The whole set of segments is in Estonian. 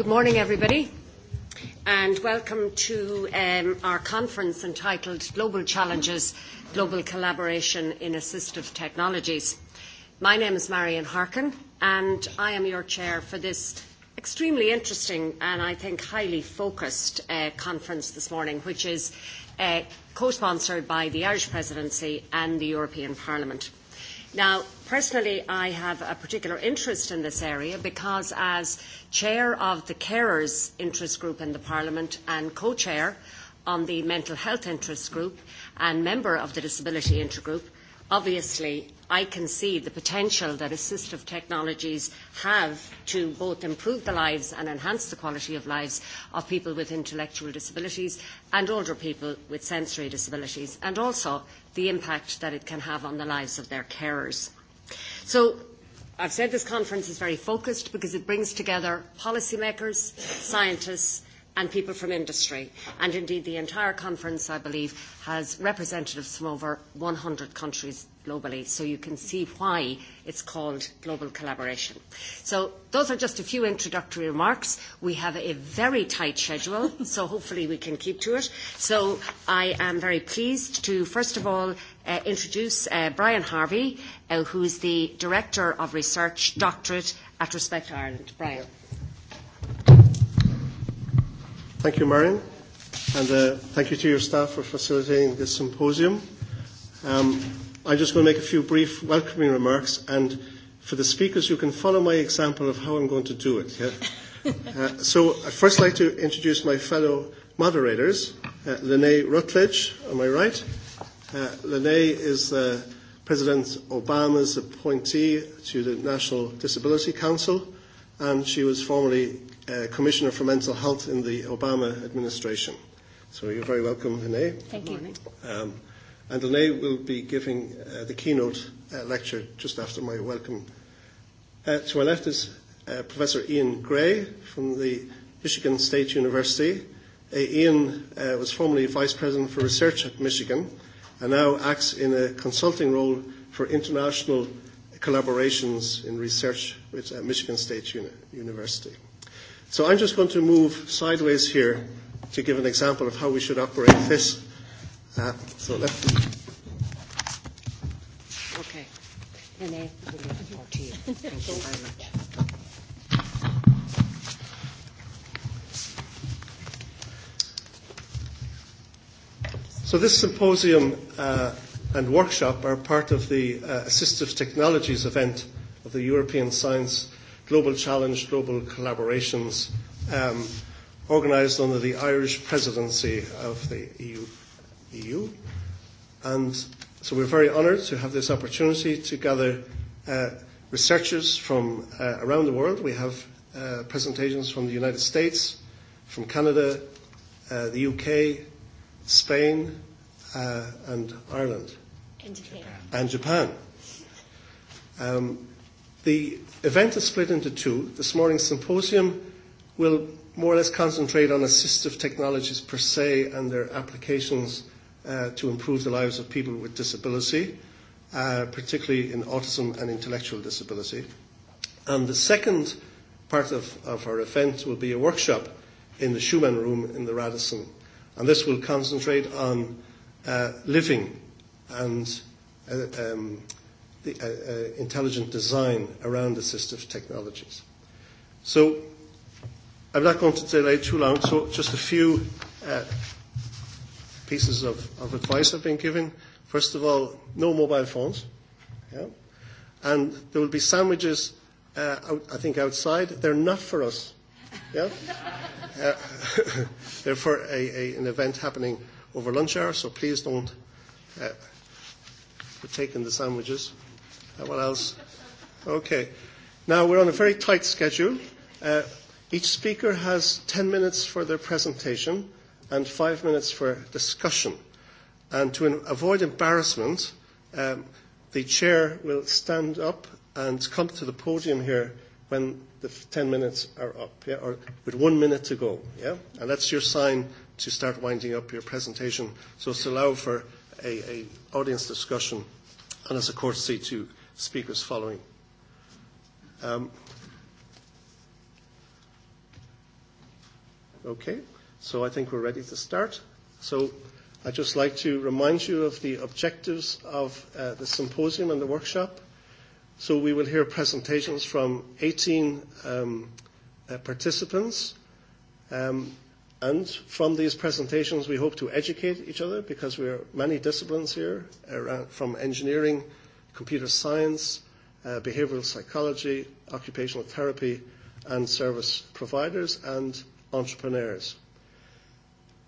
Good morning, everybody, and welcome to um, our conference entitled Global Challenges, Global Collaboration in Assistive Technologies. My name is Marion Harkin, and I am your chair for this extremely interesting and I think highly focused uh, conference this morning, which is uh, co-sponsored by the Irish Presidency and the European Parliament. Now, personally, I have a particular interest in this area because as chair of the carers interest group in the Parliament and co-chair on the mental health interest group and member of the disability intergroup, obviously I can see the potential that assistive technologies have to both improve the lives and enhance the quality of lives of people with intellectual disabilities and older people with sensory disabilities, and also the impact that it can have on the lives of their carers. So I've said this conference is very focused because it brings together policymakers, scientists, and people from industry. And indeed, the entire conference, I believe, has representatives from over 100 countries globally, so you can see why it's called global collaboration. So those are just a few introductory remarks. We have a very tight schedule, so hopefully we can keep to it. So I am very pleased to, first of all, uh, introduce uh, Brian Harvey, uh, who is the Director of Research Doctorate at Respect Ireland. Brian. Yeah. Thank you, Marion, and uh, thank you to your staff for facilitating this symposium. Um, I'm just going to make a few brief welcoming remarks, and for the speakers, you can follow my example of how I'm going to do it. Yeah? uh, so I'd first like to introduce my fellow moderators, uh, Lene Rutledge, on my right. Uh, Lene is uh, President Obama's appointee to the National Disability Council, and she was formerly uh, Commissioner for Mental Health in the Obama administration. So you're very welcome, Hene. Thank you. Um, and Hene will be giving uh, the keynote uh, lecture just after my welcome. Uh, to my left is uh, Professor Ian Gray from the Michigan State University. Uh, Ian uh, was formerly Vice President for Research at Michigan and now acts in a consulting role for international collaborations in research with uh, Michigan State Uni- University. So I'm just going to move sideways here to give an example of how we should operate this. Uh, so let me. Okay. Renee, we'll leave the floor to you. Thank you very much. So this symposium uh, and workshop are part of the uh, Assistive Technologies event of the European Science Global Challenge, Global Collaborations, um, organised under the Irish presidency of the EU. EU. And so we're very honoured to have this opportunity to gather uh, researchers from uh, around the world. We have uh, presentations from the United States, from Canada, uh, the UK, Spain, uh, and Ireland. And Japan. And Japan. Um, The event is split into two. This morning's symposium will more or less concentrate on assistive technologies per se and their applications uh, to improve the lives of people with disability, uh, particularly in autism and intellectual disability. And the second part of, of our event will be a workshop in the Schumann Room in the Radisson. And this will concentrate on uh, living and uh, um, the, uh, uh, intelligent design around assistive technologies. So I'm not going to delay too long, so just a few uh, pieces of, of advice have been given. First of all, no mobile phones. Yeah? And there will be sandwiches, uh, out, I think, outside. They're not for us. Yeah? uh, they're for a, a, an event happening over lunch hour, so please don't uh, partake in the sandwiches. Uh, what else? Okay. Now we're on a very tight schedule. Uh, each speaker has 10 minutes for their presentation and five minutes for discussion. And to in- avoid embarrassment, um, the chair will stand up and come to the podium here when the f- 10 minutes are up, yeah, or with one minute to go. Yeah? And that's your sign to start winding up your presentation, so to allow for a, a audience discussion and as a courtesy to speakers following. Um, okay, so I think we're ready to start. So I'd just like to remind you of the objectives of uh, the symposium and the workshop. So we will hear presentations from 18 um, uh, participants. Um, and from these presentations, we hope to educate each other because we are many disciplines here, around, uh, from engineering computer science, uh, behavioral psychology, occupational therapy, and service providers and entrepreneurs.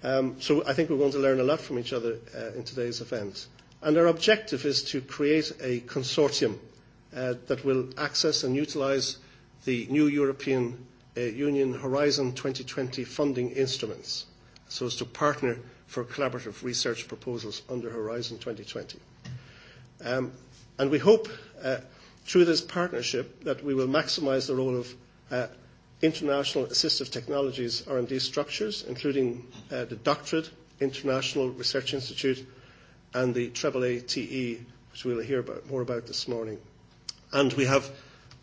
Um, so I think we're going to learn a lot from each other uh, in today's event. And our objective is to create a consortium uh, that will access and utilize the new European uh, Union Horizon 2020 funding instruments so as to partner for collaborative research proposals under Horizon 2020. Um, And we hope uh, through this partnership that we will maximise the role of uh, international assistive technologies R&D structures, including uh, the Doctorate International Research Institute and the AAATE, e, which we'll hear about, more about this morning. And we have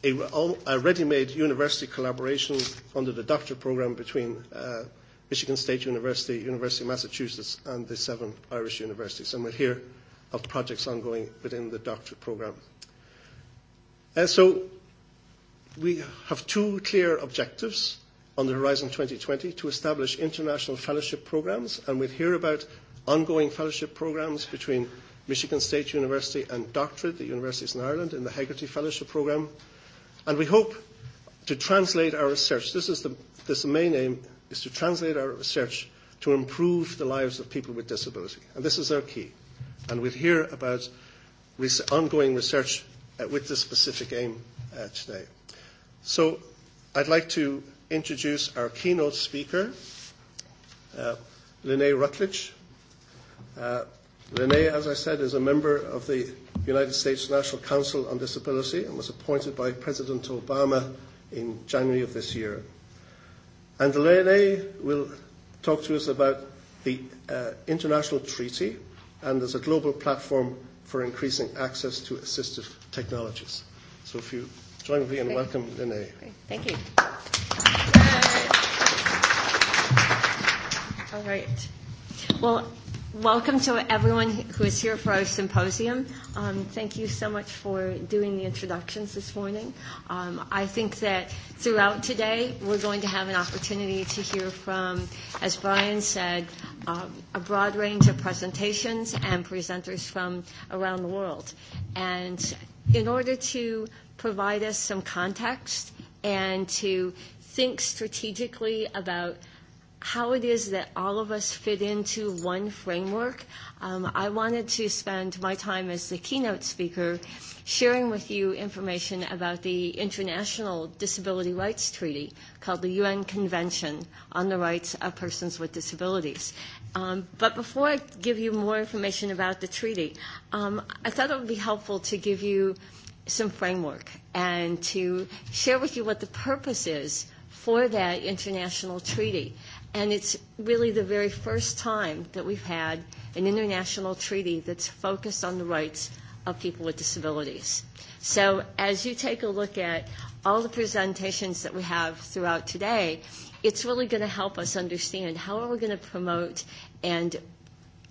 a, a ready-made university collaboration under the doctorate programme between uh, Michigan State University, University of Massachusetts, and the seven Irish universities. And we'll hear of projects ongoing within the doctorate programme. Uh, so we have two clear objectives on the Horizon 2020 to establish international fellowship programs, and we'll hear about ongoing fellowship programs between Michigan State University and Doctorate, the universities in Ireland, in the Hegarty Fellowship Program. And we hope to translate our research. This is the, this the main aim, is to translate our research to improve the lives of people with disability. And this is our key. And we'll hear about res- ongoing research uh, with this specific aim uh, today. So I'd like to introduce our keynote speaker, uh, Lene Rutledge. Uh, Lene, as I said, is a member of the United States National Council on Disability and was appointed by President Obama in January of this year. And Lene will talk to us about the uh, international treaty and there's a global platform for increasing access to assistive technologies. So if you join me in Great. welcome Lene. Great. Thank you. All right. Well, Welcome to everyone who is here for our symposium. Um, thank you so much for doing the introductions this morning. Um, I think that throughout today, we're going to have an opportunity to hear from, as Brian said, um, a broad range of presentations and presenters from around the world. And in order to provide us some context and to think strategically about how it is that all of us fit into one framework. Um, I wanted to spend my time as the keynote speaker sharing with you information about the International Disability Rights Treaty called the UN Convention on the Rights of Persons with Disabilities. Um, but before I give you more information about the treaty, um, I thought it would be helpful to give you some framework and to share with you what the purpose is for that international treaty. And it's really the very first time that we've had an international treaty that's focused on the rights of people with disabilities. So as you take a look at all the presentations that we have throughout today, it's really going to help us understand how are we going to promote and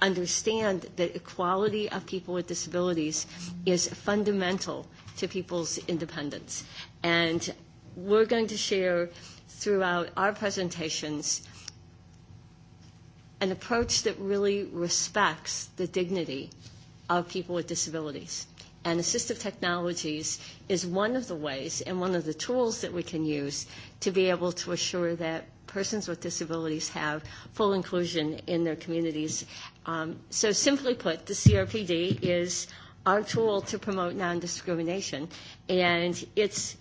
understand that equality of people with disabilities is fundamental to people's independence. And we're going to share throughout our presentations an approach that really respects the dignity of people with disabilities. And assistive technologies is one of the ways and one of the tools that we can use to be able to assure that persons with disabilities have full inclusion in their communities. Um, so simply put, the CRPD is our tool to promote non-discrimination, and it's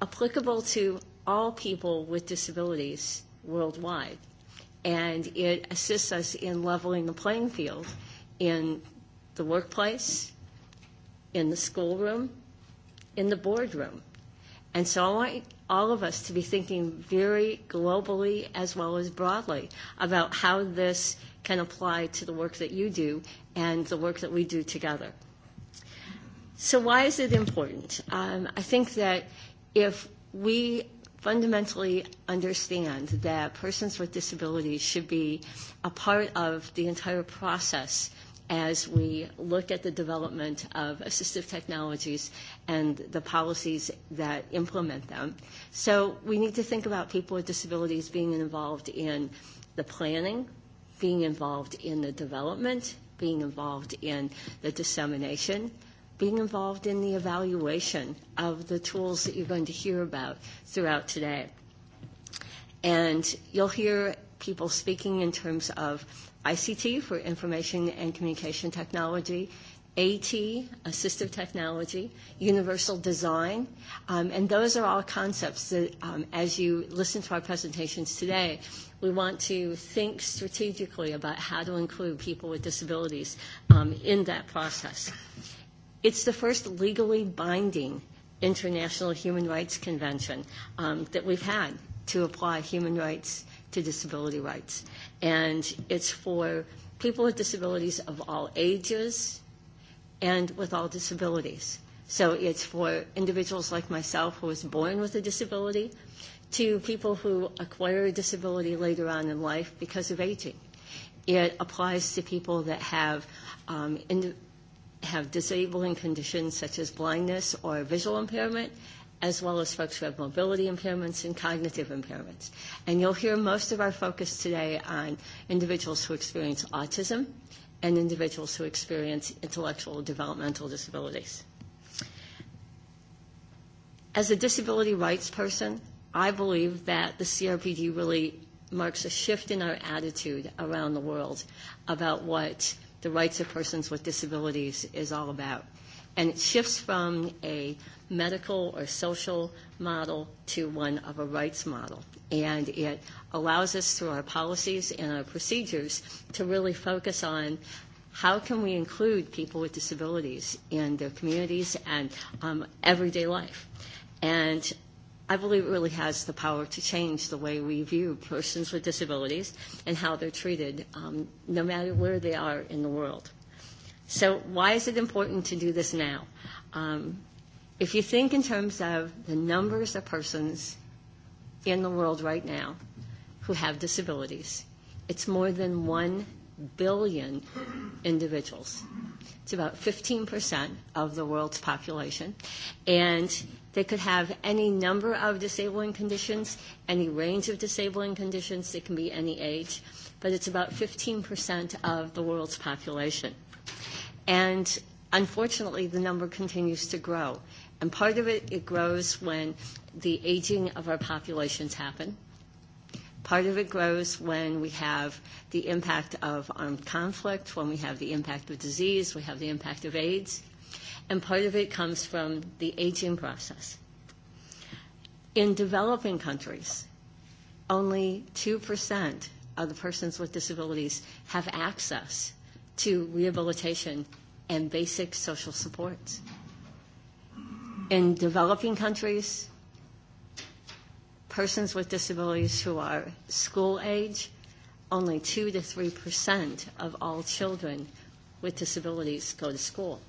applicable to all people with disabilities worldwide and it assists us in leveling the playing field in the workplace, in the schoolroom, in the boardroom. And so I want all of us to be thinking very globally as well as broadly about how this can apply to the work that you do and the work that we do together. So why is it important? Um, I think that if we fundamentally understand that persons with disabilities should be a part of the entire process as we look at the development of assistive technologies and the policies that implement them. So we need to think about people with disabilities being involved in the planning, being involved in the development, being involved in the dissemination, being involved in the evaluation of the tools that you're going to hear about throughout today. And you'll hear people speaking in terms of ICT for information and communication technology, AT, assistive technology, universal design, um, and those are all concepts that um, as you listen to our presentations today, we want to think strategically about how to include people with disabilities um, in that process. It's the first legally binding international human rights convention um, that we've had to apply human rights to disability rights. And it's for people with disabilities of all ages and with all disabilities. So it's for individuals like myself who was born with a disability to people who acquire a disability later on in life because of aging. It applies to people that have um, in, have disabling conditions such as blindness or visual impairment, as well as folks who have mobility impairments and cognitive impairments. And you'll hear most of our focus today on individuals who experience autism and individuals who experience intellectual developmental disabilities. As a disability rights person, I believe that the CRPD really marks a shift in our attitude around the world about what the rights of persons with disabilities is all about. And it shifts from a medical or social model to one of a rights model. And it allows us through our policies and our procedures to really focus on how can we include people with disabilities in their communities and um, everyday life. And I believe it really has the power to change the way we view persons with disabilities and how they're treated, um, no matter where they are in the world. So why is it important to do this now? Um, if you think in terms of the numbers of persons in the world right now who have disabilities, it's more than 1 billion individuals. It's about 15% of the world's population. And They could have any number of disabling conditions, any range of disabling conditions. It can be any age, but it's about 15% of the world's population. And unfortunately, the number continues to grow. And part of it, it grows when the aging of our populations happen. Part of it grows when we have the impact of armed conflict, when we have the impact of disease, we have the impact of AIDS and part of it comes from the aging process. In developing countries, only 2% of the persons with disabilities have access to rehabilitation and basic social supports. In developing countries, persons with disabilities who are school age, only 2 to 3% of all children with disabilities go to school.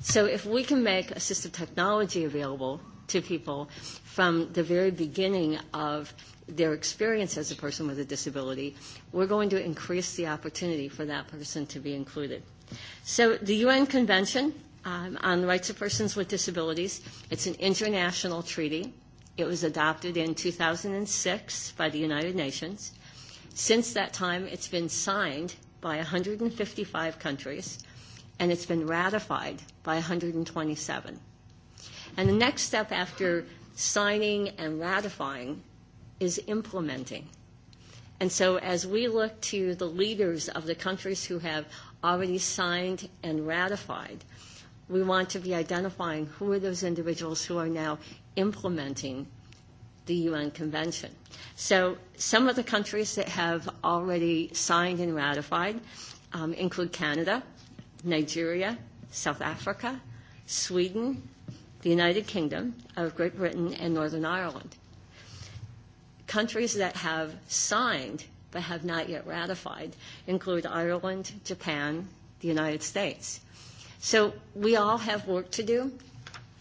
So if we can make assistive technology available to people from the very beginning of their experience as a person with a disability, we're going to increase the opportunity for that person to be included. So the UN Convention um, on the Rights of Persons with Disabilities, it's an international treaty. It was adopted in 2006 by the United Nations. Since that time, it's been signed by 155 countries and it's been ratified by 127. And the next step after signing and ratifying is implementing. And so as we look to the leaders of the countries who have already signed and ratified, we want to be identifying who are those individuals who are now implementing the UN Convention. So some of the countries that have already signed and ratified um, include Canada, Nigeria, South Africa, Sweden, the United Kingdom of Great Britain, and Northern Ireland. Countries that have signed but have not yet ratified include Ireland, Japan, the United States. So we all have work to do,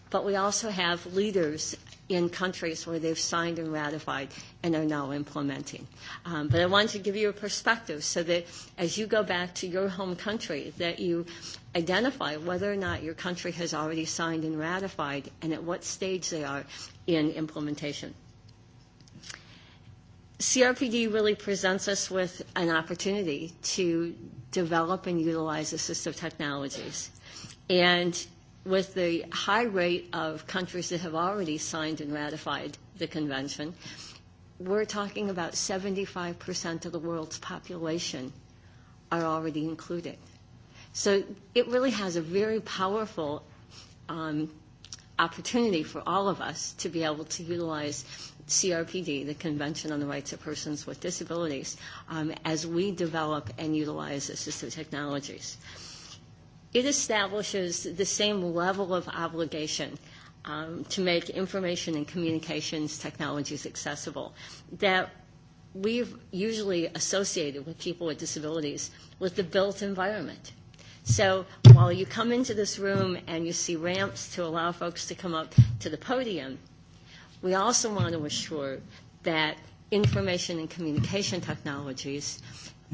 but we also have leaders in countries where they've signed and ratified and are now implementing. Um, but I wanted to give you a perspective so that as you go back to your home country, that you identify whether or not your country has already signed and ratified and at what stage they are in implementation. CRPD really presents us with an opportunity to develop and utilize assistive technologies. And with the high rate of countries that have already signed and ratified the convention, we're talking about 75% of the world's population are already included. So it really has a very powerful um, opportunity for all of us to be able to utilize CRPD, the Convention on the Rights of Persons with Disabilities, um, as we develop and utilize assistive technologies. Uh, it establishes the same level of obligation um, to make information and communications technologies accessible that we've usually associated with people with disabilities with the built environment. So while you come into this room and you see ramps to allow folks to come up to the podium, we also want to assure that information and communication technologies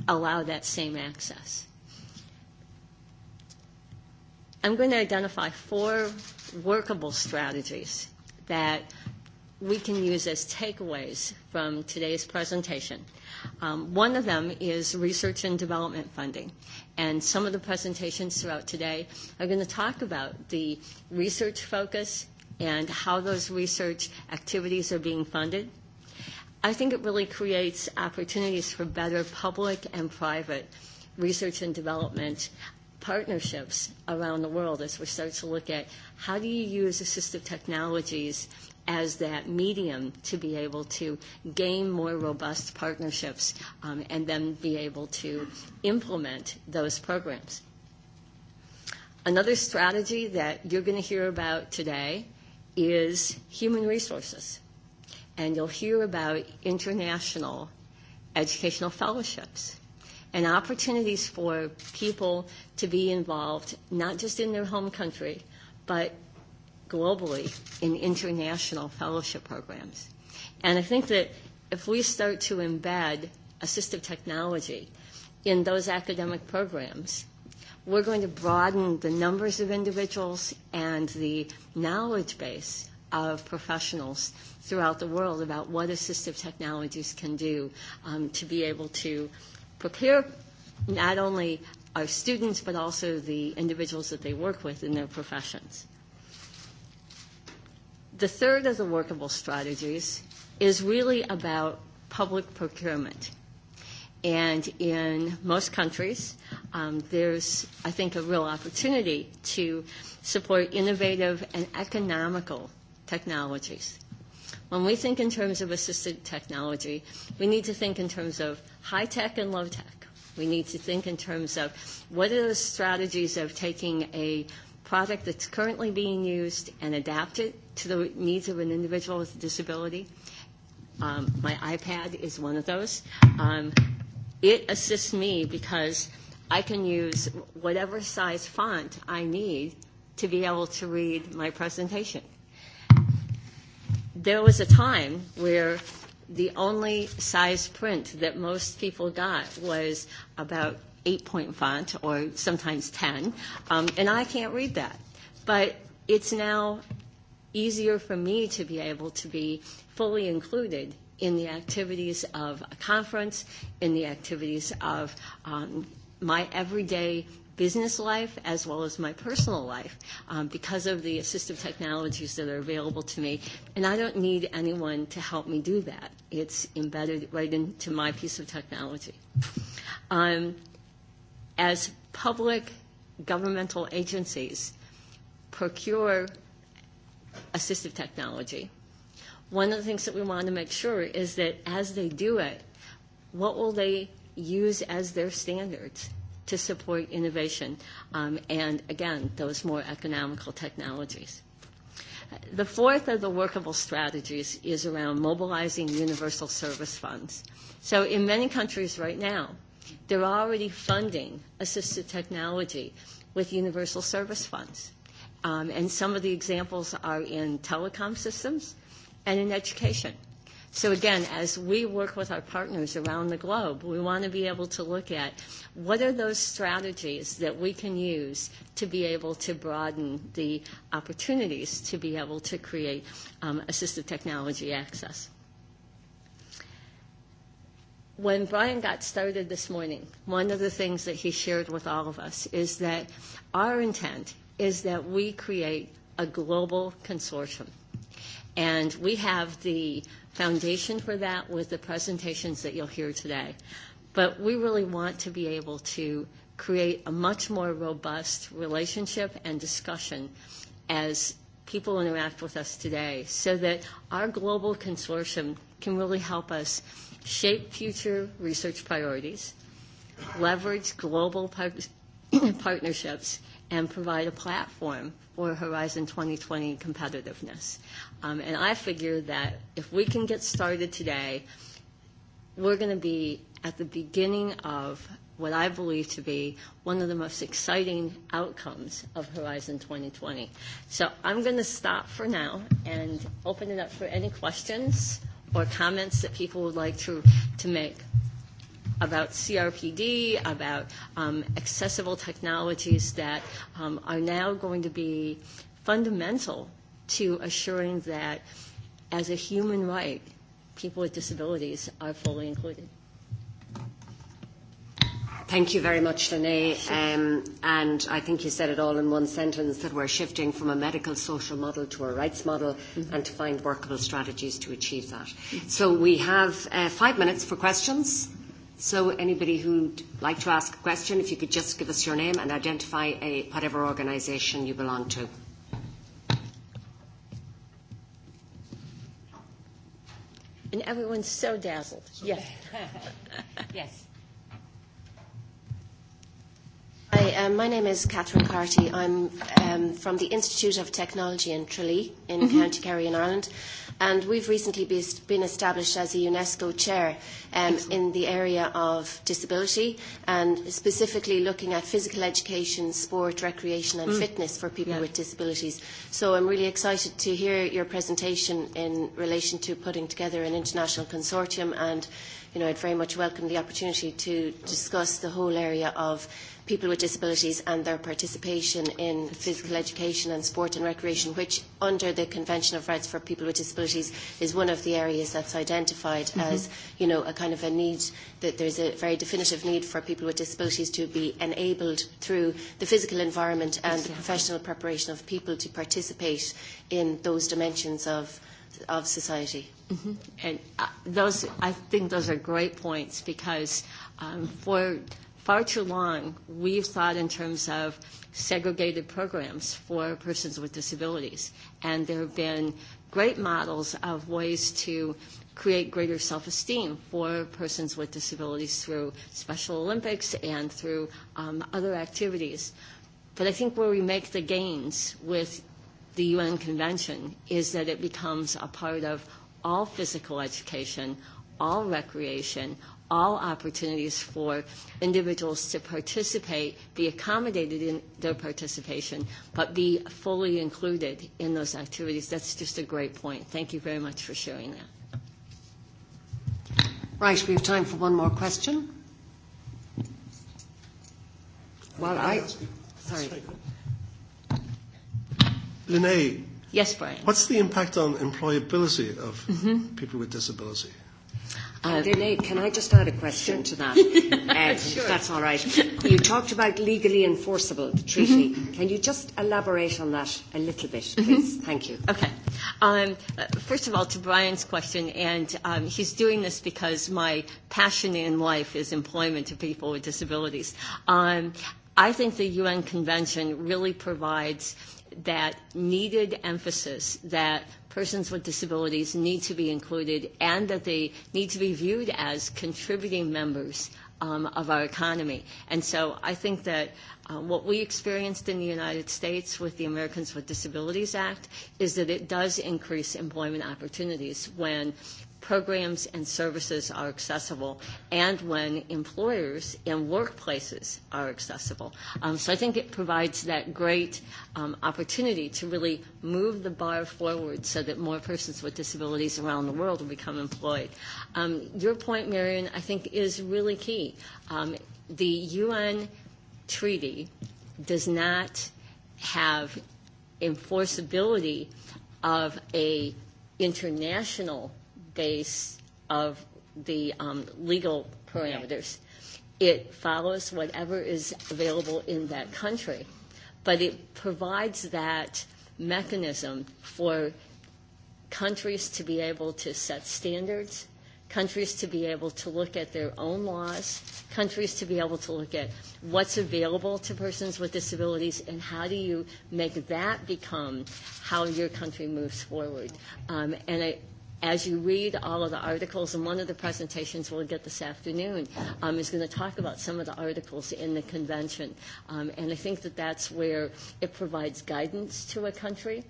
allow that same access. I'm going to identify four workable strategies that we can use as takeaways from today's presentation. Um, one of them is research and development funding. And some of the presentations throughout today are going to talk about the research focus and how those research activities are being funded. I think it really creates opportunities for better public and private research and development partnerships around the world as we start to look at how do you use assistive technologies as that medium to be able to gain more robust partnerships um, and then be able to implement those programs. Another strategy that you're going to hear about today is human resources. And you'll hear about international educational fellowships and opportunities for people to be involved, not just in their home country, but globally in international fellowship programs. And I think that if we start to embed assistive technology in those academic programs, we're going to broaden the numbers of individuals and the knowledge base of professionals throughout the world about what assistive technologies can do um, to be able to uh, prepare not only our students but also the individuals that they work with in their professions. The third of the workable strategies is really about public procurement. And in most countries, um, there's, I think, a real opportunity to support innovative and economical technologies When we think in terms of assisted technology, we need to think in terms of high tech and low tech. We need to think in terms of what are the strategies of taking a product that's currently being used and adapt it to the needs of an individual with a disability. Um, my iPad is one of those. Um, it assists me because I can use whatever size font I need to be able to read my presentation there was a time where the only size print that most people got was about eight point font or sometimes 10. Um, and I can't read that. But it's now easier for me to be able to be fully included in the activities of a conference, in the activities of um, my everyday business life as well as my personal life um, because of the assistive technologies that are available to me. And I don't need anyone to help me do that. It's embedded right into my piece of technology. Um, as public governmental agencies procure assistive technology, one of the things that we want to make sure is that as they do it, what will they use as their standards? to support innovation um, and, again, those more economical technologies. The fourth of the workable strategies is around mobilizing universal service funds. So in many countries right now, they're already funding assisted technology with universal service funds. Um, and some of the examples are in telecom systems and in education. So again, as we work with our partners around the globe, we want to be able to look at what are those strategies that we can use to be able to broaden the opportunities to be able to create um, assistive technology access. When Brian got started this morning, one of the things that he shared with all of us is that our intent is that we create a global consortium. And we have the foundation for that was the presentations that you'll hear today. But we really want to be able to create a much more robust relationship and discussion as people interact with us today so that our global consortium can really help us shape future research priorities, leverage global par- partnerships, and provide a platform for Horizon 2020 competitiveness. Um, and I figure that if we can get started today, we're going to be at the beginning of what I believe to be one of the most exciting outcomes of Horizon 2020. So I'm going to stop for now and open it up for any questions or comments that people would like to, to make about CRPD, about um, accessible technologies that um, are now going to be fundamental to assuring that as a human right, people with disabilities are fully included. Thank you very much, Lene. Sure. Um, and I think you said it all in one sentence that we're shifting from a medical social model to a rights model mm-hmm. and to find workable strategies to achieve that. Mm-hmm. So we have uh, five minutes for questions. So anybody who'd like to ask a question, if you could just give us your name and identify a, whatever organisation you belong to. And everyone's so dazzled. Yes. yes. Hi, um, my name is Catherine Carty. I'm um, from the Institute of Technology in Tralee in mm-hmm. County Kerry in Ireland. And we've recently be, been established as a UNESCO chair um, in the area of disability and specifically looking at physical education, sport, recreation and mm. fitness for people yeah. with disabilities. So I'm really excited to hear your presentation in relation to putting together an international consortium and you know, I'd very much welcome the opportunity to discuss the whole area of people with disabilities and their participation in physical education and sport and recreation, which under the Convention of Rights for People with Disabilities is one of the areas that's identified mm-hmm. as, you know, a kind of a need, that there's a very definitive need for people with disabilities to be enabled through the physical environment and yes, the yeah. professional preparation of people to participate in those dimensions of of society. Mm-hmm. And uh, those, I think those are great points because um, for far too long, we've thought in terms of segregated programs for persons with disabilities. And there have been great models of ways to create greater self-esteem for persons with disabilities through Special Olympics and through um, other activities. But I think where we make the gains with the UN Convention is that it becomes a part of all physical education, all recreation, all opportunities for individuals to participate, be accommodated in their participation, but be fully included in those activities. That's just a great point. Thank you very much for sharing that. Right, we have time for one more question. Well, I. Sorry. Lene. Yes, Brian. What's the impact on employability of mm-hmm. people with disability? Uh, uh Lene, can I just add a question sure. to that? uh, sure. That's all right. You talked about legally enforceable, the treaty. Mm-hmm. Can you just elaborate on that a little bit, mm-hmm. please? Mm-hmm. Thank you. Okay. Um, uh, first of all, to Brian's question, and um, he's doing this because my passion in life is employment of people with disabilities. Um, I think the UN Convention really provides – that needed emphasis that persons with disabilities need to be included and that they need to be viewed as contributing members um, of our economy. And so I think that uh, what we experienced in the United States with the Americans with Disabilities Act is that it does increase employment opportunities when programs and services are accessible and when employers and workplaces are accessible. Um, so I think it provides that great um, opportunity to really move the bar forward so that more persons with disabilities around the world will become employed. Um, your point, Marion, I think is really key. Um, the UN treaty does not have enforceability of a international base of the um, legal parameters. It follows whatever is available in that country, but it provides that mechanism for countries to be able to set standards, countries to be able to look at their own laws, countries to be able to look at what's available to persons with disabilities and how do you make that become how your country moves forward. Um, and I, as you read all of the articles, and one of the presentations we'll get this afternoon um, is going to talk about some of the articles in the convention. Um, and I think that that's where it provides guidance to a country.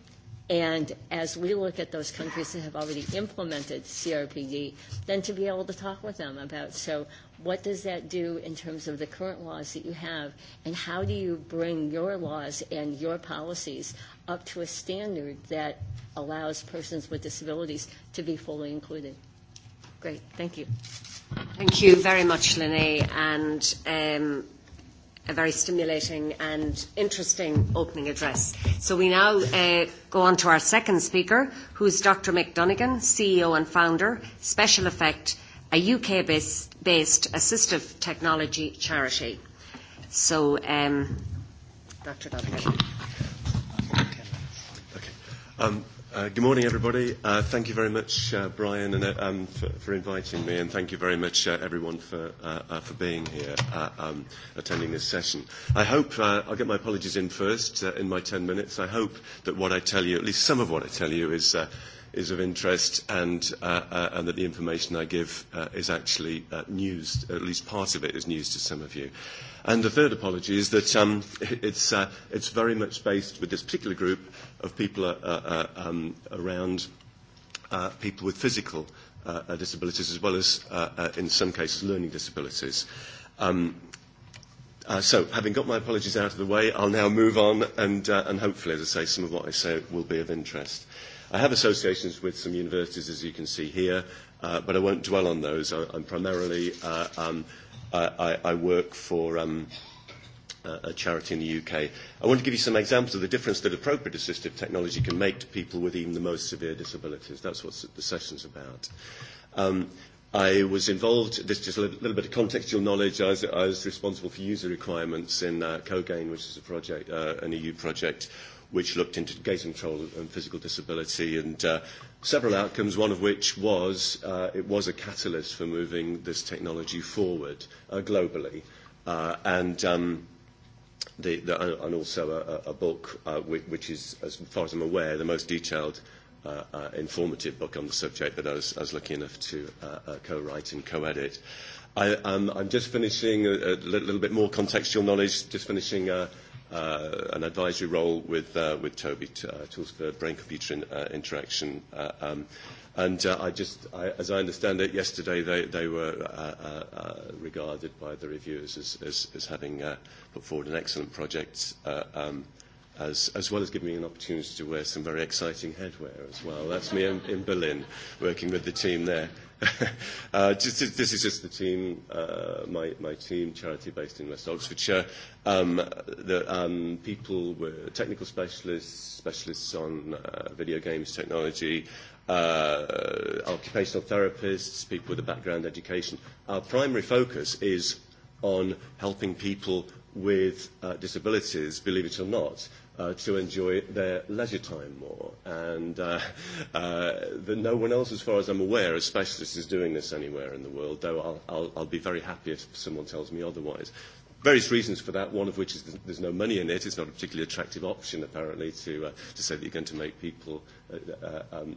And as we look at those countries that have already implemented CRPD, then to be able to talk with them about, so what does that do in terms of the current laws that you have, and how do you bring your laws and your policies up to a standard that allows persons with disabilities to be fully included? Great, thank you. Thank you very much, Lene, and um, a very stimulating and interesting opening address. So we now uh, go on to our second speaker, who's Dr. Mick Donegan, CEO and founder, Special Effect a UK-based based assistive technology charity. So, um, Dr. Donovan. Okay. Um, Uh, good morning, everybody. Uh, thank you very much, uh, Brian, and uh, um, for, for inviting me, and thank you very much, uh, everyone, for, uh, for being here, um, attending this session. I hope I'll get my apologies in first, in my 10 minutes. I hope that what I tell you, at least some of what I tell you, is is of interest and, uh, uh, and that the information I give uh, is actually uh, news, at least part of it is news to some of you. And the third apology is that um, it's, uh, it's very much based with this particular group of people uh, uh, uh um, around uh, people with physical uh, uh, disabilities as well as, uh, uh, in some cases, learning disabilities. Um, Uh, so, having got my apologies out of the way, I'll now move on and, uh, and hopefully, as I say, some of what I say will be of interest. I have associations with some universities, as you can see here, uh, but I won't dwell on those. I, I'm primarily, uh, um, I, I, I work for um, a charity in the UK. I want to give you some examples of the difference that appropriate assistive technology can make to people with even the most severe disabilities. That's what the session's about. Um, I was involved, this just a little, little bit of contextual knowledge, I was, I was responsible for user requirements in uh, CoGain, which is a project, uh, an EU project, which looked into gait control and physical disability, and uh, several outcomes, one of which was uh, it was a catalyst for moving this technology forward uh, globally. Uh, and um, the, the, and also a, a book uh, which, which is, as far as I'm aware, the most detailed uh, uh, informative book on the subject that I was, I was lucky enough to uh, uh, co-write and co-edit. I, um, I'm just finishing uh, a, a little bit more contextual knowledge, just finishing uh, uh, an advisory role with, uh, with Toby, t- uh, Tools for Brain-Computer in, uh, Interaction. Uh, um, and uh, I just, I, as I understand it, yesterday they, they were uh, uh, uh, regarded by the reviewers as, as, as having uh, put forward an excellent project, uh, um, as, as well as giving me an opportunity to wear some very exciting headwear as well. That's me in, in Berlin, working with the team there. uh, just, just, this is just the team, uh, my, my team, charity based in West Oxfordshire. Um, the um, people were technical specialists, specialists on uh, video games technology, uh, occupational therapists, people with a background education. Our primary focus is on helping people with uh, disabilities, believe it or not uh, to enjoy their leisure time more. And uh, uh, the, no one else, as far as I'm aware, as specialists, is doing this anywhere in the world, though I'll, I'll, I'll be very happy if someone tells me otherwise various reasons for that, one of which is there's no money in it. It's not a particularly attractive option, apparently, to, uh, to say that you're going to make people uh, uh um,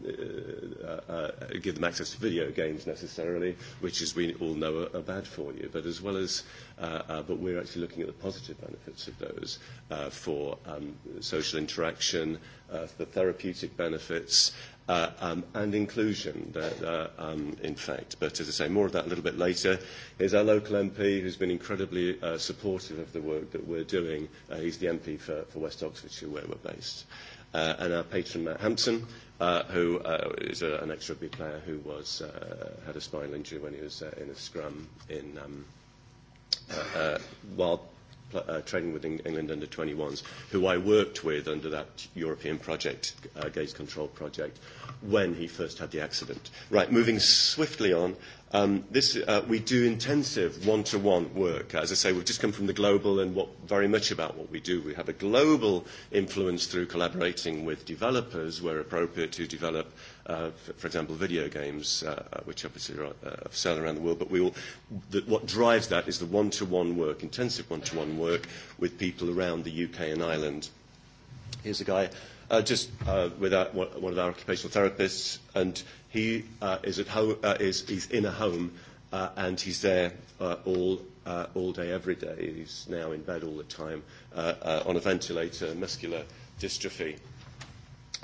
uh, uh, uh, give them access to video games necessarily, which, as we all know, are, are bad for you. But as well as, uh, uh, but we're actually looking at the positive benefits of those uh, for um, social interaction, uh, the therapeutic benefits, uh, um, and inclusion, that, uh, um, in fact. But as I say, more of that a little bit later. Here's our local MP who's been incredibly uh, supportive of the work that we're doing. Uh, he's the MP for, for West Oxfordshire, where we're based. Uh, and our patron, Matt Hampson, uh, who uh, is a, an ex-rugby player who was, uh, had a spinal injury when he was uh, in a scrum in, um, uh, uh, while Uh, uh, training with England under 21s, who I worked with under that European project, uh, Gates Control Project, when he first had the accident. Right, moving swiftly on. Um, this, uh, we do intensive one-to-one -one work. As I say, we've just come from the global and what, very much about what we do. We have a global influence through collaborating with developers where appropriate to develop uh, for example, video games, uh, uh which obviously are uh, for sale around the world, but we all, the, what drives that is the one-to-one -one work, intensive one-to-one -one work with people around the UK and Ireland. Here's a guy uh, just uh, with our, one of our occupational therapists, and he uh, is at home, uh, is, he's in a home, uh, and he's there uh, all uh, all day, every day. He's now in bed all the time uh, uh, on a ventilator, muscular dystrophy.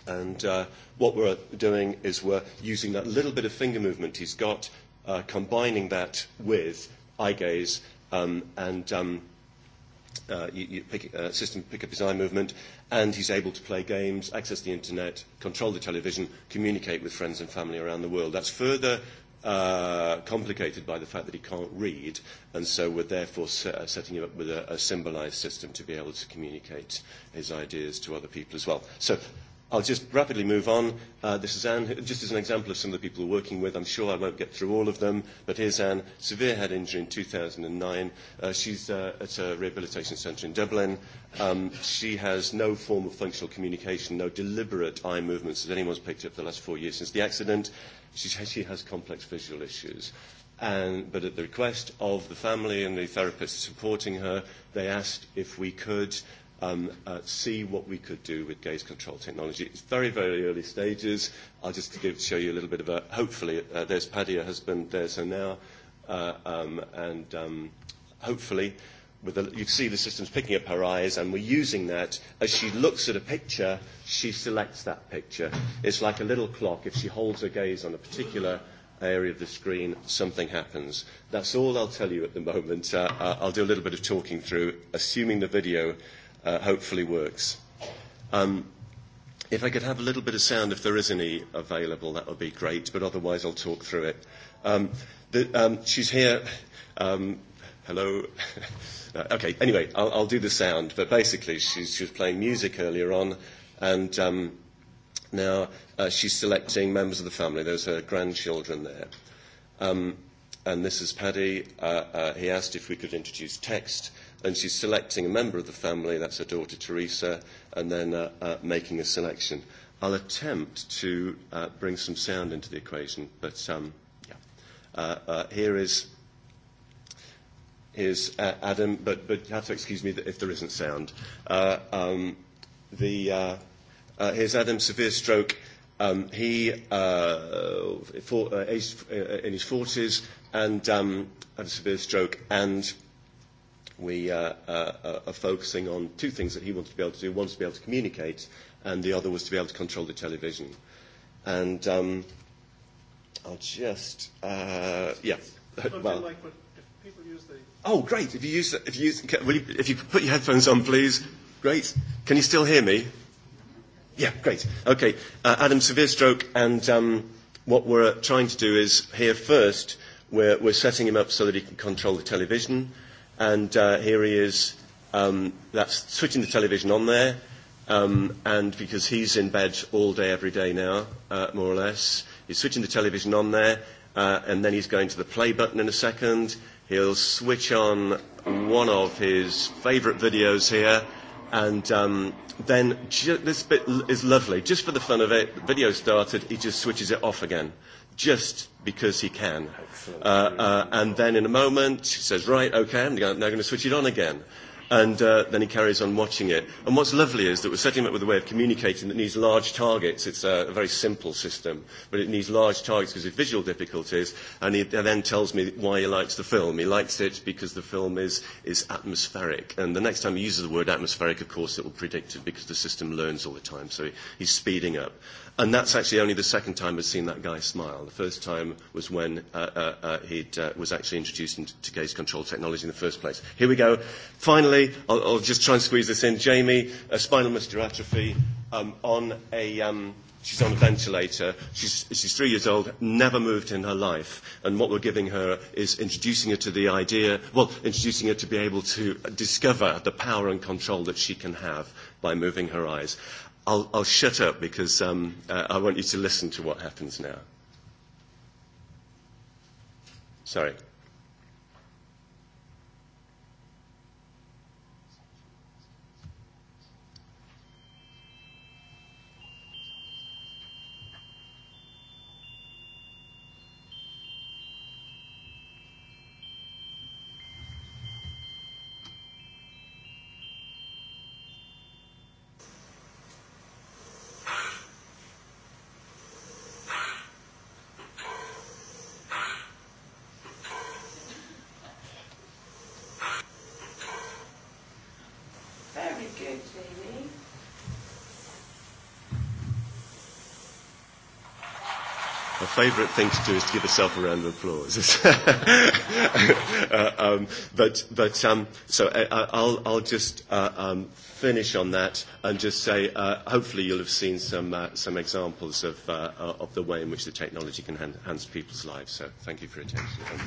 And uh, what we're doing is we're using that little bit of finger movement he's got, uh, combining that with eye gaze um, and um, uh, you, you pick, uh, system pick up his eye movement, and he's able to play games, access the internet, control the television, communicate with friends and family around the world. That's further uh, complicated by the fact that he can't read, and so we're therefore se- uh, setting him up with a, a symbolized system to be able to communicate his ideas to other people as well. So I'll just rapidly move on. Uh, this is Anne, just as an example of some of the people we're working with. I'm sure I won't get through all of them, but here's Anne, severe head injury in 2009. Uh, she's uh, at a rehabilitation centre in Dublin. Um, she has no form of functional communication, no deliberate eye movements that anyone's picked up for the last four years since the accident. She, she has complex visual issues. And, but at the request of the family and the therapist supporting her, they asked if we could uh, um, uh, see what we could do with gaze control technology. It's very, very early stages. I'll just give, show you a little bit of a, hopefully, uh, there's Paddy, her husband, there's her now, uh, um, and um, hopefully, with the, you see the system's picking up her eyes, and we're using that. As she looks at a picture, she selects that picture. It's like a little clock. If she holds her gaze on a particular area of the screen, something happens. That's all I'll tell you at the moment. Uh, uh I'll do a little bit of talking through, assuming the video uh, hopefully works. Um, if I could have a little bit of sound, if there is any available, that would be great, but otherwise I'll talk through it. Um, the, um, she's here. Um, hello. no, uh, okay, anyway, I'll, I'll do the sound, but basically she's, she was playing music earlier on, and um, now uh, she's selecting members of the family. There's her grandchildren there. Um, and this is Paddy. Uh, uh, he asked if we could introduce text and she's selecting a member of the family, that's her daughter Teresa, and then uh, uh, making a selection. I'll attempt to uh, bring some sound into the equation, but um, yeah. uh, uh, here is is uh, Adam, but, but you have to excuse me if there isn't sound. Uh, um, the, uh, uh, here's Adam, severe stroke. Um, he, uh, for, uh, aged, uh, in his 40s, and um, had a severe stroke, and we uh, uh, uh, are focusing on two things that he wanted to be able to do. One was to be able to communicate, and the other was to be able to control the television. And um, I'll just, uh, yeah. well, like people use the... Oh, great. If you, use, if, you use, can, will you, if you could put your headphones on, please. Great. Can you still hear me? Yeah, great. Okay. Uh, Adam, severe stroke, and um, what we're trying to do is here first, we're, we're setting him up so that he can control the television and uh, here he is. Um, that's switching the television on there, um, and because he's in bed all day every day now, uh, more or less, he's switching the television on there, uh, and then he's going to the play button in a second. He'll switch on one of his favourite videos here, and um, then ju- this bit l- is lovely. Just for the fun of it, the video started, he just switches it off again just because he can. Uh, uh, and then in a moment, he says, right, okay, I'm now going to switch it on again. And uh, then he carries on watching it. And what's lovely is that we're setting him up with a way of communicating that needs large targets. It's a, a very simple system, but it needs large targets because of visual difficulties. And he then tells me why he likes the film. He likes it because the film is, is atmospheric. And the next time he uses the word atmospheric, of course, it will predict it because the system learns all the time. So he, he's speeding up. And that's actually only the second time I've seen that guy smile. The first time was when uh, uh, uh, he uh, was actually introduced into gaze control technology in the first place. Here we go. Finally, I'll, I'll just try and squeeze this in. Jamie, uh, spinal muscular atrophy um, on a. Um, She's on a ventilator. She's, she's three years old, never moved in her life. And what we're giving her is introducing her to the idea, well, introducing her to be able to discover the power and control that she can have by moving her eyes. I'll, I'll shut up because um, uh, I want you to listen to what happens now. Sorry. favourite thing to do is to give yourself a round of applause. uh, um, but but um, so I, uh, uh, I'll, I'll just uh, um, finish on that and just say uh, hopefully you'll have seen some, uh, some examples of, uh, uh of the way in which the technology can enhance people's lives. So thank you for your attention. Um,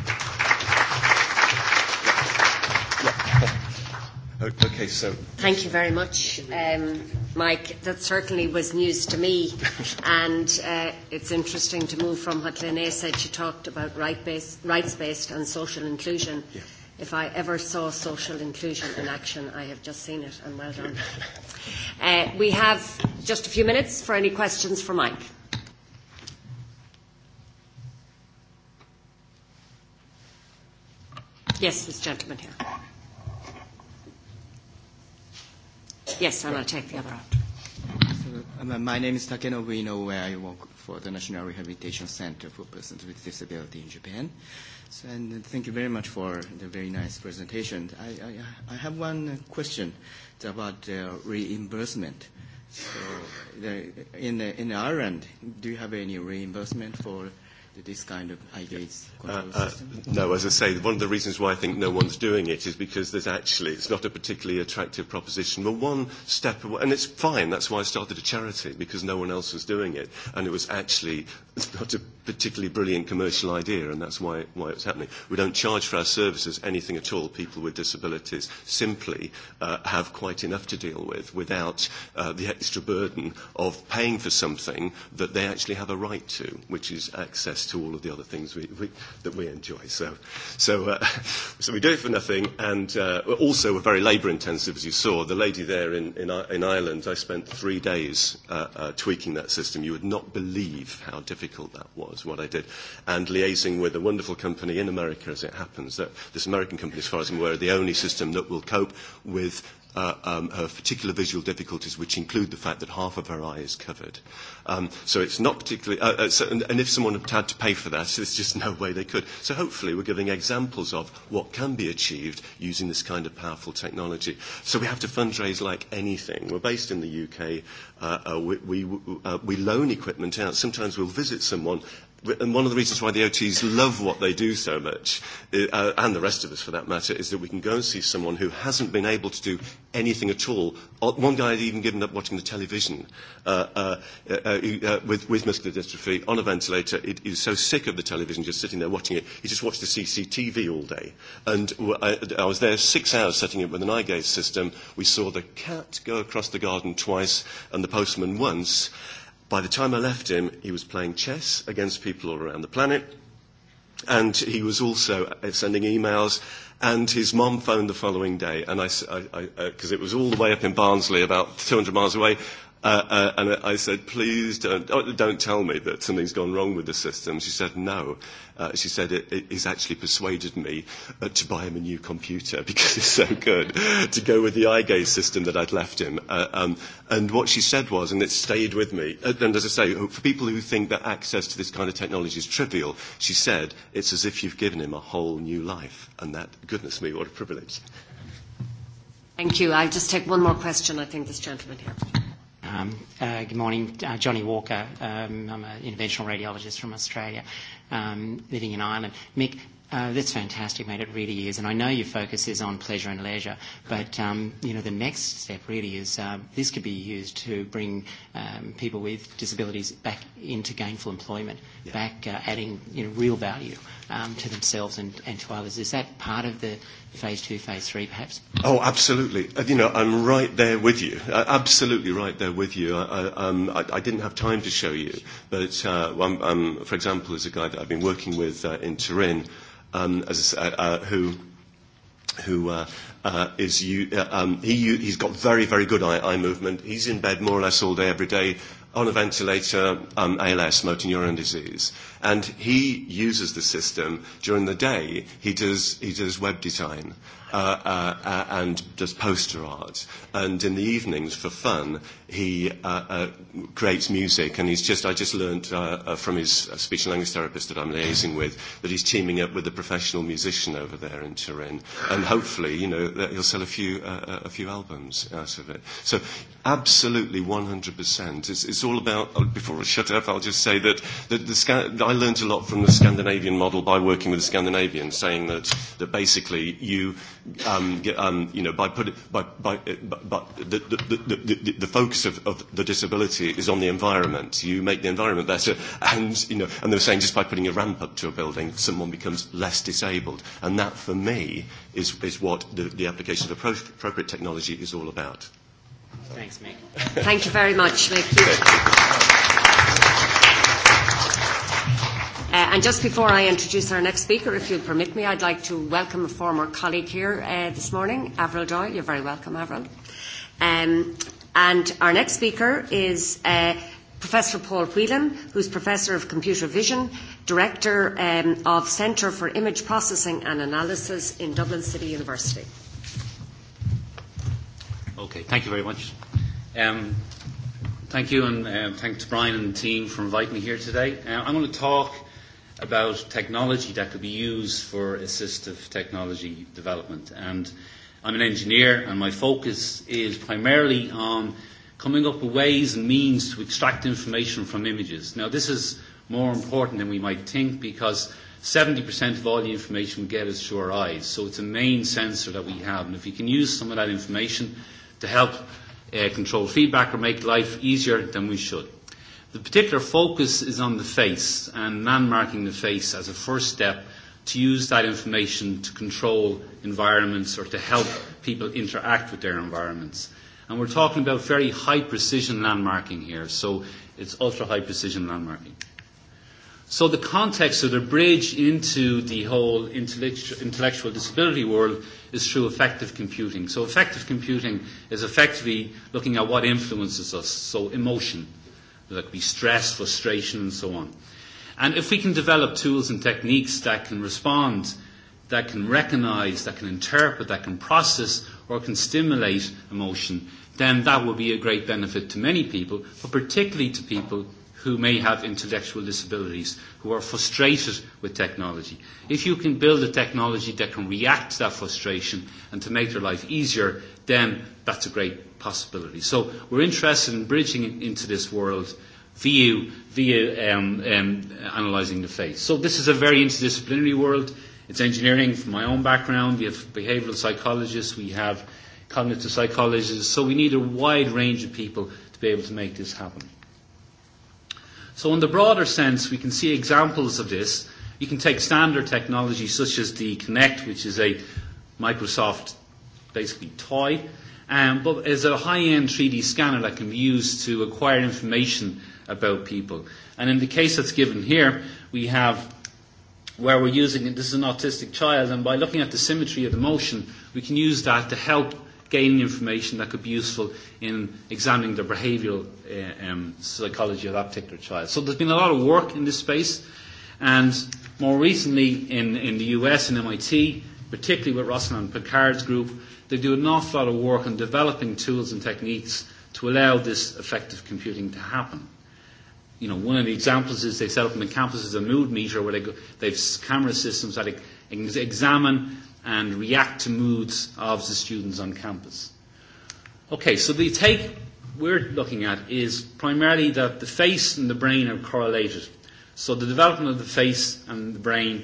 Okay, so. Thank you very much, um, Mike. That certainly was news to me. and uh, it's interesting to move from what Linnea said. She talked about right-based, rights-based and social inclusion. Yeah. If I ever saw social inclusion in action, I have just seen it, and well done. uh, we have just a few minutes for any questions for Mike. Yes, this gentleman here. Yes, and I'll take the other out. So, uh, um, my name is Takeno Ueno, where I work for the National Rehabilitation Center for Persons with Disability in Japan. So, and uh, thank you very much for the very nice presentation. I, I, I have one question it's about uh, reimbursement. So, the, in, the, in Ireland, do you have any reimbursement for this kind of IDA's yeah. control uh, uh, system? No, as I say, one of the reasons why I think no one's doing it is because there's actually, it's not a particularly attractive proposition. But one step, and it's fine, that's why I started a charity, because no one else was doing it. And it was actually not a particularly brilliant commercial idea, and that's why, why it was happening. We don't charge for our services anything at all. People with disabilities simply uh, have quite enough to deal with without uh, the extra burden of paying for something that they actually have a right to, which is access access to all of the other things we, we, that we enjoy. So, so, uh, so we do it for nothing, and uh, also we're very labour intensive, as you saw. The lady there in, in, in Ireland, I spent three days uh, uh, tweaking that system. You would not believe how difficult that was, what I did, and liaising with a wonderful company in America, as it happens. That this American company, as far as I'm aware, are the only system that will cope with uh, um, her particular visual difficulties, which include the fact that half of her eye is covered. Um, so it's not particularly, uh, uh, so, and, and if someone had to pay for that, so there's just no way they could. So hopefully we're giving examples of what can be achieved using this kind of powerful technology. So we have to fundraise like anything. We're based in the UK. Uh, uh, we, we, uh, we loan equipment out. Sometimes we'll visit someone and one of the reasons why the OTs love what they do so much, uh, and the rest of us for that matter, is that we can go and see someone who hasn't been able to do anything at all. One guy had even given up watching the television uh, uh, uh, uh, with, with muscular dystrophy on a ventilator. He, he was so sick of the television, just sitting there watching it, he just watched the CCTV all day. And I, I was there six hours setting up with an eye gaze system. We saw the cat go across the garden twice and the postman once By the time I left him, he was playing chess against people all around the planet, and he was also uh, sending emails. And his mom phoned the following day, and I, because uh, it was all the way up in Barnsley, about 200 miles away, Uh, uh, and I said, please don't, oh, don't tell me that something's gone wrong with the system. She said, no. Uh, she said, it, it, it's actually persuaded me uh, to buy him a new computer because it's so good, to go with the iGaze system that I'd left him. Uh, um, and what she said was, and it stayed with me, uh, and as I say, for people who think that access to this kind of technology is trivial, she said, it's as if you've given him a whole new life. And that, goodness me, what a privilege. Thank you. I'll just take one more question, I think, this gentleman here. Um, uh, good morning, uh, Johnny Walker. Um, I'm an interventional radiologist from Australia, um, living in Ireland. Mick, uh, that's fantastic, mate. It really is. And I know your focus is on pleasure and leisure, but um, you know the next step really is uh, this could be used to bring um, people with disabilities back into gainful employment, yeah. back uh, adding you know real value. Uh, um, to themselves and, and to others. Is that part of the phase two, phase three, perhaps? Oh, absolutely. Uh, you know, I'm right there with you. Uh, absolutely right there with you. I, I, um, I, I didn't have time to show you, but uh, um, um, for example, there's a guy that I've been working with uh, in Turin, um, as uh, uh, who who uh, uh, is you, uh, um, he, he's got very, very good eye, eye movement. He's in bed more or less all day, every day, on a ventilator, um, ALS, motor neuron disease. And he uses the system during the day. He does, he does web design uh, uh, uh, and does poster art. And in the evenings, for fun, he uh, uh, creates music. And he's just, I just learned uh, uh, from his speech and language therapist that I'm liaising with that he's teaming up with a professional musician over there in Turin. And hopefully, you know, that he'll sell a few, uh, uh a few albums out of it. So absolutely 100%. It's, it's all about, uh, before I shut up, I'll just say that, that the, I learned a lot from the Scandinavian model by working with the Scandinavians, saying that, that basically you, um, get, um, you know, by put, by, by, uh, by the, the, the, the, the focus of, of the disability is on the environment. You make the environment better, and you know, and they were saying just by putting a ramp up to a building, someone becomes less disabled, and that for me is is what the, the application of appropriate technology is all about. Thanks, Mick. Thank you very much, Mick. You. Uh, and just before I introduce our next speaker, if you'll permit me, I'd like to welcome a former colleague here uh, this morning, Avril Doyle. You're very welcome, Avril. Um, and our next speaker is uh, Professor Paul Whelan, who's Professor of Computer Vision, Director um, of Centre for Image Processing and Analysis in Dublin City University. Okay, thank you very much. Um, thank you, and uh, thanks to Brian and the team for inviting me here today. Uh, I'm going to talk about technology that could be used for assistive technology development. And I'm an engineer, and my focus is primarily on coming up with ways and means to extract information from images. Now, this is more important than we might think because 70% of all the information we get is through our eyes. So it's a main sensor that we have. And if you can use some of that information to help uh, control feedback or make life easier, then we should. The particular focus is on the face and landmarking the face as a first step to use that information to control environments or to help people interact with their environments. And we're talking about very high precision landmarking here, so it's ultra high precision landmarking. So the context or the bridge into the whole intellectual disability world is through effective computing. So effective computing is effectively looking at what influences us, so emotion, that we stress, frustration, and so on. And if we can develop tools and techniques that can respond, that can recognize, that can interpret, that can process, or can stimulate emotion, then that will be a great benefit to many people, but particularly to people who may have intellectual disabilities, who are frustrated with technology. If you can build a technology that can react to that frustration and to make their life easier, then that's a great possibility. So we're interested in bridging into this world via, via um, um, analysing the face. So this is a very interdisciplinary world. It's engineering from my own background. We have behavioural psychologists. We have cognitive psychologists. So we need a wide range of people to be able to make this happen. So in the broader sense, we can see examples of this. You can take standard technology such as the Kinect, which is a Microsoft basically toy um, but is a high-end 3D scanner that can be used to acquire information about people. And in the case that's given here, we have where we're using this is an autistic child, and by looking at the symmetry of the motion, we can use that to help gain information that could be useful in examining the behavioural uh, um, psychology of that particular child. So there's been a lot of work in this space, and more recently in, in the US and MIT, particularly with Rosalind Picard's group, They do an awful lot of work on developing tools and techniques to allow this effective computing to happen. You know, one of the examples is they set up on the campuses a mood meter where they go, they've camera systems that examine and react to moods of the students on campus. Okay, so the take we're looking at is primarily that the face and the brain are correlated. So the development of the face and the brain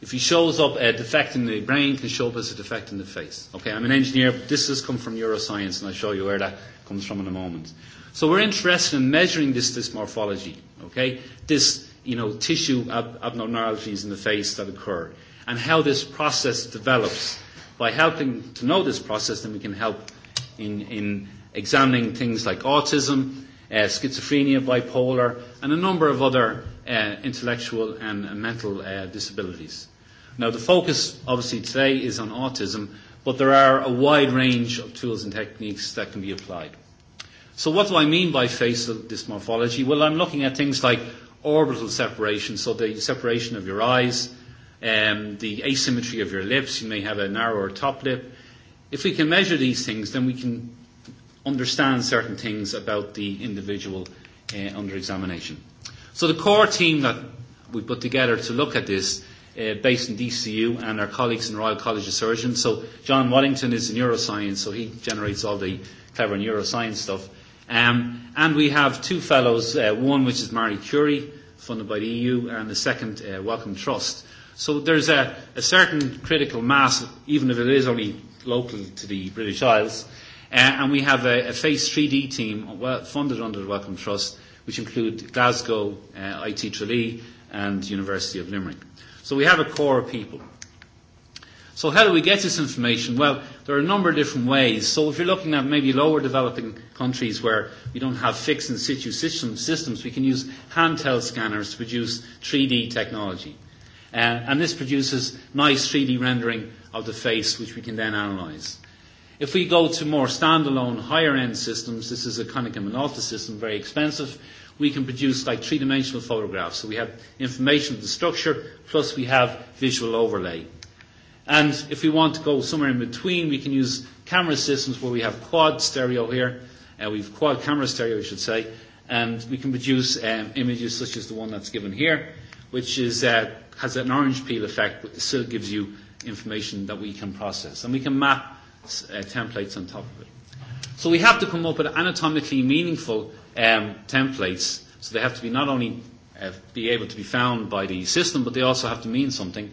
If he shows up a defect in the brain, can show up as a defect in the face. Okay, I'm an engineer, but this has come from neuroscience, and I'll show you where that comes from in a moment. So we're interested in measuring this, this morphology, okay? This, you know, tissue ab- abnormalities in the face that occur, and how this process develops. By helping to know this process, then we can help in, in examining things like autism, uh, schizophrenia, bipolar, and a number of other uh, intellectual and mental uh, disabilities. Now, the focus obviously today is on autism, but there are a wide range of tools and techniques that can be applied. So, what do I mean by facial dysmorphology? Well, I'm looking at things like orbital separation, so the separation of your eyes, um, the asymmetry of your lips. You may have a narrower top lip. If we can measure these things, then we can understand certain things about the individual uh, under examination. So the core team that we put together to look at this uh, based in DCU and our colleagues in Royal College of Surgeons. So John Waddington is in neuroscience, so he generates all the clever neuroscience stuff. Um, and we have two fellows, uh, one which is Marie Curie, funded by the EU, and the second, uh, Wellcome Trust. So there's a, a certain critical mass, even if it is only local to the British Isles. Uh, and we have a, a Phase 3D team well, funded under the Wellcome Trust which include Glasgow, uh, IT Tralee, and University of Limerick. So we have a core of people. So how do we get this information? Well, there are a number of different ways. So if you're looking at maybe lower developing countries where we don't have fixed in situ system, systems, we can use handheld scanners to produce 3D technology. Uh, and this produces nice 3D rendering of the face, which we can then analyze. If we go to more standalone, higher end systems, this is a Konica Minolta system, very expensive, we can produce like three dimensional photographs. So we have information of the structure, plus we have visual overlay. And if we want to go somewhere in between, we can use camera systems where we have quad stereo here, uh, we have quad camera stereo, I should say, and we can produce um, images such as the one that's given here, which is, uh, has an orange peel effect, but still gives you information that we can process. And we can map uh, templates on top of it. So we have to come up with anatomically meaningful um, templates. So they have to be not only uh, be able to be found by the system, but they also have to mean something.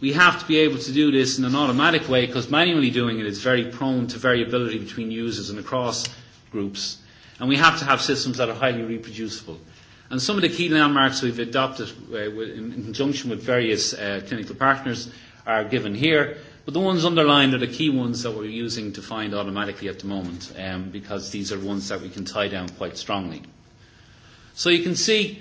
We have to be able to do this in an automatic way because manually doing it is very prone to variability between users and across groups. And we have to have systems that are highly reproducible. And some of the key landmarks we've adopted uh, in conjunction with various uh, clinical partners are given here. But the ones underlined are the key ones that we're using to find automatically at the moment, um, because these are ones that we can tie down quite strongly. So you can see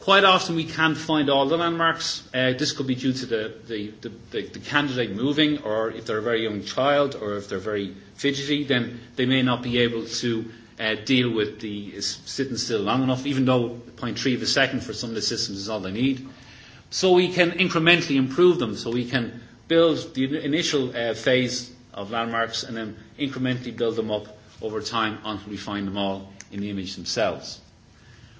quite often we can't find all the landmarks. Uh, this could be due to the, the, the, the, the candidate moving, or if they're a very young child, or if they're very fidgety, then they may not be able to uh, deal with the uh, sitting still long enough, even though 0.3 of a second for some of the systems is all they need. So we can incrementally improve them, so we can build the initial uh, phase of landmarks and then incrementally build them up over time until we find them all in the image themselves.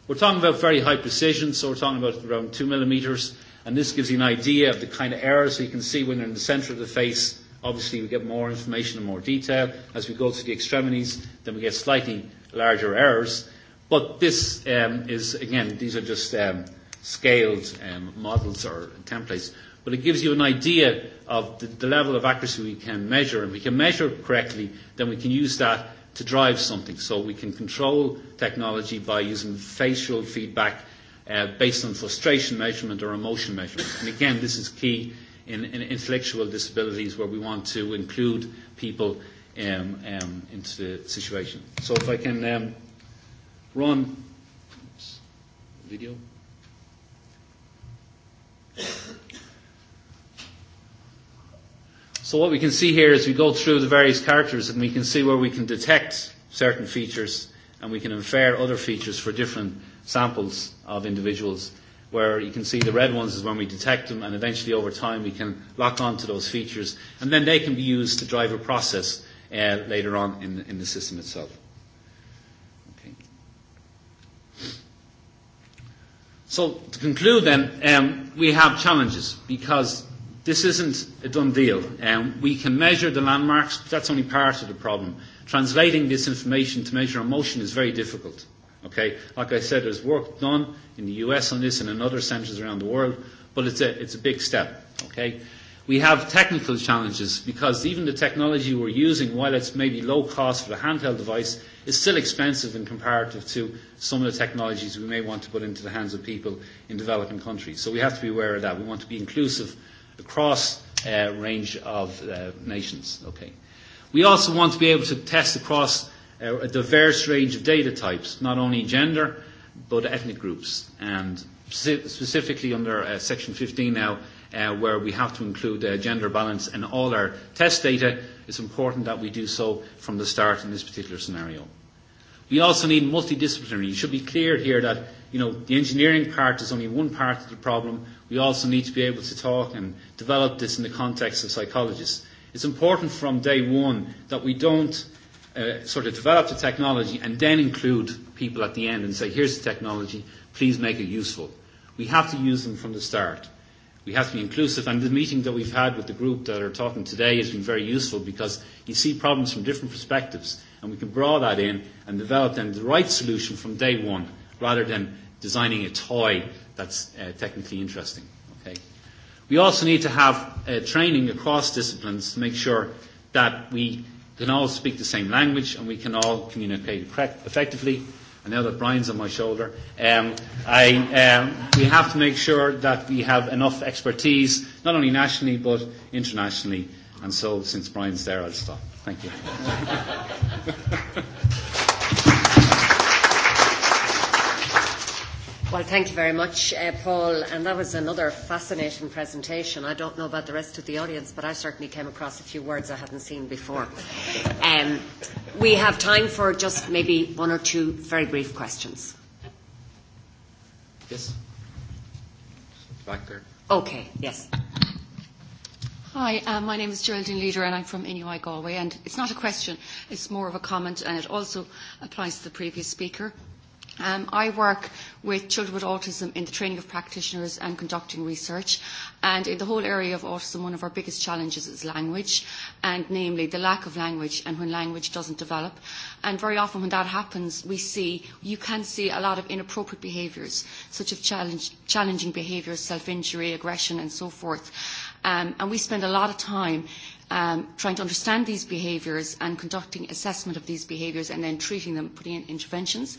We're talking about very high precision, so we're talking about around 2 millimeters, and this gives you an idea of the kind of error, so you can see when they're in the center of the face, obviously we get more information and more detail. As we go to the extremities, then we get slightly larger errors. But this um, is, again, these are just um, scaled um, models or templates but it gives you an idea of the, the level of accuracy we can measure. And we can measure correctly, then we can use that to drive something. So we can control technology by using facial feedback uh, based on frustration measurement or emotion measurement. And again, this is key in, in intellectual disabilities where we want to include people um, um, into the situation. So if I can um, run oops, video. So what we can see here is we go through the various characters and we can see where we can detect certain features and we can infer other features for different samples of individuals where you can see the red ones is when we detect them and eventually over time we can lock on to those features and then they can be used to drive a process uh, later on in, in the system itself. Okay. So to conclude then, um, we have challenges because This isn't a done deal. Um, we can measure the landmarks, but that's only part of the problem. Translating this information to measure emotion is very difficult. Okay, like I said, there's work done in the US on this and in other centres around the world, but it's a, it's a big step. Okay, we have technical challenges because even the technology we're using, while it's maybe low cost for the handheld device, is still expensive in comparative to some of the technologies we may want to put into the hands of people in developing countries. So we have to be aware of that. We want to be inclusive across a uh, range of uh, nations. Okay. We also want to be able to test across uh, a diverse range of data types, not only gender, but ethnic groups. And spe- specifically under uh, Section 15 now, uh, where we have to include uh, gender balance in all our test data, it's important that we do so from the start in this particular scenario. We also need multidisciplinary. It should be clear here that you know, the engineering part is only one part of the problem, We also need to be able to talk and develop this in the context of psychologists. It's important from day one that we don't uh, sort of develop the technology and then include people at the end and say, here's the technology, please make it useful. We have to use them from the start. We have to be inclusive, and the meeting that we've had with the group that are talking today has been very useful because you see problems from different perspectives, and we can draw that in and develop then the right solution from day one rather than designing a toy that's uh, technically interesting. Okay? We also need to have uh, training across disciplines to make sure that we can all speak the same language and we can all communicate correct, effectively. And now that Brian's on my shoulder, um, I, um, we have to make sure that we have enough expertise, not only nationally but internationally. And so, since Brian's there, I'll stop. Thank you. Well, thank you very much, uh, Paul. And that was another fascinating presentation. I don't know about the rest of the audience, but I certainly came across a few words I hadn't seen before. Um, we have time for just maybe one or two very brief questions. Yes? Back there. Okay, yes. Hi, um, my name is Geraldine Leader and I'm from Inuit Galway and it's not a question, it's more of a comment and it also applies to the previous speaker. Um, I work with children with autism in the training of practitioners and conducting research. And in the whole area of autism, one of our biggest challenges is language, and namely the lack of language and when language doesn't develop. And very often when that happens, we see, you can see a lot of inappropriate behaviours, such as challenge, challenging behaviours, self-injury, aggression, and so forth. Um, and we spend a lot of time um, trying to understand these behaviours and conducting assessment of these behaviours and then treating them, putting in interventions.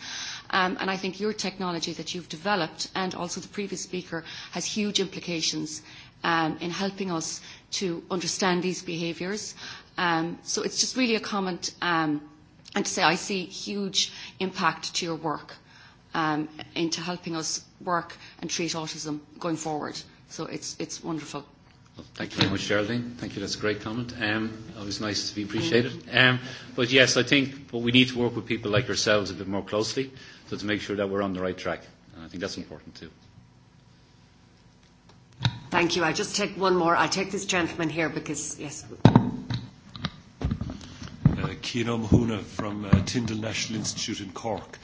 Um, and I think your technology that you've developed and also the previous speaker has huge implications um, in helping us to understand these behaviours. Um, so it's just really a comment um, and to say I see huge impact to your work um, into helping us work and treat autism going forward. So it's, it's wonderful. Well, thank you very much, Geraldine. Thank you. That's a great comment. Um, always nice to be appreciated. Um, but yes, I think but we need to work with people like yourselves a bit more closely so to make sure that we're on the right track. And I think that's important too. Thank you. I'll just take one more. I'll take this gentleman here because, yes. Uh, Kieran Mahuna from uh, Tyndall National Institute in Cork. Uh,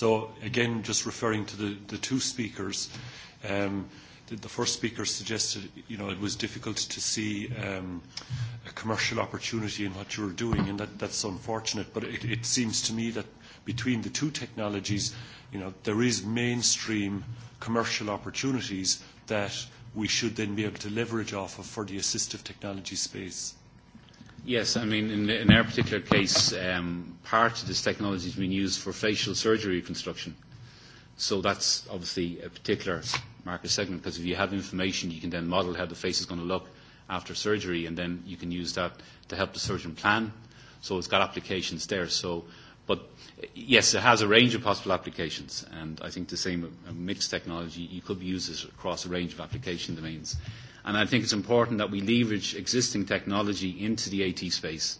So again, just referring to the, the two speakers, um, the, the first speaker suggested, you know, it was difficult to see um, a commercial opportunity in what you were doing, and that, that's unfortunate. But it, it seems to me that between the two technologies, you know, there is mainstream commercial opportunities that we should then be able to leverage off of for the assistive technology space. Yes, I mean, in, in our particular case, um, part of this technology has been used for facial surgery reconstruction. So that's obviously a particular market segment because if you have information, you can then model how the face is going to look after surgery, and then you can use that to help the surgeon plan. So it's got applications there. So, but yes, it has a range of possible applications, and I think the same mixed technology you could use this across a range of application domains. And I think it's important that we leverage existing technology into the AT space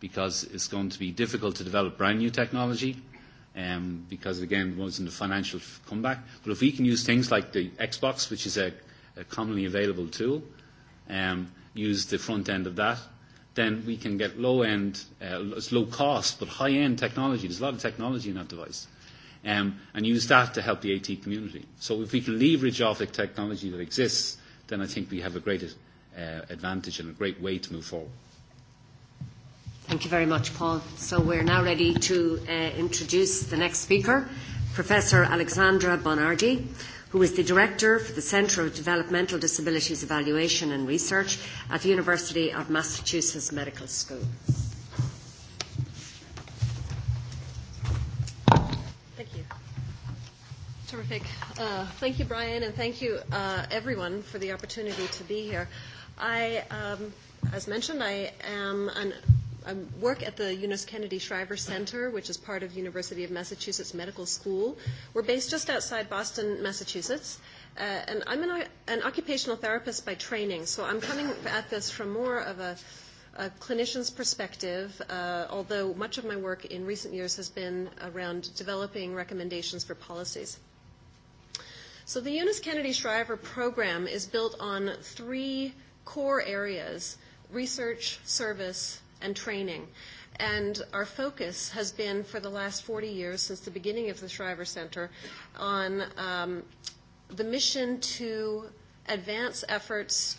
because it's going to be difficult to develop brand new technology um, because, again, it wasn't a financial comeback. But if we can use things like the Xbox, which is a, a commonly available tool, um, use the front end of that, then we can get low-end, uh, it's low cost, but high-end technology. There's a lot of technology in that device. Um, and use that to help the AT community. So if we can leverage off the technology that exists then I think we have a great uh, advantage and a great way to move forward. Thank you very much, Paul. So we're now ready to uh, introduce the next speaker, Professor Alexandra Bonardi, who is the Director for the Centre of Developmental Disabilities Evaluation and Research at the University of Massachusetts Medical School. Terrific. Uh, thank you, Brian, and thank you, uh, everyone, for the opportunity to be here. I, um, as mentioned, I am an I work at the Eunice Kennedy Shriver Center, which is part of University of Massachusetts Medical School. We're based just outside Boston, Massachusetts. Uh, and I'm an, an occupational therapist by training, so I'm coming at this from more of a, a clinician's perspective, uh, although much of my work in recent years has been around developing recommendations for policies. Uh, So the Eunice Kennedy Shriver program is built on three core areas, research, service, and training. And our focus has been for the last 40 years, since the beginning of the Shriver Center, on um, the mission to advance efforts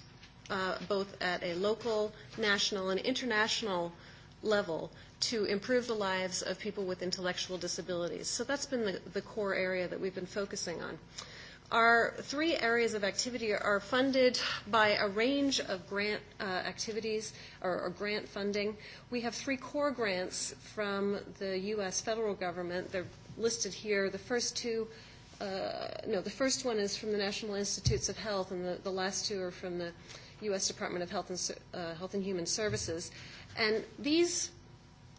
uh, both at a local, national, and international level to improve the lives of people with intellectual disabilities. So that's been the, the core area that we've been focusing on. Uh, Our three areas of activity are funded by a range of grant uh, activities or, or grant funding. We have three core grants from the U.S. federal government. They're listed here. The first two uh, no, the first one is from the National Institutes of Health, and the, the last two are from the U.S. Department of Health and, uh, Health and Human Services. And these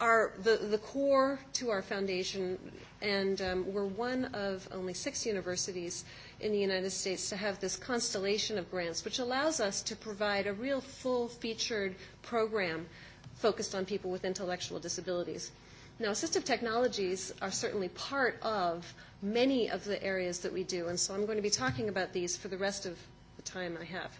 are the, the core to our foundation, and um, we're one of only six universities uh, in the United States to have this constellation of grants, which allows us to provide a real full-featured program focused on people with intellectual disabilities. Now, assistive technologies are certainly part of many of the areas that we do, and so I'm going to be talking about these for the rest of the time I have.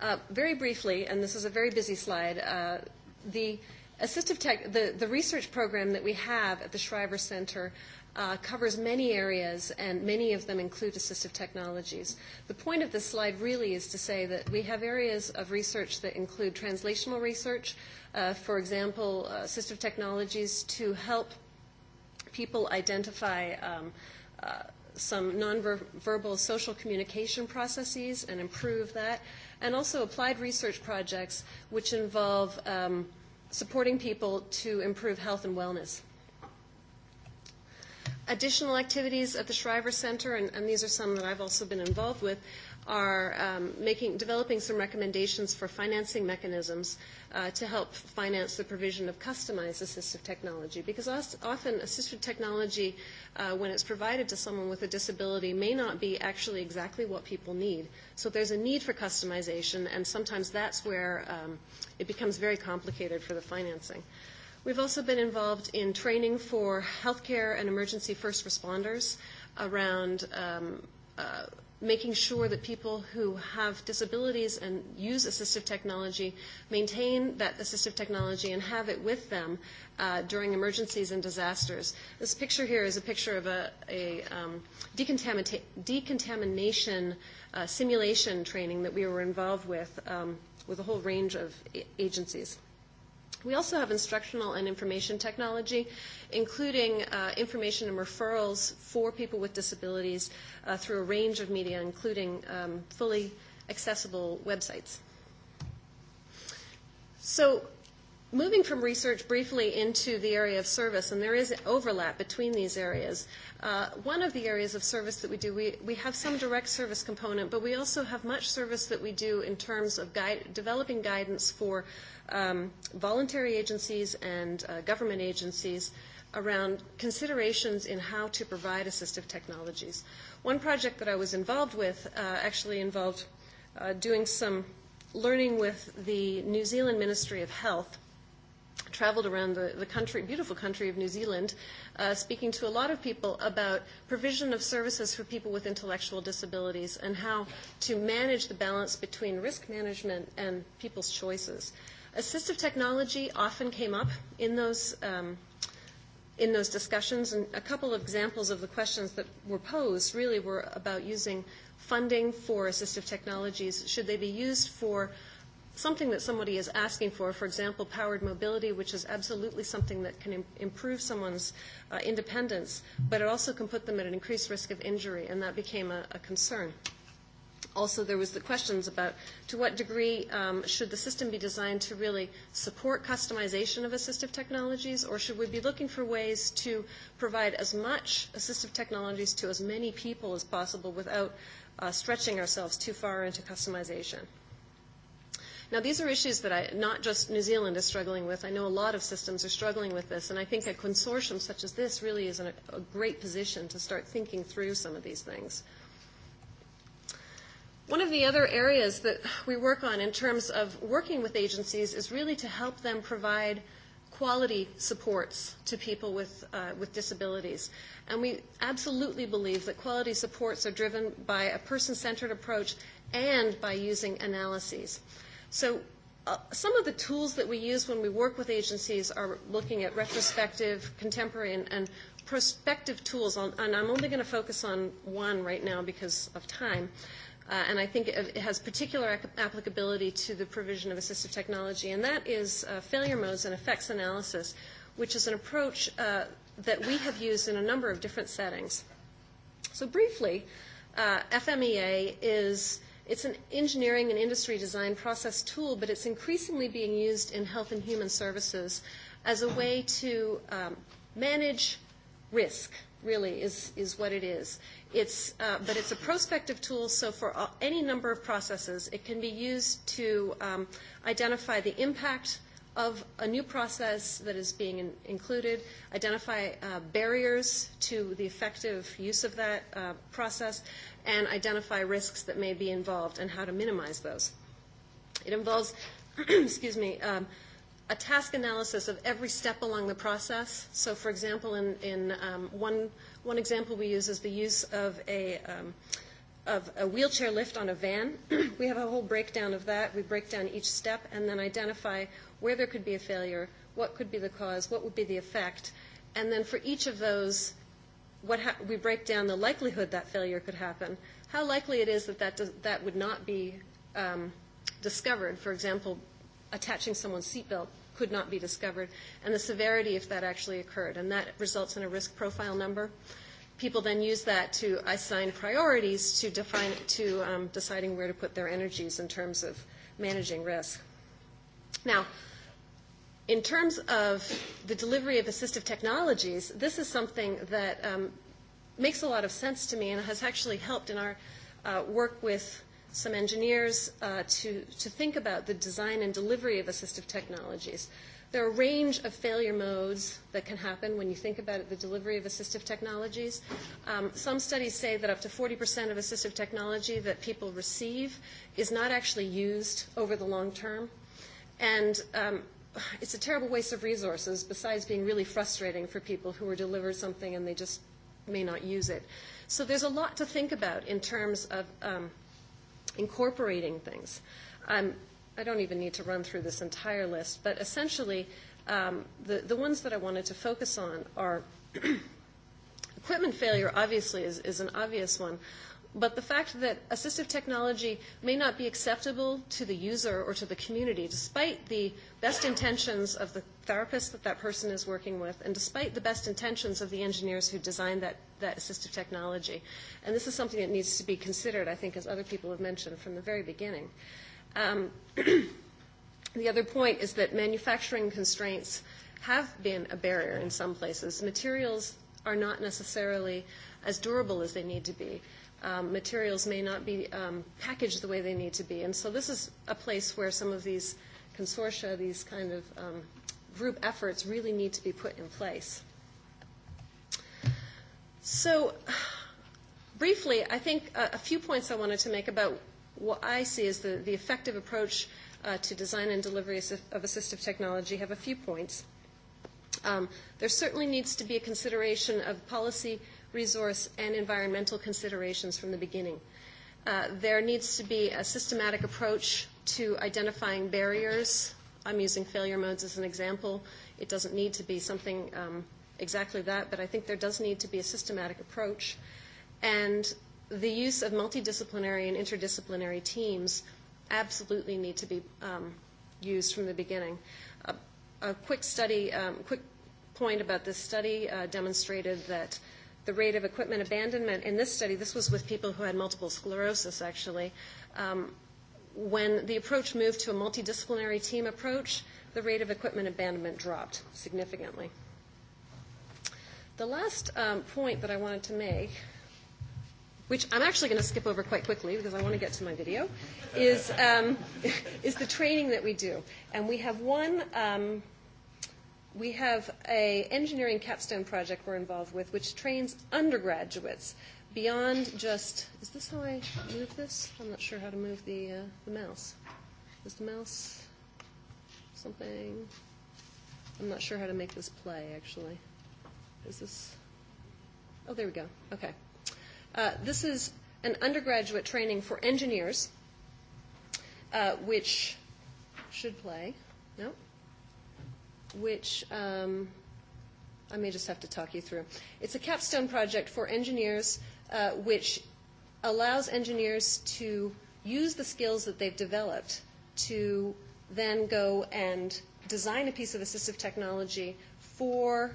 Uh, very briefly, and this is a very busy slide, uh, the assistive tech, the, the research program that we have at the Shriver Center uh, covers many areas, and many of them include assistive technologies. The point of this slide really is to say that we have areas of research that include translational research, uh, for example, uh, assistive technologies to help people identify um, uh, some nonverbal social communication processes and improve that, and also applied research projects which involve um, supporting people to improve health and wellness additional activities at the Shriver Center, and, and these are some that I've also been involved with, are um, making, developing some recommendations for financing mechanisms uh, to help finance the provision of customized assistive technology. Because often assistive technology, uh, when it's provided to someone with a disability, may not be actually exactly what people need. So there's a need for customization, and sometimes that's where um, it becomes very complicated for the financing. Uh, We've also been involved in training for healthcare and emergency first responders around um, uh, making sure that people who have disabilities and use assistive technology maintain that assistive technology and have it with them uh, during emergencies and disasters. This picture here is a picture of a, a um, decontamina- decontamination uh, simulation training that we were involved with um, with a whole range of a- agencies. We also have instructional and information technology, including uh, information and referrals for people with disabilities uh, through a range of media, including um, fully accessible websites. So moving from research briefly into the area of service, and there is overlap between these areas. Uh, one of the areas of service that we do, we, we have some direct service component, but we also have much service that we do in terms of guide, developing guidance for um, voluntary agencies and uh, government agencies around considerations in how to provide assistive technologies. One project that I was involved with uh, actually involved uh, doing some learning with the New Zealand Ministry of Health traveled around the, the country, beautiful country of New Zealand, uh, speaking to a lot of people about provision of services for people with intellectual disabilities and how to manage the balance between risk management and people's choices. Assistive technology often came up in those, um, in those discussions, and a couple of examples of the questions that were posed really were about using funding for assistive technologies. Should they be used for something that somebody is asking for, for example, powered mobility, which is absolutely something that can Im- improve someone's uh, independence, but it also can put them at an increased risk of injury, and that became a, a concern. Also, there was the questions about to what degree um, should the system be designed to really support customization of assistive technologies, or should we be looking for ways to provide as much assistive technologies to as many people as possible without uh, stretching ourselves too far into customization? Now, these are issues that I, not just New Zealand is struggling with. I know a lot of systems are struggling with this, and I think a consortium such as this really is in a, a great position to start thinking through some of these things. One of the other areas that we work on in terms of working with agencies is really to help them provide quality supports to people with, uh, with disabilities. And we absolutely believe that quality supports are driven by a person centered approach and by using analyses. So uh, some of the tools that we use when we work with agencies are looking at retrospective, contemporary, and, and prospective tools, on, and I'm only going to focus on one right now because of time. Uh, and I think it, it has particular applicability to the provision of assistive technology, and that is uh, failure modes and effects analysis, which is an approach uh, that we have used in a number of different settings. So briefly, uh, FMEA is It's an engineering and industry design process tool, but it's increasingly being used in health and human services as a way to um, manage risk, really, is, is what it is. It's, uh, but it's a prospective tool, so for all, any number of processes, it can be used to um, identify the impact – of a new process that is being in, included, identify uh, barriers to the effective use of that uh, process, and identify risks that may be involved and how to minimize those. It involves, excuse me, um, a task analysis of every step along the process. So, for example, in, in um, one, one example we use is the use of a um, of a wheelchair lift on a van. we have a whole breakdown of that. We break down each step and then identify where there could be a failure, what could be the cause, what would be the effect, and then for each of those, what ha- we break down the likelihood that failure could happen, how likely it is that that, does, that would not be um, discovered. For example, attaching someone's seatbelt could not be discovered, and the severity if that actually occurred. And that results in a risk profile number. People then use that to assign priorities to, define, to um, deciding where to put their energies in terms of managing risk. Now, in terms of the delivery of assistive technologies, this is something that um, makes a lot of sense to me and has actually helped in our uh, work with some engineers uh, to, to think about the design and delivery of assistive technologies. There are a range of failure modes that can happen when you think about it, the delivery of assistive technologies. Um, some studies say that up to 40% of assistive technology that people receive is not actually used over the long term. And um, it's a terrible waste of resources besides being really frustrating for people who are delivered something and they just may not use it. So there's a lot to think about in terms of um, incorporating things. Um, I don't even need to run through this entire list, but essentially, um, the, the ones that I wanted to focus on are equipment failure, obviously, is, is an obvious one. But the fact that assistive technology may not be acceptable to the user or to the community, despite the best intentions of the therapist that that person is working with, and despite the best intentions of the engineers who designed that, that assistive technology. And this is something that needs to be considered, I think, as other people have mentioned from the very beginning. Um, the other point is that manufacturing constraints have been a barrier in some places. Materials are not necessarily as durable as they need to be um, materials may not be um, packaged the way they need to be. And so this is a place where some of these consortia, these kind of um, group efforts really need to be put in place. So briefly, I think a, a few points I wanted to make about what I see as the, the effective approach uh, to design and delivery of assistive technology have a few points. Um, there certainly needs to be a consideration of policy resource, and environmental considerations from the beginning. Uh, there needs to be a systematic approach to identifying barriers. I'm using failure modes as an example. It doesn't need to be something um, exactly that, but I think there does need to be a systematic approach. And the use of multidisciplinary and interdisciplinary teams absolutely need to be um, used from the beginning. A, a quick study, um, quick point about this study uh, demonstrated that the rate of equipment abandonment in this study, this was with people who had multiple sclerosis actually, um, when the approach moved to a multidisciplinary team approach, the rate of equipment abandonment dropped significantly. The last um, point that I wanted to make, which I'm actually going to skip over quite quickly because I want to get to my video, is, um, is the training that we do. And we have one um, we have a engineering capstone project we're involved with, which trains undergraduates beyond just. Is this how I move this? I'm not sure how to move the uh, the mouse. Is the mouse something? I'm not sure how to make this play. Actually, is this? Oh, there we go. Okay. Uh, this is an undergraduate training for engineers, uh, which should play. No. Nope which um, I may just have to talk you through. It's a capstone project for engineers, uh, which allows engineers to use the skills that they've developed to then go and design a piece of assistive technology for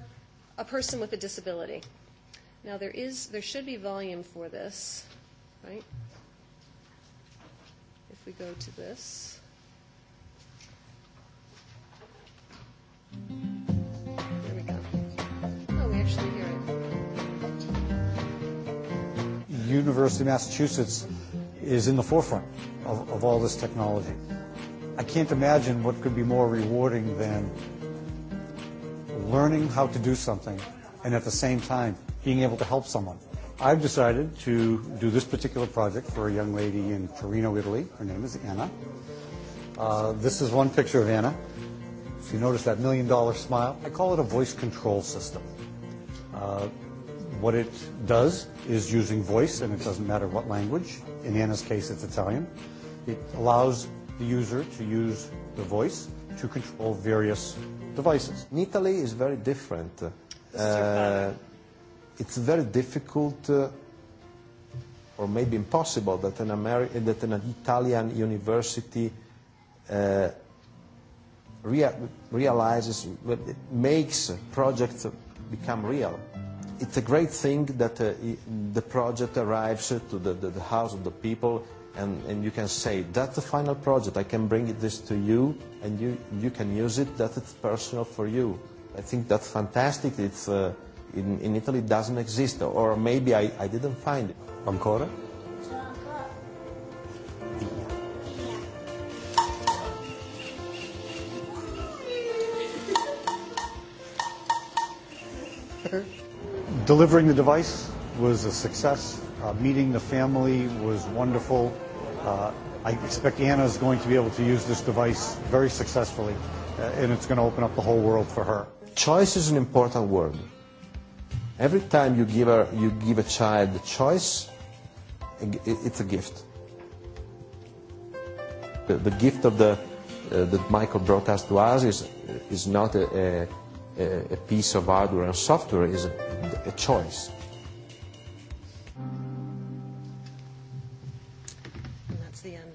a person with a disability. Now there is, there should be volume for this, right? If we go to this. There we go. Oh, we actually hear it. University of Massachusetts is in the forefront of, of all this technology. I can't imagine what could be more rewarding than learning how to do something and at the same time being able to help someone. I've decided to do this particular project for a young lady in Torino, Italy. Her name is Anna. Uh, this is one picture of Anna. If you notice that million dollar smile, I call it a voice control system. Uh, what it does is using voice, and it doesn't matter what language. In Anna's case, it's Italian. It allows the user to use the voice to control various devices. In Italy is very different. Uh, it's very difficult, uh, or maybe impossible, that an, Ameri- that an Italian university uh, rea realizes, it makes projects become real. It's a great thing that uh, the project arrives to the, the, the house of the people and, and you can say, that's the final project, I can bring this to you and you, you can use it, that it's personal for you. I think that's fantastic. It's, uh, in, in Italy doesn't exist, or maybe I, I didn't find it. Ancora? catheter. Delivering the device was a success. Uh, meeting the family was wonderful. Uh, I expect Anna is going to be able to use this device very successfully, uh, and it's going to open up the whole world for her. Choice is an important word. Every time you give a, you give a child the choice, it's a gift. The, the gift of the, uh, that Michael brought us to us is, is not a, a a, a piece of hardware and software is a, a choice. And that's the end.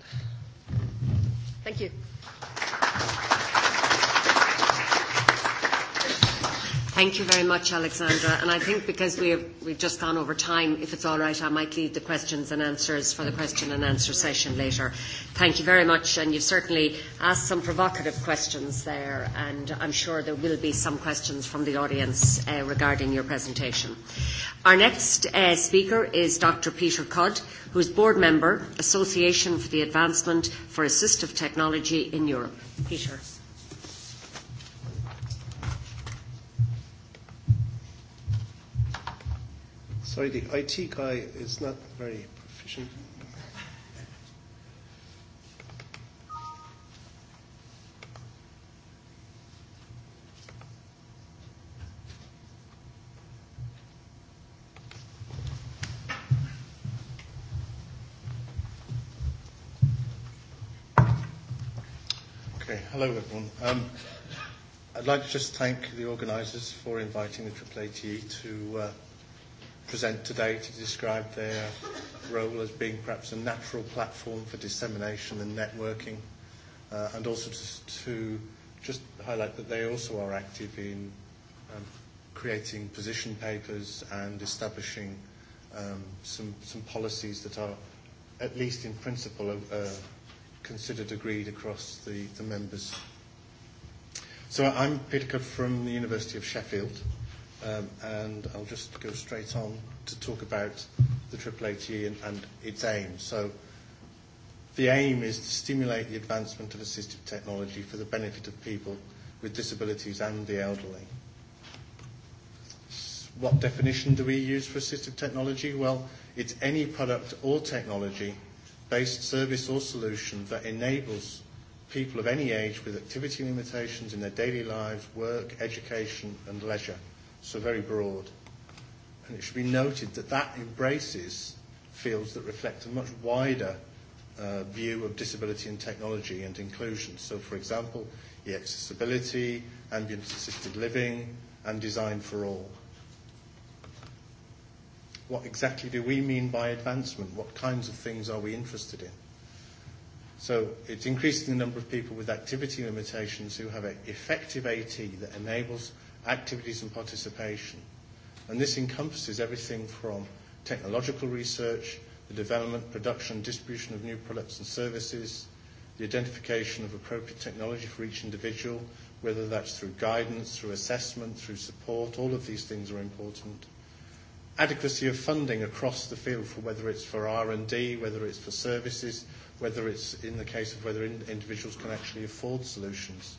Thank you. Thank you very much, Alexandra. And I think because we have, we've just gone over time, if it's all right, I might leave the questions and answers for the question and answer session later. Thank you very much. And you've certainly asked some provocative questions there, and I'm sure there will be some questions from the audience uh, regarding your presentation. Our next uh, speaker is Dr. Peter Cudd, who is board member, Association for the Advancement for Assistive Technology in Europe. Peter. Sorry, the IT guy is not very proficient. Okay, hello everyone. Um, I'd like to just thank the organisers for inviting the AAAT e to uh, present today to describe their role as being perhaps a natural platform for dissemination and networking, uh, and also to, to just highlight that they also are active in um, creating position papers and establishing um, some, some policies that are, at least in principle, uh, considered agreed across the, the members. So I'm Peter Cook from the University of Sheffield um, and I'll just go straight on to talk about the AAAT e and, and its aim. So the aim is to stimulate the advancement of assistive technology for the benefit of people with disabilities and the elderly. What definition do we use for assistive technology? Well, it's any product or technology based service or solution that enables people of any age with activity limitations in their daily lives, work, education and leisure – so very broad. And it should be noted that that embraces fields that reflect a much wider uh, view of disability and technology and inclusion. So, for example, the accessibility, ambient assisted living, and design for all. What exactly do we mean by advancement? What kinds of things are we interested in? So it's increasing the number of people with activity limitations who have an effective AT that enables activities and participation. And this encompasses everything from technological research, the development, production, and distribution of new products and services, the identification of appropriate technology for each individual, whether that's through guidance, through assessment, through support, all of these things are important. Adequacy of funding across the field, for whether it's for R&D, whether it's for services, whether it's in the case of whether in, individuals can actually afford solutions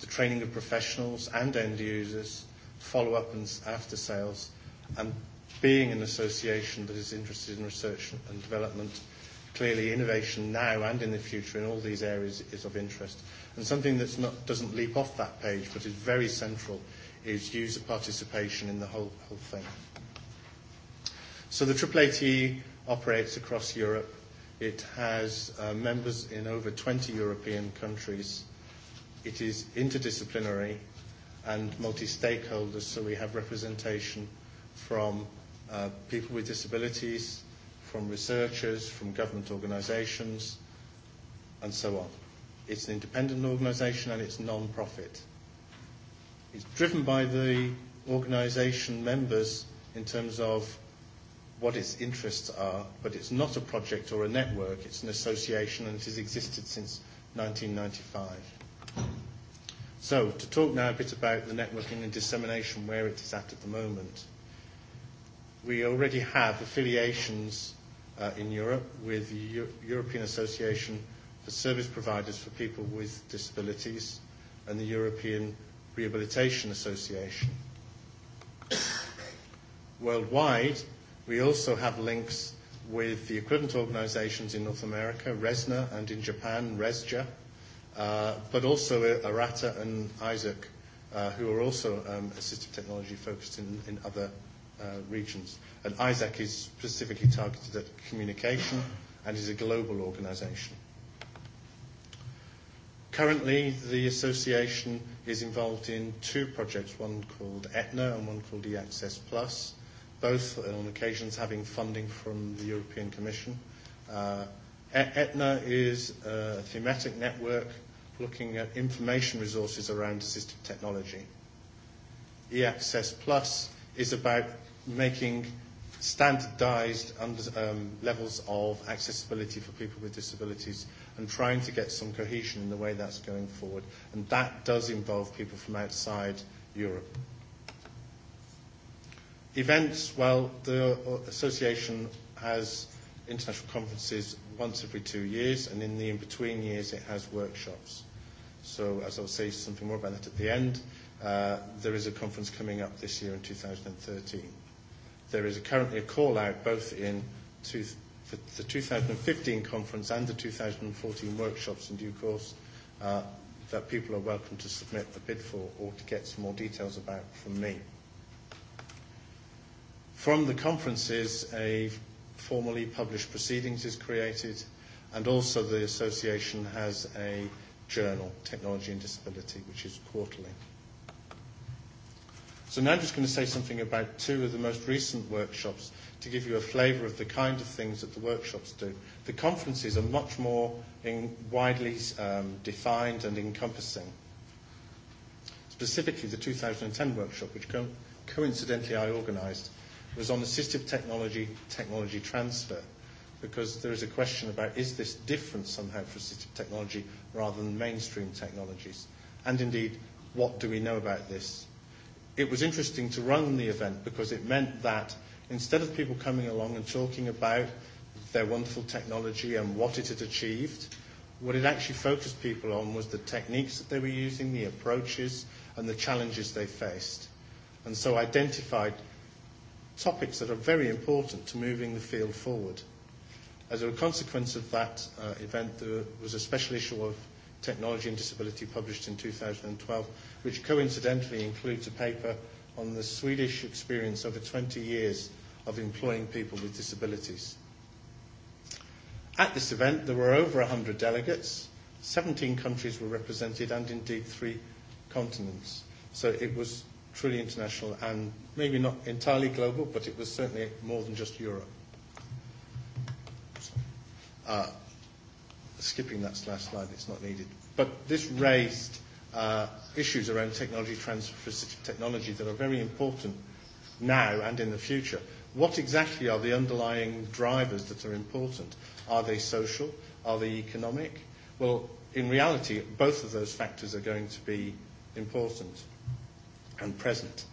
the training of professionals and end users, follow-up and after sales, and being an association that is interested in research and development, clearly innovation now and in the future in all these areas is of interest. And something that's not, doesn't leap off that page but is very central is user participation in the whole, whole thing. So the AAATE e operates across Europe. It has uh, members in over 20 European countries. Uh, It is interdisciplinary and multi-stakeholders, so we have representation from uh, people with disabilities, from researchers, from government organisations, and so on. It's an independent organisation and it's non-profit. It's driven by the organisation members in terms of what its interests are, but it's not a project or a network, it's an association and it has existed since 1995. So to talk now a bit about the networking and dissemination, where it is at at the moment. We already have affiliations uh, in Europe with the Euro- European Association for Service Providers for People with Disabilities and the European Rehabilitation Association. Worldwide, we also have links with the equivalent organizations in North America, RESNA, and in Japan, RESJA, uh, but also Arata and Isaac, uh, who are also um, assistive technology focused in, in other uh, regions. And Isaac is specifically targeted at communication and is a global organization. Currently, the association is involved in two projects, one called Etna and one called eAccess Plus, both on occasions having funding from the European Commission. Uh, Etna is a thematic network looking at information resources around assistive technology. E-Access Plus is about making standardized under, um, levels of accessibility for people with disabilities and trying to get some cohesion in the way that's going forward. And that does involve people from outside Europe. Events, well, the uh, association has international conferences once every two years, and in the in-between years it has workshops. So as I'll say something more about that at the end, uh, there is a conference coming up this year in 2013. There is a, currently a call out both in two, for the 2015 conference and the 2014 workshops in due course uh, that people are welcome to submit a bid for or to get some more details about from me. From the conferences, a formally published proceedings is created, and also the association has a journal, Technology and Disability, which is quarterly. So now I'm just going to say something about two of the most recent workshops to give you a flavour of the kind of things that the workshops do. The conferences are much more in, widely um, defined and encompassing. Specifically, the 2010 workshop, which co- coincidentally I organised, was on assistive technology, technology transfer because there is a question about is this different somehow for technology rather than mainstream technologies? And indeed, what do we know about this? It was interesting to run the event because it meant that instead of people coming along and talking about their wonderful technology and what it had achieved, what it actually focused people on was the techniques that they were using, the approaches, and the challenges they faced. And so identified topics that are very important to moving the field forward. As a consequence of that uh, event, there was a special issue of Technology and Disability published in 2012, which coincidentally includes a paper on the Swedish experience over 20 years of employing people with disabilities. At this event, there were over 100 delegates, 17 countries were represented, and indeed three continents. So it was truly international and maybe not entirely global, but it was certainly more than just Europe uh, skipping that last slide, it's not needed. But this raised uh, issues around technology transfer technology that are very important now and in the future. What exactly are the underlying drivers that are important? Are they social? Are they economic? Well, in reality, both of those factors are going to be important and present.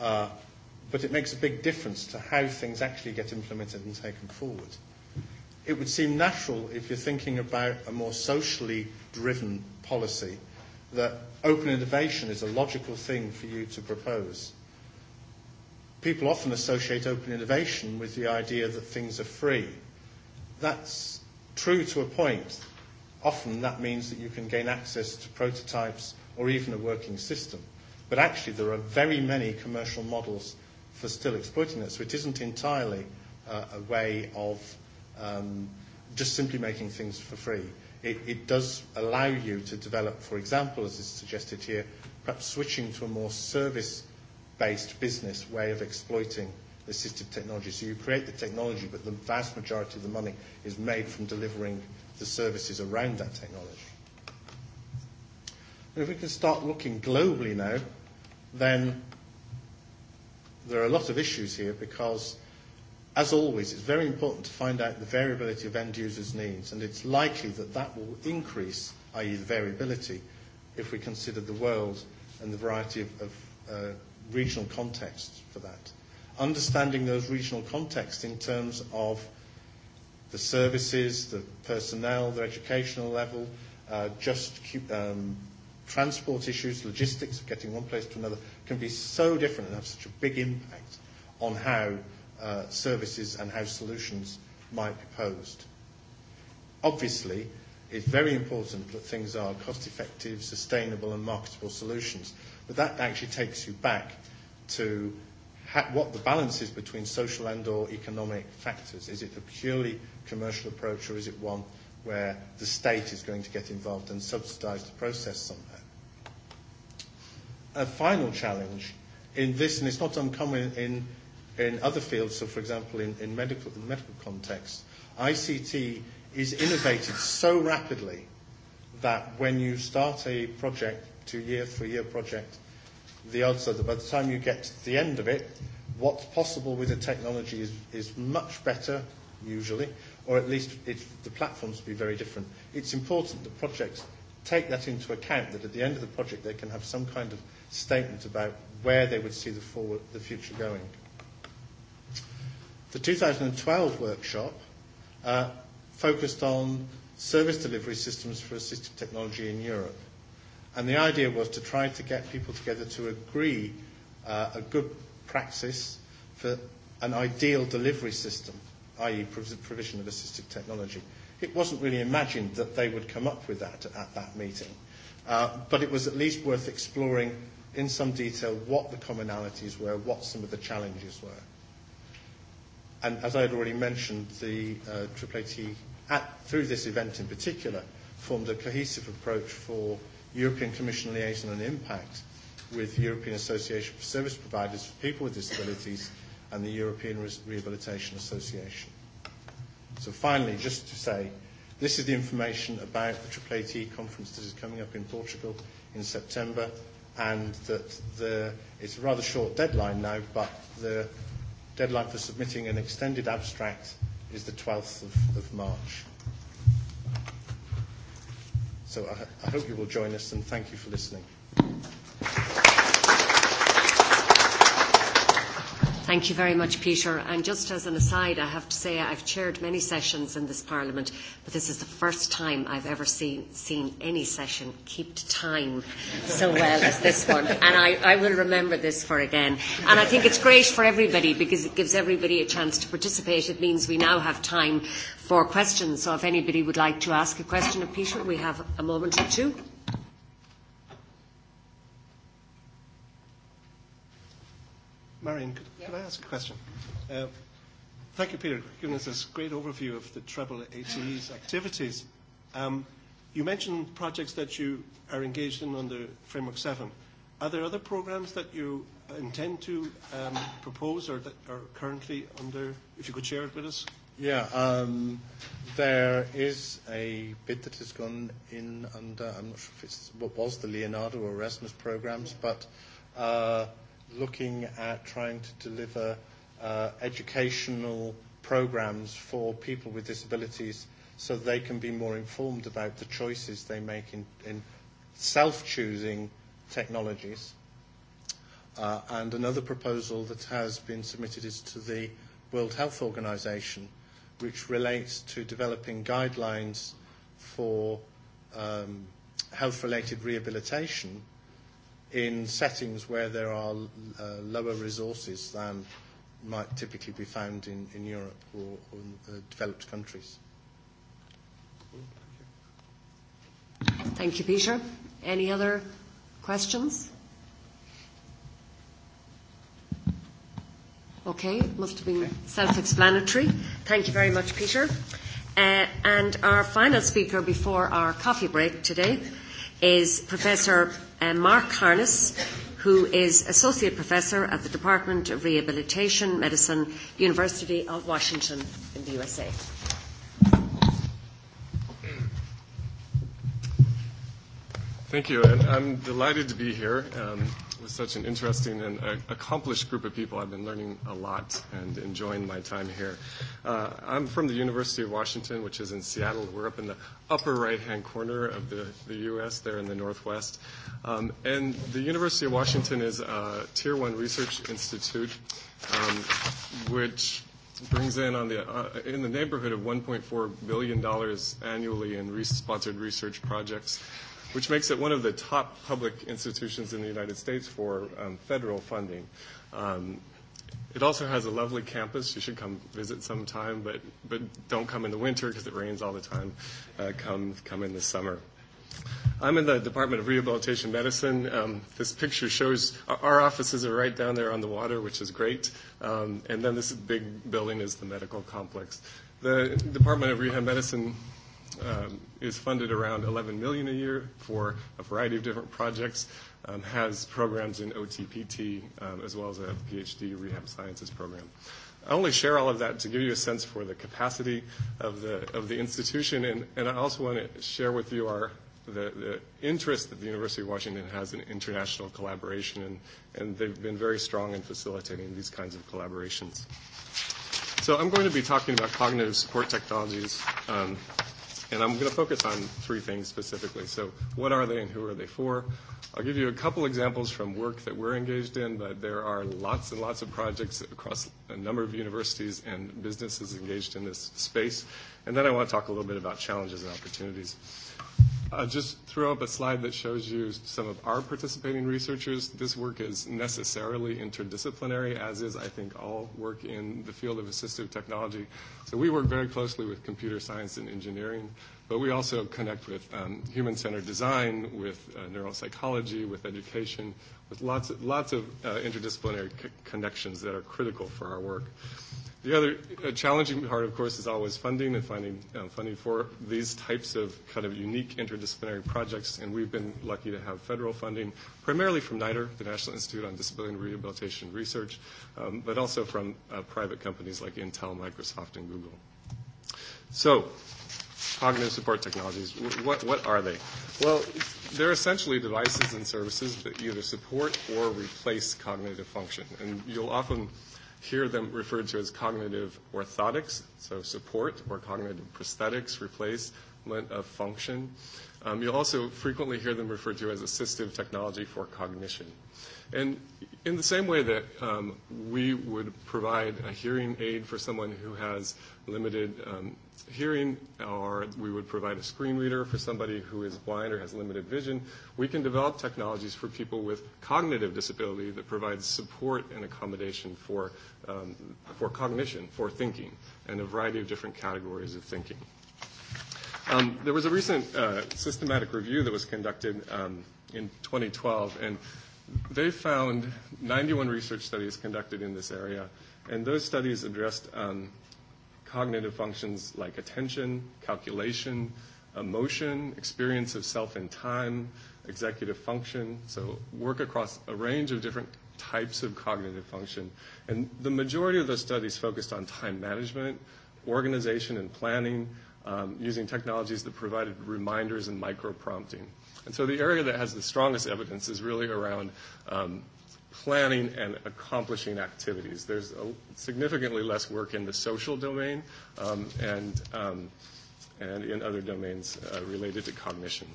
Uh, but it makes a big difference to how things actually get implemented and taken forward. Uh, it would seem natural if you're thinking about a more socially driven policy that open innovation is a logical thing for you to propose. People often associate open innovation with the idea that things are free. That's true to a point. Often that means that you can gain access to prototypes or even a working system. But actually, there are very many commercial models for still exploiting that. So it isn't entirely uh, a way of um, just simply making things for free. It, it does allow you to develop, for example, as is suggested here, perhaps switching to a more service-based business way of exploiting assistive technology. So you create the technology, but the vast majority of the money is made from delivering the services around that technology. And if we can start looking globally now, then there are a lot of issues here because As always, it's very important to find out the variability of end users' needs, and it's likely that that will increase, i.e. the variability, if we consider the world and the variety of, of uh, regional contexts for that. Understanding those regional contexts in terms of the services, the personnel, their educational level, uh, just um, transport issues, logistics of getting one place to another can be so different and have such a big impact on how uh, services and how solutions might be posed. Obviously, it's very important that things are cost effective, sustainable, and marketable solutions, but that actually takes you back to ha- what the balance is between social and or economic factors. Is it a purely commercial approach or is it one where the state is going to get involved and subsidise the process somehow? A final challenge in this, and it's not uncommon in in other fields, so for example in, in medical, in medical context, ICT is innovated so rapidly that when you start a project, two-year, three-year project, the odds are that by the time you get to the end of it, what's possible with the technology is, is much better, usually, or at least it's, the platforms will be very different. It's important that projects take that into account, that at the end of the project they can have some kind of statement about where they would see the, forward, the future going. The 2012 workshop uh, focused on service delivery systems for assistive technology in Europe. And the idea was to try to get people together to agree uh, a good praxis for an ideal delivery system, i.e. provision of assistive technology. It wasn't really imagined that they would come up with that at that meeting, uh, but it was at least worth exploring in some detail what the commonalities were, what some of the challenges were. And as I had already mentioned, the uh, AAAT, at, through this event in particular, formed a cohesive approach for European Commission liaison and impact with the European Association for Service Providers for People with Disabilities and the European Re- Rehabilitation Association. So finally, just to say, this is the information about the AAAT conference that is coming up in Portugal in September and that the, it's a rather short deadline now, but the Deadline for submitting an extended abstract is the 12th of, of March. So I, I hope you will join us and thank you for listening. Thank you very much, Peter. And just as an aside, I have to say I've chaired many sessions in this Parliament, but this is the first time I've ever seen, seen any session keep time so well as this one. And I, I will remember this for again. And I think it's great for everybody because it gives everybody a chance to participate. It means we now have time for questions. So if anybody would like to ask a question of Peter, we have a moment or two. Marion, could Can I ask a question? Uh, thank you, Peter, for giving us this great overview of the Treble ATE's activities. Um, you mentioned projects that you are engaged in under Framework 7. Are there other programs that you intend to um, propose or that are currently under, if you could share it with us? Yeah, um, there is a bid that has gone in under, I'm not sure if it's what was the Leonardo or Erasmus programs, but uh, looking at trying to deliver uh, educational programs for people with disabilities so they can be more informed about the choices they make in, in self-choosing technologies. Uh, and another proposal that has been submitted is to the World Health Organization, which relates to developing guidelines for um, health-related rehabilitation in settings where there are uh, lower resources than might typically be found in, in Europe or, or in uh, developed countries. Thank you, Peter. Any other questions? Okay, must have been self-explanatory. Thank you very much, Peter. Uh, and our final speaker before our coffee break today is Professor uh, Mark Harness, who is Associate Professor at the Department of Rehabilitation Medicine, University of Washington in the USA. Thank you, and I'm delighted to be here. Um, with such an interesting and uh, accomplished group of people. I've been learning a lot and enjoying my time here. Uh, I'm from the University of Washington, which is in Seattle. We're up in the upper right-hand corner of the, the U.S. there in the northwest. Um, and the University of Washington is a Tier 1 research institute, um, which brings in on the uh, in the neighborhood of 1.4 billion dollars annually in re- sponsored research projects which makes it one of the top public institutions in the United States for um, federal funding. Um, it also has a lovely campus. You should come visit sometime, but, but don't come in the winter because it rains all the time. Uh, come, come in the summer. I'm in the Department of Rehabilitation Medicine. Um, this picture shows our, our offices are right down there on the water, which is great. Um, and then this big building is the medical complex. The Department of Rehab Medicine um, is funded around 11 million a year for a variety of different projects, um, has programs in OTPT um, as well as a PhD rehab sciences program. I only share all of that to give you a sense for the capacity of the of the institution, and, and I also want to share with you our the, the interest that the University of Washington has in international collaboration, and, and they've been very strong in facilitating these kinds of collaborations. So I'm going to be talking about cognitive support technologies. Um, And I'm going to focus on three things specifically. So what are they and who are they for? I'll give you a couple examples from work that we're engaged in, but there are lots and lots of projects across a number of universities and businesses engaged in this space. And then I want to talk a little bit about challenges and opportunities. Uh, I uh, just threw up a slide that shows you some of our participating researchers. This work is necessarily interdisciplinary, as is, I think, all work in the field of assistive technology. So we work very closely with computer science and engineering But we also connect with um, human-centered design, with uh, neuropsychology, with education, with lots of, lots of uh, interdisciplinary c- connections that are critical for our work. The other uh, challenging part, of course, is always funding and finding um, funding for these types of kind of unique interdisciplinary projects. And we've been lucky to have federal funding, primarily from NIDER, the National Institute on Disability and Rehabilitation Research, um, but also from uh, private companies like Intel, Microsoft, and Google. So cognitive support technologies, what, what are they? Well, they're essentially devices and services that either support or replace cognitive function. And you'll often hear them referred to as cognitive orthotics, so support or cognitive prosthetics, replacement of function. Um, you'll also frequently hear them referred to as assistive technology for cognition. Uh, And in the same way that um, we would provide a hearing aid for someone who has limited um, hearing, or we would provide a screen reader for somebody who is blind or has limited vision, we can develop technologies for people with cognitive disability that provides support and accommodation for, um, for cognition, for thinking, and a variety of different categories of thinking. Um, there was a recent uh, systematic review that was conducted um, in 2012, and they found 91 research studies conducted in this area, and those studies addressed um, cognitive functions like attention, calculation, emotion, experience of self in time, executive function, so work across a range of different types of cognitive function. And the majority of those studies focused on time management, organization and planning, um, using technologies that provided reminders and micro prompting. And so the area that has the strongest evidence is really around um, planning and accomplishing activities. There's a, significantly less work in the social domain um, and, um, and in other domains uh, related to cognition.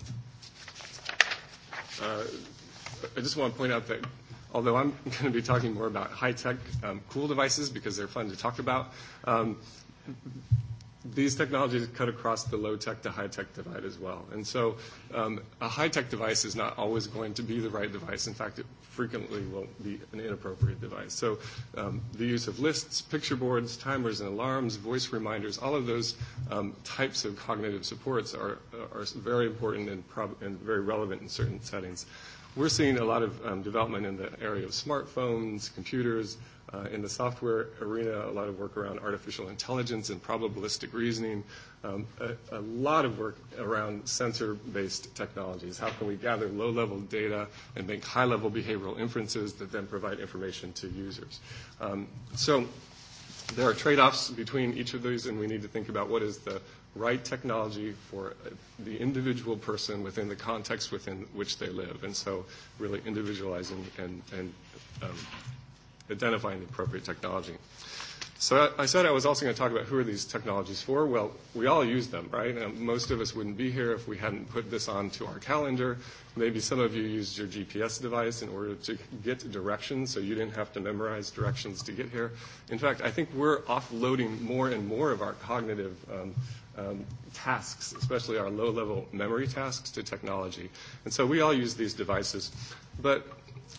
Uh, I just want to point out that although I'm going to be talking more about high-tech um, cool devices because they're fun to talk about, um, these technologies cut across the low-tech to high-tech divide as well. And so um, a high-tech device is not always going to be the right device. In fact, it frequently will be an inappropriate device. So um, the use of lists, picture boards, timers and alarms, voice reminders, all of those um, types of cognitive supports are, are very important and, prob- and very relevant in certain settings. Uh, We're seeing a lot of um, development in the area of smartphones, computers, uh, in the software arena, a lot of work around artificial intelligence and probabilistic reasoning, um, a, a lot of work around sensor-based technologies. How can we gather low-level data and make high-level behavioral inferences that then provide information to users? Um, so there are trade-offs between each of these, and we need to think about what is the right technology for uh, the individual person within the context within which they live. And so, really individualizing and, and um, identifying the appropriate technology. Uh, So I, I said I was also going to talk about who are these technologies for. Well, we all use them, right? And most of us wouldn't be here if we hadn't put this onto our calendar. Maybe some of you used your GPS device in order to get directions, so you didn't have to memorize directions to get here. In fact, I think we're offloading more and more of our cognitive um, um, tasks, especially our low-level memory tasks, to technology. And so we all use these devices. But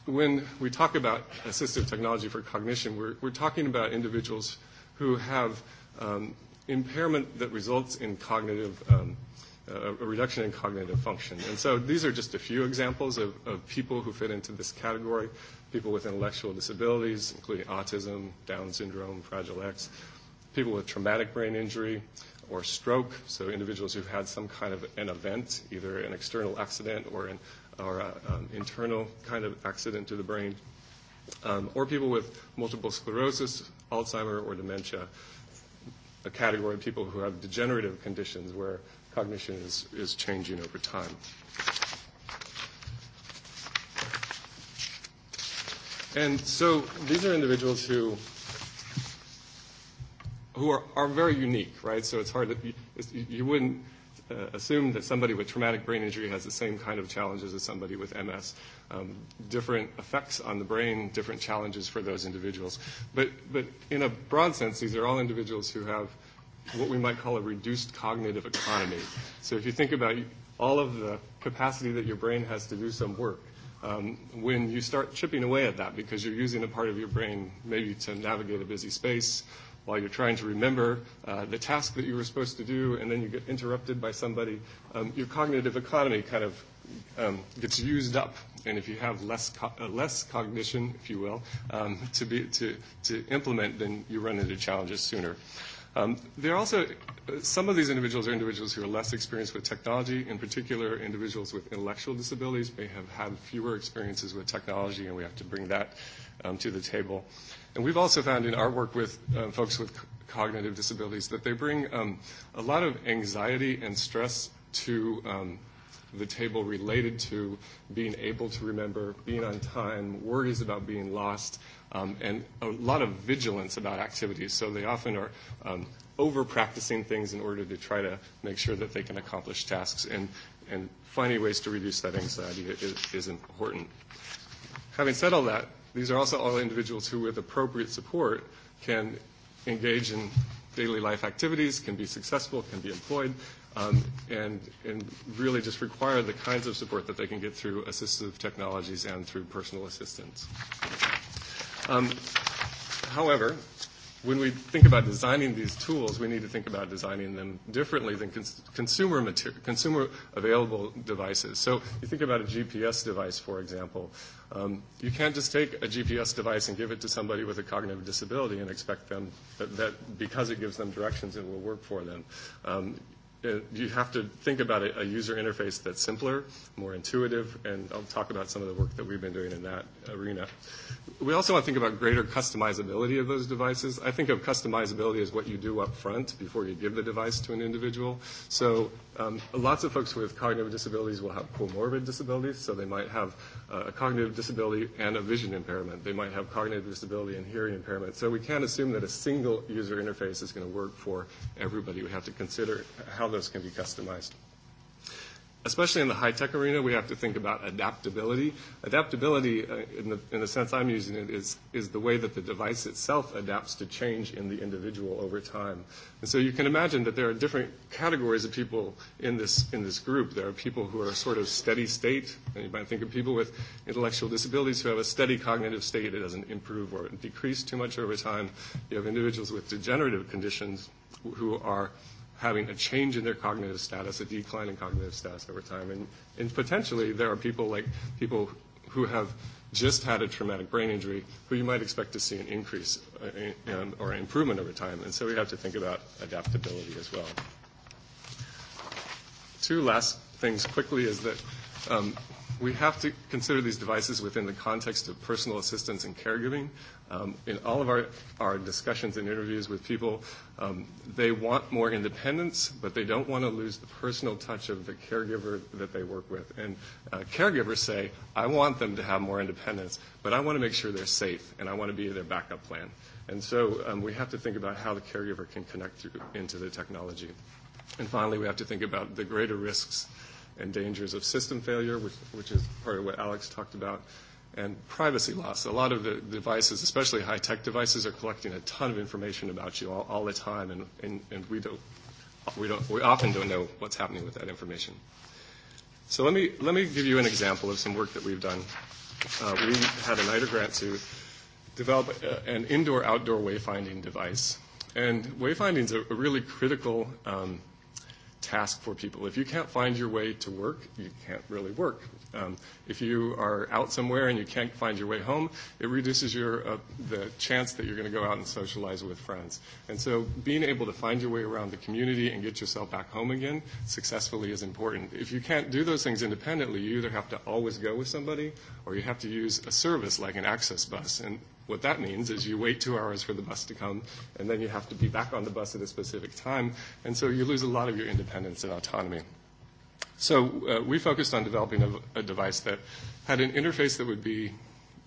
when we talk about assistive technology for cognition, we're, we're talking about individuals who have um, impairment that results in cognitive, um, uh, a reduction in cognitive function. And so these are just a few examples of, of people who fit into this category, people with intellectual disabilities, including autism, Down syndrome, Fragile X, people with traumatic brain injury, or stroke, so individuals who've had some kind of an event, either an external accident or an or a, um, internal kind of accident to the brain, um, or people with multiple sclerosis, Alzheimer, or dementia, a category of people who have degenerative conditions where cognition is, is changing over time. And so these are individuals who who are, are very unique, right? So it's hard that you, you wouldn't uh, assume that somebody with traumatic brain injury has the same kind of challenges as somebody with MS. Um, different effects on the brain, different challenges for those individuals. But, but in a broad sense, these are all individuals who have what we might call a reduced cognitive economy. So if you think about all of the capacity that your brain has to do some work, um, when you start chipping away at that because you're using a part of your brain maybe to navigate a busy space while you're trying to remember uh, the task that you were supposed to do, and then you get interrupted by somebody. Um, your cognitive economy kind of um, gets used up, and if you have less co- uh, less cognition, if you will, um, to be to to implement, then you run into challenges sooner. Um, there are also uh, some of these individuals are individuals who are less experienced with technology. In particular, individuals with intellectual disabilities may have had fewer experiences with technology, and we have to bring that um, to the table. Uh, And we've also found in our work with uh, folks with c- cognitive disabilities that they bring um, a lot of anxiety and stress to um, the table related to being able to remember, being on time, worries about being lost, um, and a lot of vigilance about activities. So they often are um, over practicing things in order to try to make sure that they can accomplish tasks. And, and finding ways to reduce that anxiety is, is important. Having said all that, These are also all individuals who, with appropriate support, can engage in daily life activities, can be successful, can be employed, um, and, and really just require the kinds of support that they can get through assistive technologies and through personal assistance. Um, however, when we think about designing these tools, we need to think about designing them differently than cons- consumer mater- consumer available devices. So you think about a GPS device, for example. Um, you can't just take a GPS device and give it to somebody with a cognitive disability and expect them that, that because it gives them directions, it will work for them. Um, it, you have to think about a, a user interface that's simpler, more intuitive, and I'll talk about some of the work that we've been doing in that arena. We also want to think about greater customizability of those devices. I think of customizability as what you do up front before you give the device to an individual. So um, lots of folks with cognitive disabilities will have comorbid disabilities, so they might have uh, a cognitive disability and a vision impairment. They might have cognitive disability and hearing impairment. So we can't assume that a single user interface is going to work for everybody. We have to consider how those can be customized. Especially in the high-tech arena, we have to think about adaptability. Adaptability, uh, in, the, in the sense I'm using it, is, is the way that the device itself adapts to change in the individual over time. And so you can imagine that there are different categories of people in this, in this group. There are people who are sort of steady state, and you might think of people with intellectual disabilities who have a steady cognitive state. It doesn't improve or decrease too much over time. You have individuals with degenerative conditions who are – having a change in their cognitive status, a decline in cognitive status over time. And, and potentially there are people like people who have just had a traumatic brain injury who you might expect to see an increase in, uh, in, or improvement over time. And so we have to think about adaptability as well. Two last things quickly is that um, we have to consider these devices within the context of personal assistance and caregiving. Um, in all of our, our discussions and interviews with people, um, they want more independence, but they don't want to lose the personal touch of the caregiver that they work with. And uh, caregivers say, I want them to have more independence, but I want to make sure they're safe, and I want to be their backup plan. And so um, we have to think about how the caregiver can connect through, into the technology. And finally, we have to think about the greater risks uh, and dangers of system failure, which, which is part of what Alex talked about, and privacy loss. A lot of the devices, especially high-tech devices, are collecting a ton of information about you all, all the time, and, and, and we, don't, we, don't, we often don't know what's happening with that information. So let me, let me give you an example of some work that we've done. Uh, we had an NIDA grant to develop a, uh, an indoor-outdoor wayfinding device. And wayfinding is a, a really critical um, task for people. If you can't find your way to work, you can't really work. Um, if you are out somewhere and you can't find your way home, it reduces your, uh, the chance that you're going to go out and socialize with friends. And so being able to find your way around the community and get yourself back home again successfully is important. If you can't do those things independently, you either have to always go with somebody or you have to use a service like an access bus. And What that means is you wait two hours for the bus to come, and then you have to be back on the bus at a specific time, and so you lose a lot of your independence and autonomy. So uh, we focused on developing a, a device that had an interface that would be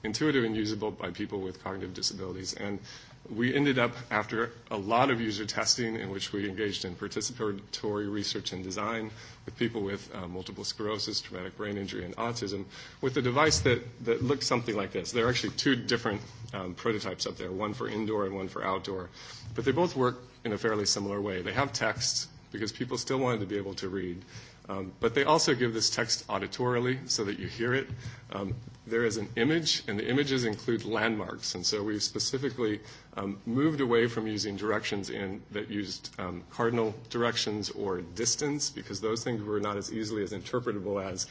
intuitive and usable by people with cognitive disabilities and we ended up, after a lot of user testing in which we engaged in participatory research and design with people with uh, multiple sclerosis, traumatic brain injury, and autism, with a device that, that looked something like this. There are actually two different um, prototypes up there, one for indoor and one for outdoor, but they both work in a fairly similar way. They have text because people still wanted to be able to read, Um, but they also give this text auditorily so that you hear it. Um, there is an image, and the images include landmarks. And so we've specifically um, moved away from using directions in that used um, cardinal directions or distance because those things were not as easily as interpretable as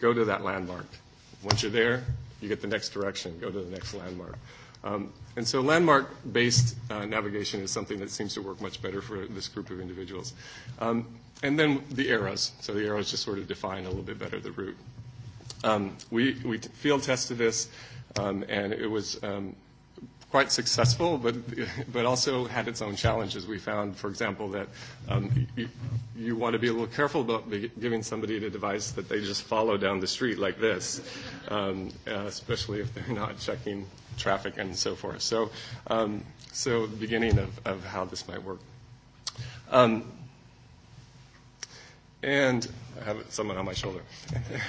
go to that landmark. Once you're there, you get the next direction, go to the next landmark. Um, And so landmark-based uh, navigation is something that seems to work much better for this group of individuals. Um, and then the arrows. So the arrows just sort of define a little bit better the route. Um, we we field tested this, um, and it was um, quite successful, but, but also had its own challenges. We found, for example, that um, you, you want to be a little careful about giving somebody a device that they just follow down the street like this, um, uh, especially if they're not checking traffic and so forth. So, um, so the beginning of, of how this might work. Um, and I have someone on my shoulder.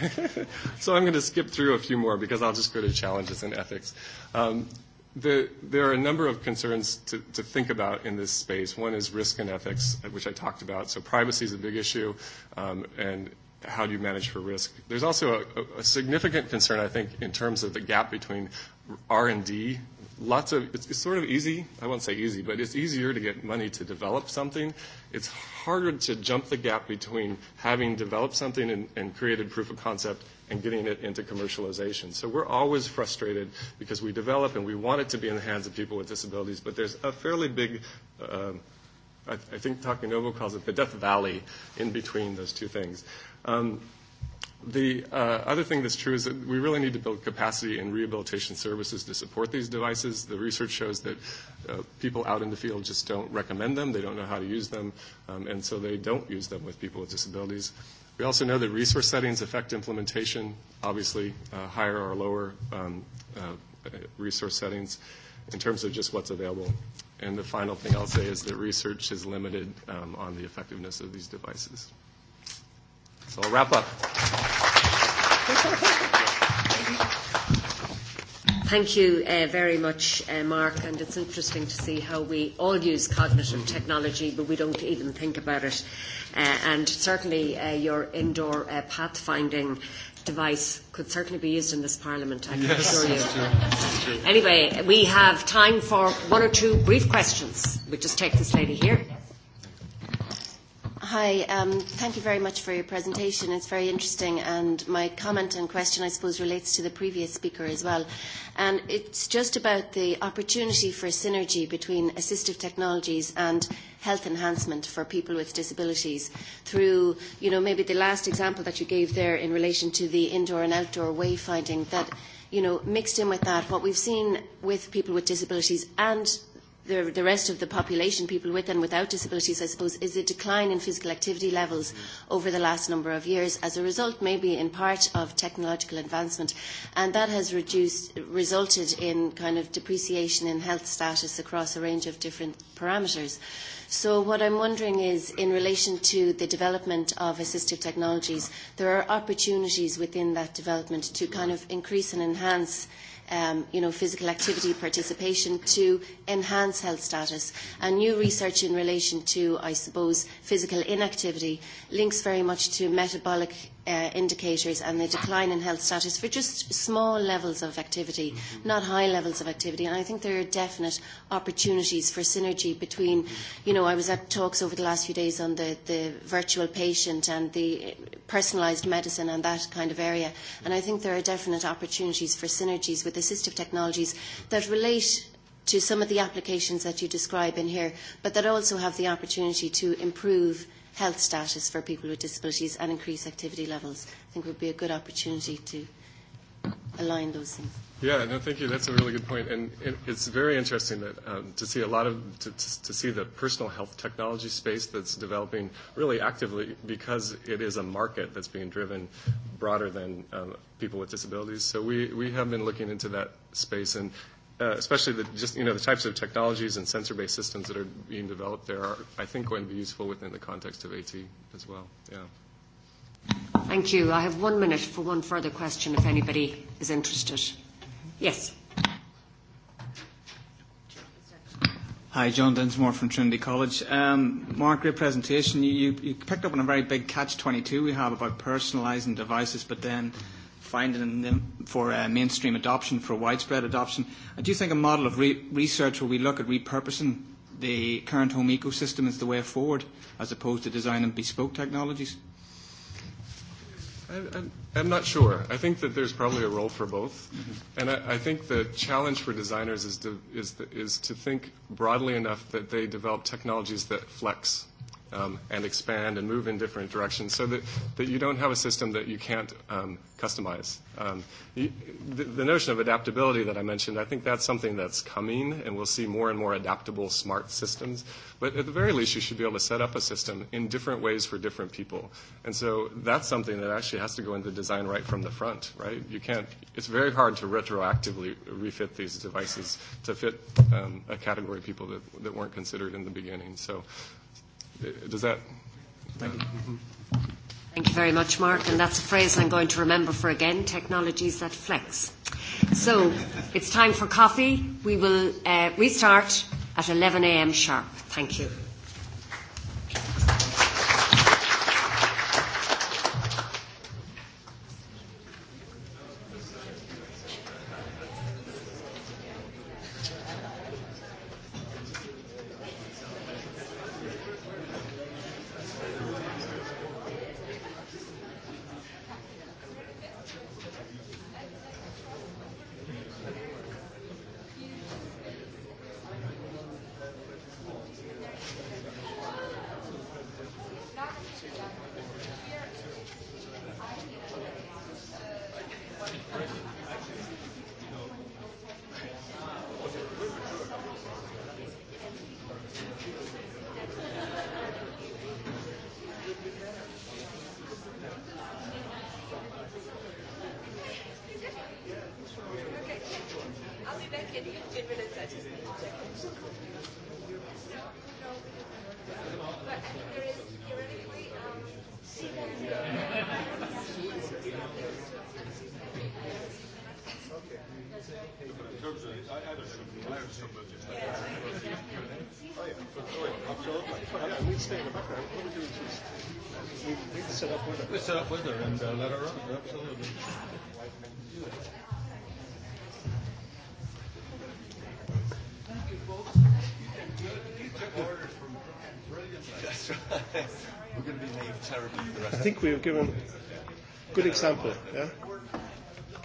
so I'm going to skip through a few more because I'll just go to challenges and ethics. Um, the, there are a number of concerns to, to think about in this space. One is risk and ethics, which I talked about. So privacy is a big issue, um, and how do you manage for risk? There's also a, a significant concern, I think, in terms of the gap between R&D. Lots of it's, it's sort of easy. I won't say easy, but it's easier to get money to develop something. It's harder to jump the gap between having developed something and, and created proof of concept and getting it into commercialization. So we're always frustrated because we develop and we want it to be in the hands of people with disabilities, but there's a fairly big, uh, I, I think Takanobo calls it the death valley in between those two things. Um, The uh, other thing that's true is that we really need to build capacity in rehabilitation services to support these devices. The research shows that uh, people out in the field just don't recommend them. They don't know how to use them, um, and so they don't use them with people with disabilities. We also know that resource settings affect implementation. Obviously, uh, higher or lower um, uh, resource settings in terms of just what's available. And the final thing I'll say is that research is limited um, on the effectiveness of these devices. So I'll wrap up. thank you uh, very much, uh, Mark. And it's interesting to see how we all use cognitive mm-hmm. technology, but we don't even think about it. Uh, and certainly, uh, your indoor uh, pathfinding device could certainly be used in this Parliament, I can yes, assure you. That's true. That's true. Anyway, we have time for one or two brief questions. We we'll just take this lady here. Hi. Um, thank you very much for your presentation. It's very interesting, and my comment and question, I suppose, relates to the previous speaker as well. And it's just about the opportunity for synergy between assistive technologies and health enhancement for people with disabilities through, you know, maybe the last example that you gave there in relation to the indoor and outdoor wayfinding that, you know, mixed in with that, what we've seen with people with disabilities and the, the rest of the population, people with and without disabilities, I suppose, is a decline in physical activity levels mm-hmm. over the last number of years as a result, maybe in part, of technological advancement. And that has reduced, resulted in kind of depreciation in health status across a range of different parameters. So what I'm wondering is, in relation to the development of assistive technologies, there are opportunities within that development to kind of increase and enhance uh, um, you know, physical activity participation to enhance health status. And new research in relation to, I suppose, physical inactivity links very much to metabolic uh, indicators and the decline in health status for just small levels of activity, mm-hmm. not high levels of activity. And I think there are definite opportunities for synergy between, mm-hmm. you know, I was at talks over the last few days on the, the virtual patient and the personalised medicine and that kind of area. And I think there are definite opportunities for synergies with assistive technologies that relate to some of the applications that you describe in here, but that also have the opportunity to improve health status for people with disabilities and increase activity levels. I think would be a good opportunity to align those things. Yeah, no, thank you. That's a really good point, and it, it's very interesting that um, to see a lot of to, to, to see the personal health technology space that's developing really actively because it is a market that's being driven broader than um, people with disabilities. So we we have been looking into that space, and uh, especially the, just you know the types of technologies and sensor-based systems that are being developed there are, I think, going to be useful within the context of AT as well. Yeah. Thank you. I have one minute for one further question, if anybody is interested. Yes. Hi, John Dinsmore from Trinity College. Um, Mark, great presentation. You, you, you picked up on a very big catch-22 we have about personalising devices, but then. Mm-hmm finding them for uh, mainstream adoption, for widespread adoption. I do think a model of re- research where we look at repurposing the current home ecosystem is the way forward, as opposed to designing bespoke technologies. I, I'm, I'm not sure. I think that there's probably a role for both, mm-hmm. and I, I think the challenge for designers is to, is, the, is to think broadly enough that they develop technologies that flex um, and expand and move in different directions so that, that you don't have a system that you can't um, customize. Um, you, the, the notion of adaptability that I mentioned, I think that's something that's coming, and we'll see more and more adaptable smart systems. But at the very least, you should be able to set up a system in different ways for different people. And so that's something that actually has to go into design right from the front, right? You can't, it's very hard to retroactively refit these devices to fit um, a category of people that, that weren't considered in the beginning. So Does that? Thank you. Mm-hmm. Thank you very much, Mark. And that's a phrase I'm going to remember for again technologies that flex. So it's time for coffee. We will uh, restart at 11 a.m. sharp. Thank you. yeah, we'd stay in the background. What we do is just we'd, we'd set up with her. We'd set up with her and uh, let her run. Absolutely. Thank you, folks. You've been good. You took orders from brilliant. That's right. We're going to be named terribly for the rest. I think we've given good example. Yeah.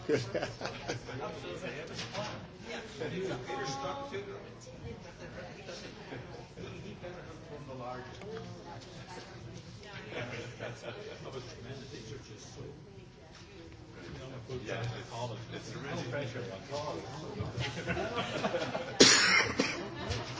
Good. hard. that was tremendous. These are just so. Yeah, it's, it's really pressure on college.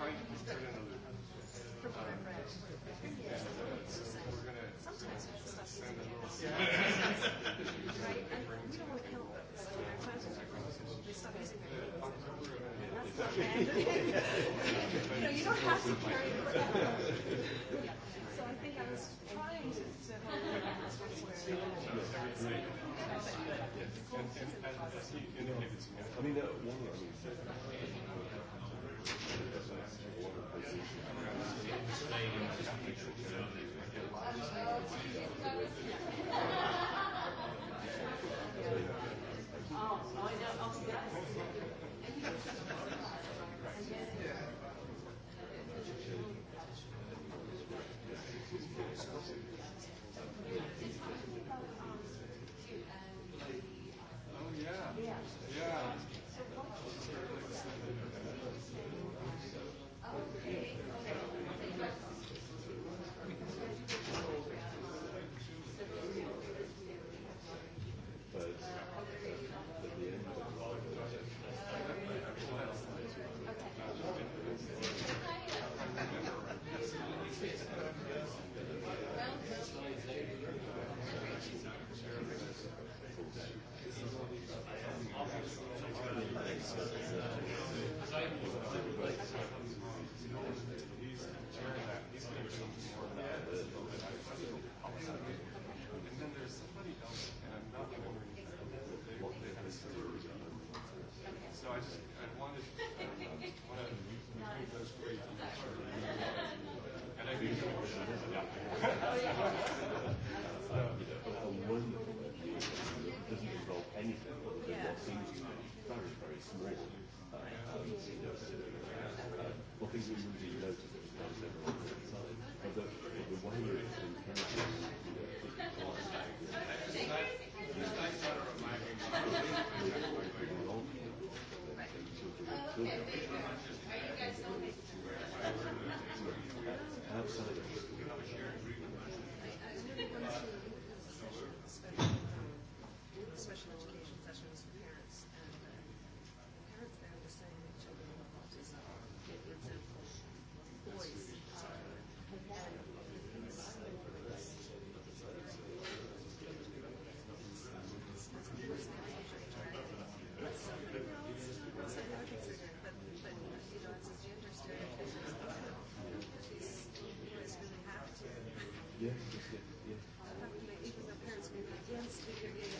trying to put it in the loop. From what I've read. And uh, we're going to Sometimes that stuff is send a little Right? And we don't want to kill them. But when our classes are going, they stop using their names. That's not bad. you know, you don't have to carry it around. yeah. So I think I was trying to, to hold it back as well. I mean, uh, one, I mean, Thank you. Yes, yes, yes. yes.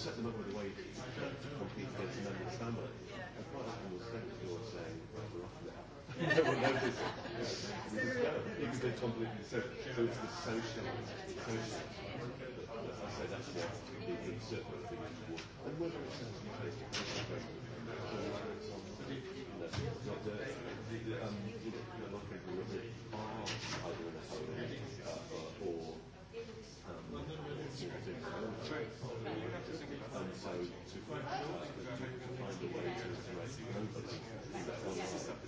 set them up in a way that companies get to understand it. And quite often we'll send it to you saying, well, we're off now. no one notices. Yeah. We just go. Even though Tom Blakey so, so it's the social, the social. That I say that's what the, the circle of things towards. And whether it's in the place or whether it's on not the, the, um, you know, not going oh, to be looking, oh, either in a home uh, or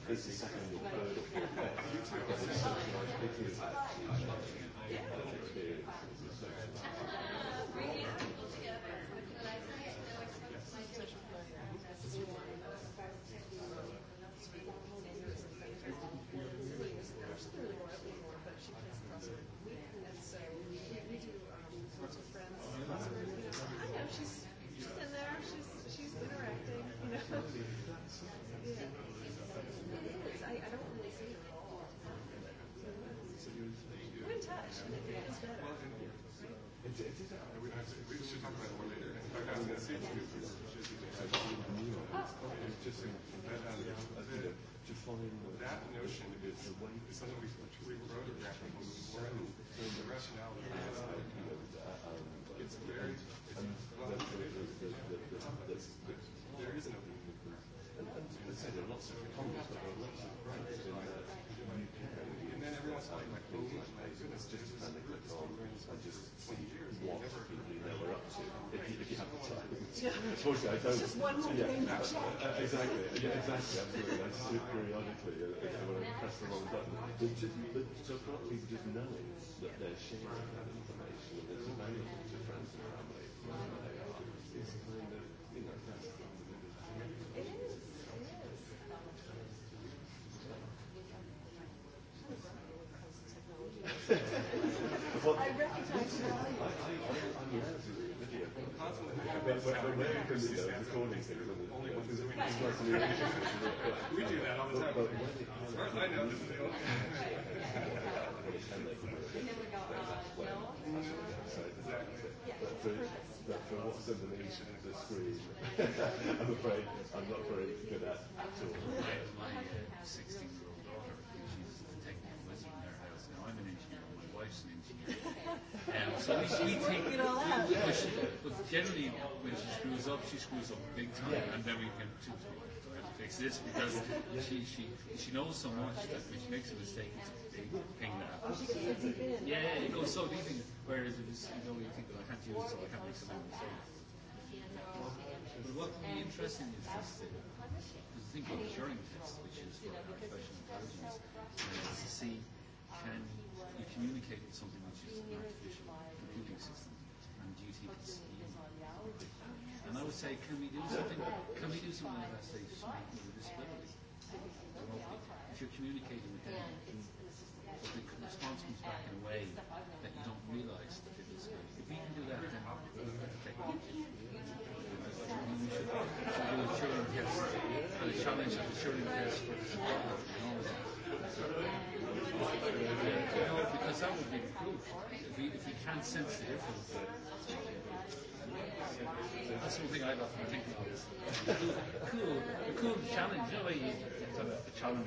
this is second or third or fourth best. But it's such a nice big deal. one more yeah, thing to uh, check. Uh, exactly, yeah, exactly, absolutely. I just do it periodically uh, yeah. when I press the wrong button. But just, but just not people just knowing that they're sharing that information, that it's available to friends and family, wherever they are, is kind of, you know, that's the It is. I recognize that. I, I, I, I'm aware of We do that all the time. As far as I know, this is the only. And then we got uh, Noah. Exactly. But for what's underneath the screen, I'm afraid I'm not very good at at all. My 16-year-old daughter, she's a detective wizard in their house. Now I'm an engineer, my wife's an engineer. And so we, we take it all out. But, she, but generally, when she screws up, she screws up big time, yeah. and then we can choose to, to fix this because she, she she knows so much that when she makes a mistake, it's a big thing that happens. Yeah, oh, yeah it goes so deep. In, whereas if it's, you know, you think, well, I can't use it, so I can't make some mistakes. But what would be interesting is this. Uh, think of Turing test, which is for artificial intelligence, is to see can you communicate with something computing system and duty is And I would say, can we do something? Can we do something about say people with disability? If you're communicating with them, but the response comes back in a way that you don't realise that it is. If we can do that, then technology. We should, should do a Turing test and a challenge of the Turing test for disability. Yeah, because that would be proof if we, if we can't sense the difference. That's something I'd often think about. Is the cool, cool, the cool challenge, you know, you sort of the challenge.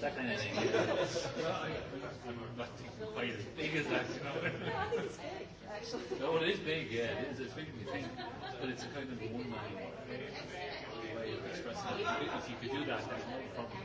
That kind of thing. well, I, I'm not thinking quite as big as that, you know. no, I think it's big, actually. No, it is big, yeah, it is. It's bigger than you think. But it's a kind of one line way of expressing it. If you could do that, then no problem.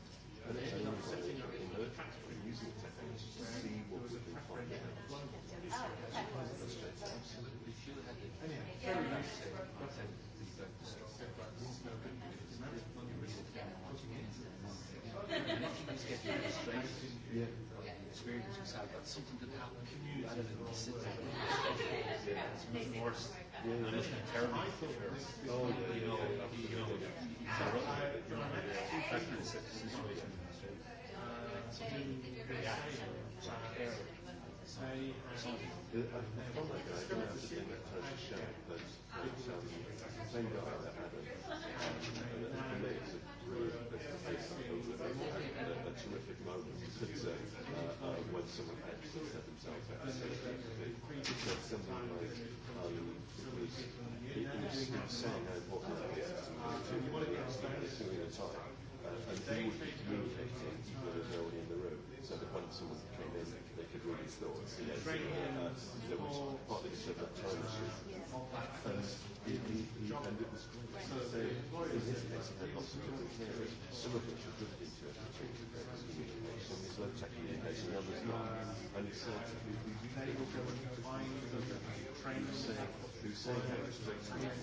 experience we had, but something that happened. I don't know, we sit down. It's more really no, isn't it terrible? Oh, yeah, you know, he, you know, he's a real freshman in sixth situation. Thank God that happened a terrific moment because uh, uh, uh, when someone actually set themselves up to say so something like um, it was, it was saying how important it is to me to be actually doing a time And he would communicate it to everybody in the room, so that when someone came in, they could read his thoughts. You know, so, uh, you know which partly because of that time issue. And he, he, he, and it was great. So, so in his case, he had lots of different theories, some of which are just interesting to communication, some is low tech communication, others not. And he said, we, we, we, we, we, we, we, we, we, we, we, we, we, we, through Sandhurst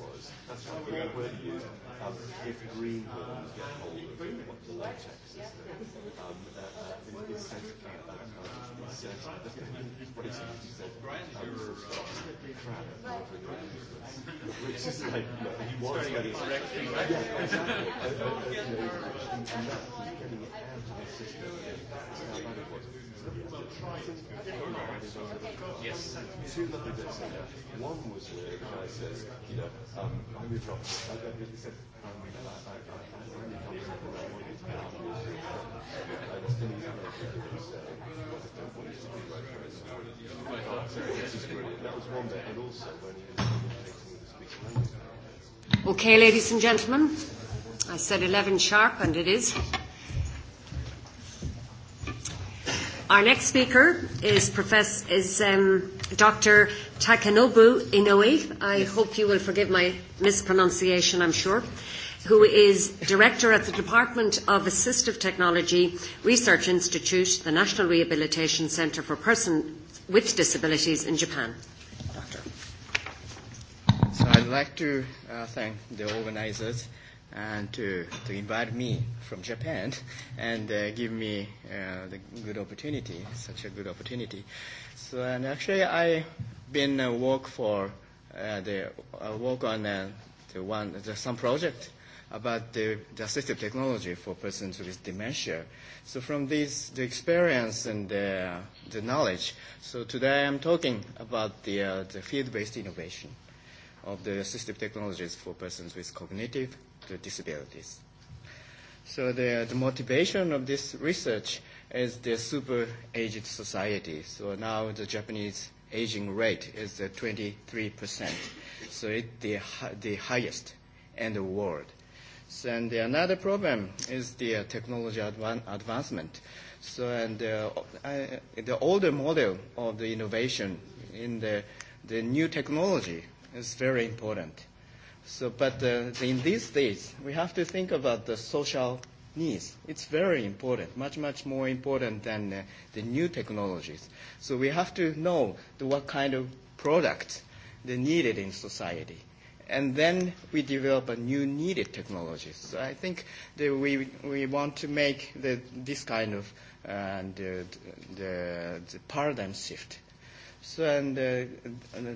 was, or whether you um, if Greenhorn get hold of what the latex is there, um, uh, uh, is sent, uh, uh, is sent, what is it, is that crap, which is like, you know, he was getting it. Yeah, exactly. Uh, uh, you know, actually, getting it out of the system, that's how bad it was well, try it. Yes. Two lovely bits in there. One was where the guy says, you know, um, I'm your drop. I really said, I'm your drop. I really can't remember what I wanted to do. And still, he's not sure what he's saying. What I don't want you to do right for us. Which is brilliant. That was one bit. And also when he was communicating with the speech language. Okay, ladies and gentlemen. I said 11 sharp, and it is. Our next speaker is Professor is um, Dr. Takanobu Inoue. I yes. hope you will forgive my mispronunciation. I'm sure. Who is director at the Department of Assistive Technology Research Institute, the National Rehabilitation Centre for Persons with Disabilities in Japan. Doctor. So I'd like to uh, thank the organisers and to, to invite me from Japan and uh, give me uh, the good opportunity, such a good opportunity. So, and actually I been uh, work for uh, the uh, work on uh, the one the, some project about the, the assistive technology for persons with dementia. So from this, the experience and the, the knowledge, so today I'm talking about the, uh, the field-based innovation of the assistive technologies for persons with cognitive disabilities. So the, the motivation of this research is the super-aged society. So now the Japanese aging rate is uh, 23%. So it's the, the highest in the world. So, and the, another problem is the uh, technology advan- advancement. So and uh, I, uh, the older model of the innovation in the, the new technology is very important. So, but uh, in these days, we have to think about the social needs. It's very important, much, much more important than uh, the new technologies. So we have to know the, what kind of product they needed in society. And then we develop a new needed technologies. So I think that we, we want to make the, this kind of uh, uh the, the, the paradigm shift. So and uh,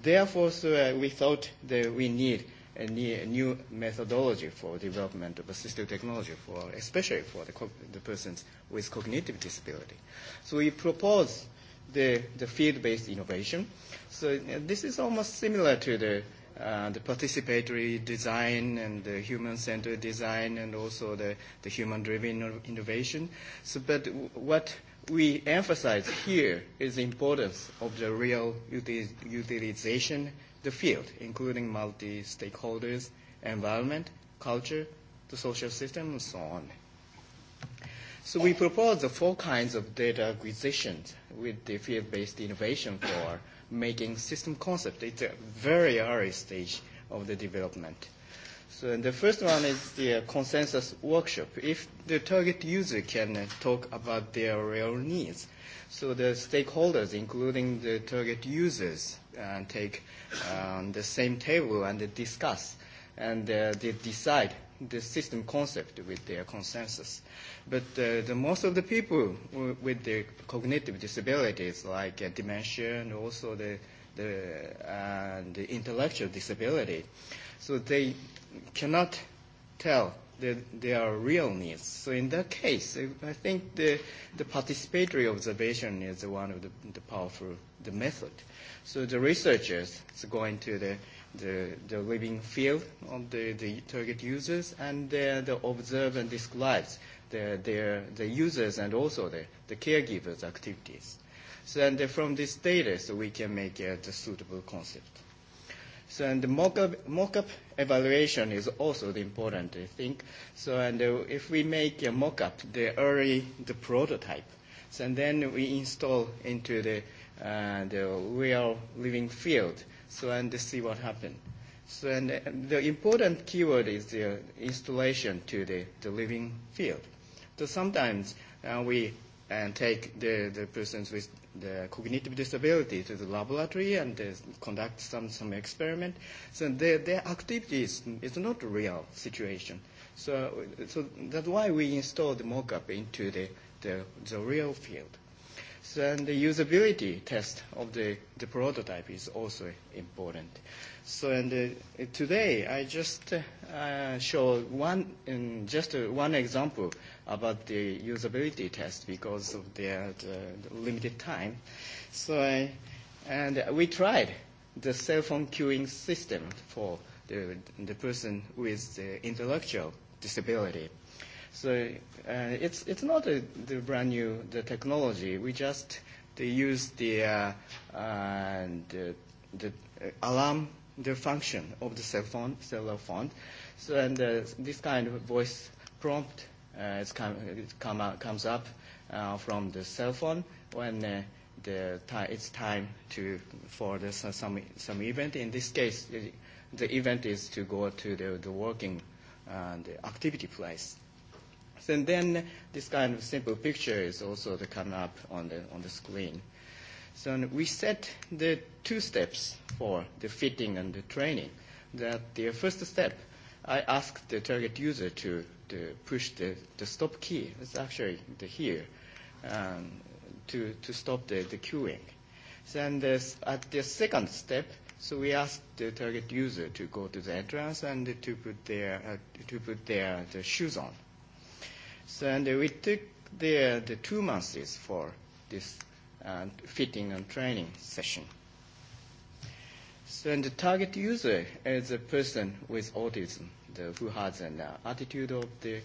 Therefore, uh, we thought that we need a new methodology for development of assistive technology, for, especially for the, the persons with cognitive disability. So we propose the, the field-based innovation. So uh, this is almost similar to the, uh, the participatory design and the human-centered design and also the, the human-driven innovation. So, but what we emphasize here is the importance of the real util utilization the field, including multi-stakeholders, environment, culture, the social system, and so on. So we propose the four kinds of data acquisitions with the field-based innovation for making system concept. It's a very early stage of the development. Uh, So and the first one is the uh, consensus workshop. If the target user can uh, talk about their real needs, so the stakeholders, including the target users, uh, take um, the same table and uh, discuss and uh, they decide the system concept with their consensus. But uh, the most of the people w- with the cognitive disabilities like uh, dementia and also the, the, uh, the intellectual disability, so they cannot tell the, their real needs. So in that case, I think the, the participatory observation is one of the, the powerful the method. So the researchers is going to the, the, the living field of the, the target users and they, they observe and describe the, their, the users and also the, the caregivers' activities. So and from this data, so we can make uh, the suitable concept. So and the mock-up, mock-up evaluation is also important, I think. So and uh, if we make a mock-up, the early the prototype, so and then we install into the uh, the real living field. So and to see what happens. So and uh, the important keyword is the installation to the, the living field. So sometimes uh, we and take the, the persons with the cognitive disability to the laboratory and uh, conduct some, some experiment. So their, their activity is, is not a real situation. So, so that's why we installed the mock-up into the, the, the real field. So, and the usability test of the, the prototype is also important. So and uh, today I just uh, show one, um, just uh, one example about the usability test because of their the limited time. So I, and we tried the cell phone queuing system for the, the person with the intellectual disability. So uh, it's, it's not a, the brand new the technology. We just they use the, uh, uh, the, the uh, alarm the function of the cell phone, cellular phone. So and uh, this kind of voice prompt uh, it's come, it come out, comes up uh, from the cell phone when uh, the ti- it's time to for the, some some event. In this case, it, the event is to go to the, the working uh, the activity place. And then this kind of simple picture is also to come up on the on the screen. So we set the two steps for the fitting and the training. That the first step, I asked the target user to to push the, the stop key. It's actually the here um, to, to stop the, the queuing. Then this, at the second step, so we ask the target user to go to the entrance and to put their, uh, to put their the shoes on. So and we took the, the two months for this uh, fitting and training session. So and the target user is a person with autism the, who has an uh, attitude of the,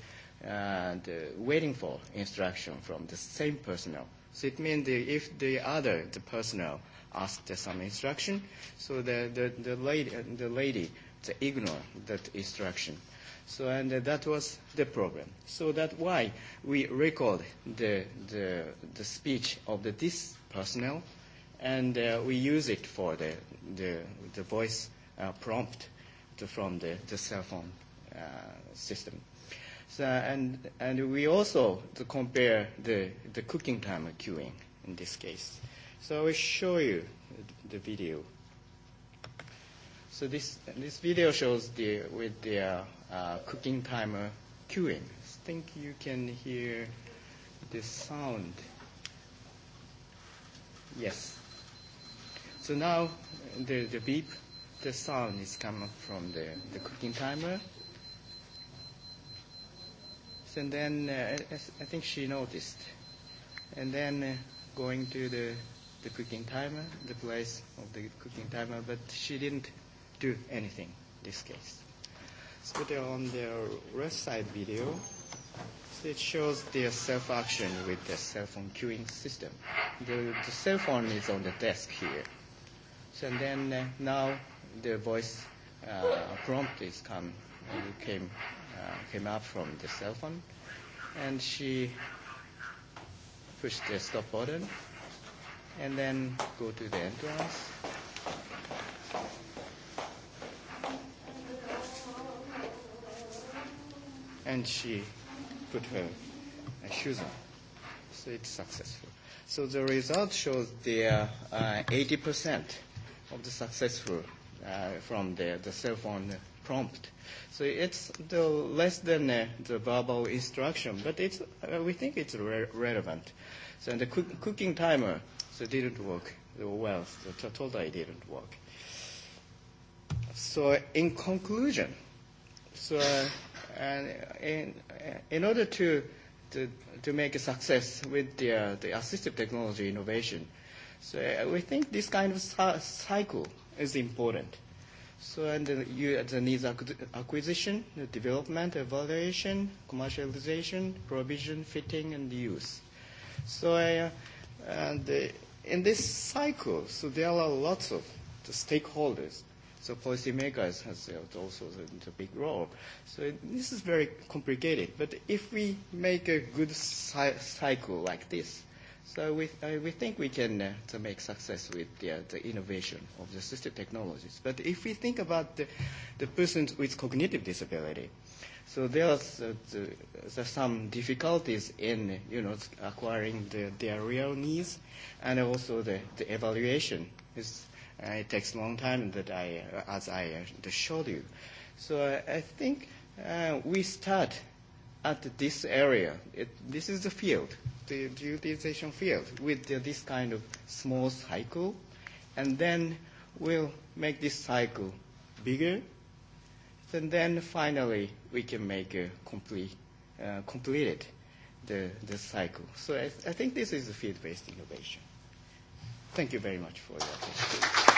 uh, the waiting for instruction from the same personnel. So it means the, if the other, the personnel, asked some instruction, so the, the, the, lady, the lady the ignore that instruction. So and uh, that was the problem. So that's why we record the, the, the speech of the, this personnel and uh, we use it for the, the, the voice uh, prompt to, from the, the cell phone uh, system. So, and, and we also to compare the, the cooking time of queuing in this case. So I will show you the video. So this, this video shows the, with the uh, uh, cooking timer queuing. I think you can hear the sound. Yes. So now the, the beep the sound is coming from the, the cooking timer. And then uh, I, I think she noticed. And then uh, going to the, the cooking timer, the place of the cooking timer, but she didn't do anything this case. So they're on the left side video. So it shows their self-action with the cell phone queuing system. The, the cell phone is on the desk here. So and then uh, now the voice uh, prompt is come uh, came uh, came up from the cell phone, and she pushed the stop button, and then go to the entrance. And she put her uh, shoes on. So it's successful. So the result shows the uh, uh, 80% of the successful uh, uh, from the, the cell phone prompt. So it's the less than uh, the verbal instruction, but it's, uh, we think it's re- relevant. So the cook- cooking timer so didn't work well. So totally didn't work. So in conclusion, so uh, and in, uh, in order to, to to make a success with the, uh, the assistive technology innovation, so uh, we think this kind of cycle is important. So and then you the needs acquisition, the development, evaluation, commercialization, provision, fitting, and use. So uh, and uh, in this cycle, so there are lots of the stakeholders. So policymakers has also a big role. So this is very complicated. But if we make a good cycle like this, So we, uh, we think we can uh, to make success with the, uh, the innovation of the assistive technologies. But if we think about the, the persons with cognitive disability, so there are uh, the, the, some difficulties in you know acquiring the, their real needs, and also the, the evaluation. It's, uh, it takes a long time that I, uh, as I uh, showed you. So uh, I think uh, we start at this area. It, this is the field the, the utilization field with the, this kind of small cycle, and then we'll make this cycle bigger, and then finally we can make a complete, uh, completed the, the cycle. So I, I think this is a field-based innovation. Thank you very much for your attention.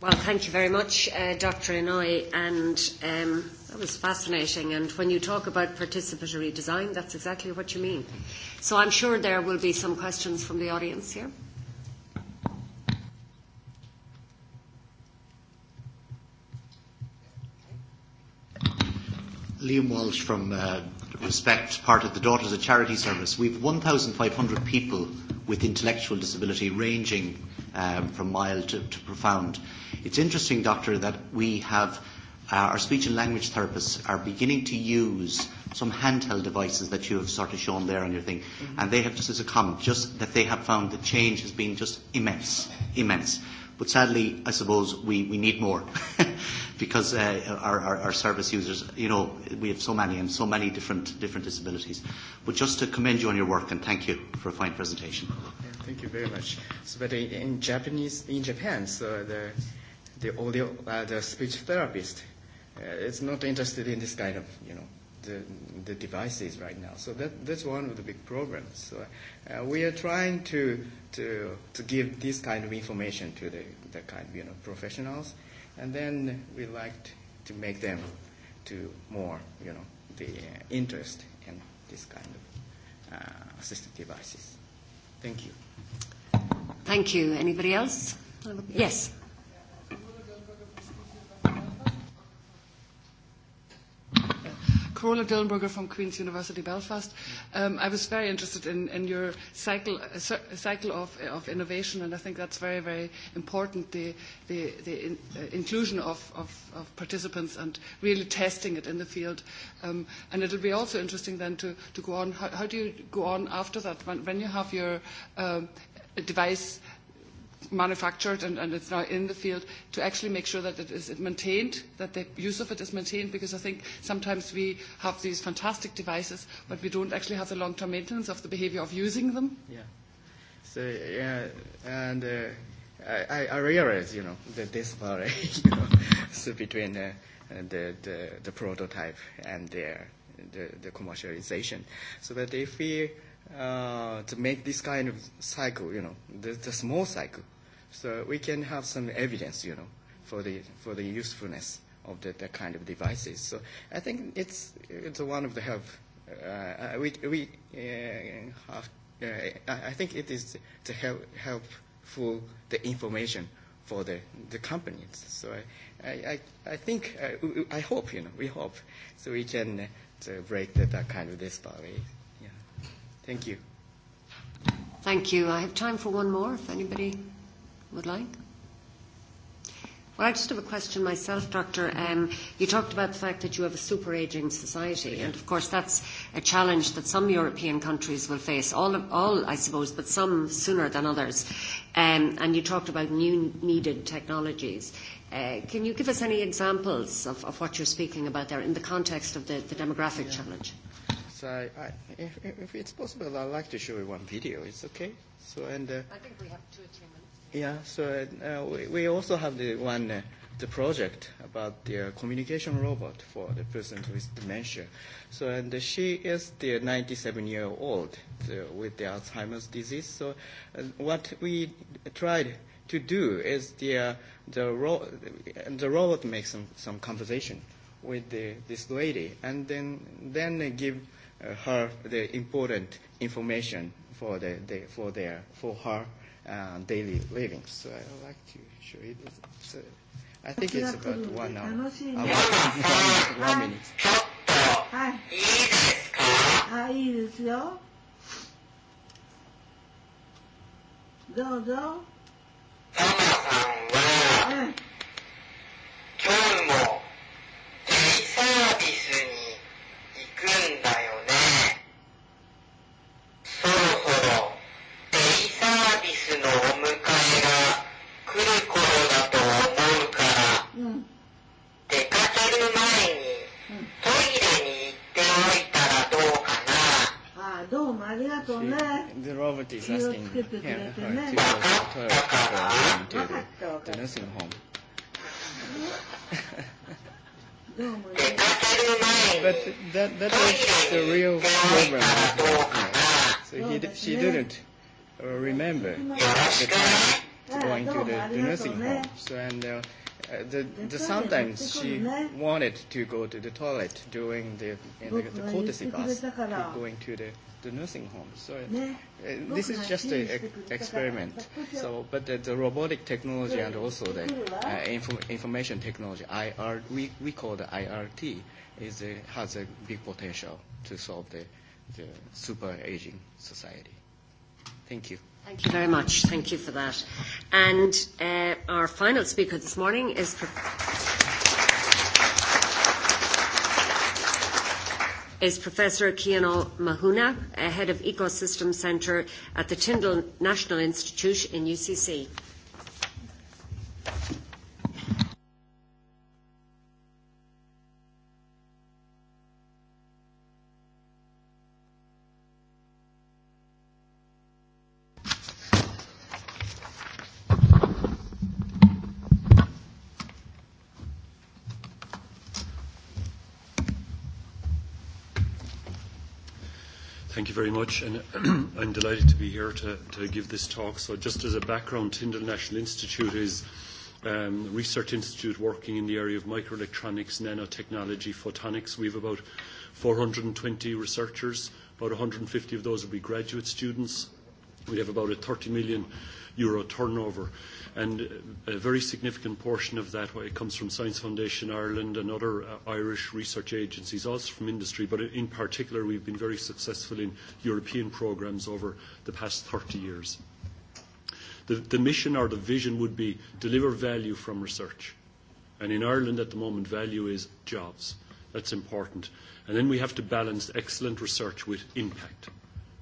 Well, thank you very much, uh, Dr. Inouye, and um, That was fascinating. And when you talk about participatory design, that's exactly what you mean. So I'm sure there will be some questions from the audience here. Liam Walsh from uh, Respect, part of the Daughters of Charity Service. We have 1,500 people with intellectual disability ranging um, from mild to, to profound. It's interesting, Doctor, that we have uh, our speech and language therapists are beginning to use some handheld devices that you have sort of shown there on your thing. Mm-hmm. And they have just as a comment, just that they have found the change has been just immense, immense. But sadly, I suppose we, we need more because uh, our, our, our service users, you know, we have so many and so many different, different disabilities. But just to commend you on your work and thank you for a fine presentation. Yeah, thank you very much. So, but in, in Japanese, in Japan, so the, the audio, uh, the speech therapist Uh, is not interested in this kind of, you know, the, the devices right now. So that, that's one of the big problems. So uh, we are trying to, to, to give this kind of information to the, the kind of, you know, professionals, and then we like to make them to more, you know, the uh, interest in this kind of uh, assistive devices. Thank you. Thank you. Anybody else? Yes. yes. Corla Dillenberger from Queen's University Belfast. Um, I was very interested in, in your cycle, uh, cycle of, of innovation, and I think that's very, very important, the, the, the in, uh, inclusion of, of, of participants and really testing it in the field. Um, and it'll be also interesting then to, to go on. How, how do you go on after that? When, when you have your um, device manufactured and, and it's now in the field to actually make sure that it is maintained, that the use of it is maintained because I think sometimes we have these fantastic devices but we don't actually have the long-term maintenance of the behavior of using them. Yeah. So, yeah, and uh, I, I realize, you know, the disparity, you know, so between uh, the, the, the prototype and the, the, the commercialization. So that if we uh, to make this kind of cycle, you know, the, the small cycle. So we can have some evidence, you know, for the, for the usefulness of the, the kind of devices. So I think it's, it's one of the help. Uh, uh we, we uh, have, uh, I think it is to help, helpful the information for the, the companies. So I, I, I think, uh, I hope, you know, we hope, so we can uh, to break that, that kind of disparity. Thank you. Thank you. I have time for one more if anybody would like. Well, I just have a question myself, Doctor. Um, you talked about the fact that you have a super aging society, yeah. and of course that's a challenge that some European countries will face, all, of, all I suppose, but some sooner than others. Um, and you talked about new needed technologies. Uh, can you give us any examples of, of what you're speaking about there in the context of the, the demographic yeah. challenge? Uh, So I, I, if, if it's possible, I'd like to show you one video. It's okay. So and uh, I think we have two or three minutes. Yeah. So uh, uh we, we also have the one uh, the project about the uh, communication robot for the person with dementia. So and uh, she is the 97 year old so, with the Alzheimer's disease. So uh, what we tried to do is the uh, the, ro- the robot makes some, some conversation with the, this lady and then then give uh, her the important information for the, the for their for her uh, daily living. So I like to show it. So I think it's about one hour. Uh, one, one minute. はい。いいですかあ、いいですよ。どうぞ。タマさんは、うん didn't uh, remember the time going to the, the nursing home. So, and uh, uh, the, the sometimes she wanted to go to the toilet during the in the, the courtesy uh, bus to going to the, the nursing home. So uh, uh this is just an ex- experiment. So, but the, the robotic technology and also the uh, inform, information technology IR we, we call the IRT is a, has a big potential to solve the the super aging society. Thank you. Thank you very much. Thank you for that. And uh, our final speaker this morning is. is Professor Kiano Mahuna, head of Ecosystem Centre at the Tyndall National Institute in UCC. much, and I'm delighted to be here to, to give this talk. So just as a background, Tyndall National Institute is um, a research institute working in the area of microelectronics, nanotechnology, photonics. We have about 420 researchers. About 150 of those will be graduate students, We have about a 30 million euro turnover, and a very significant portion of that it comes from Science Foundation Ireland and other uh, Irish research agencies, also from industry, but in particular, we've been very successful in European programs over the past 30 years. The, the mission or the vision would be deliver value from research. And in Ireland at the moment, value is jobs. That's important. And then we have to balance excellent research with impact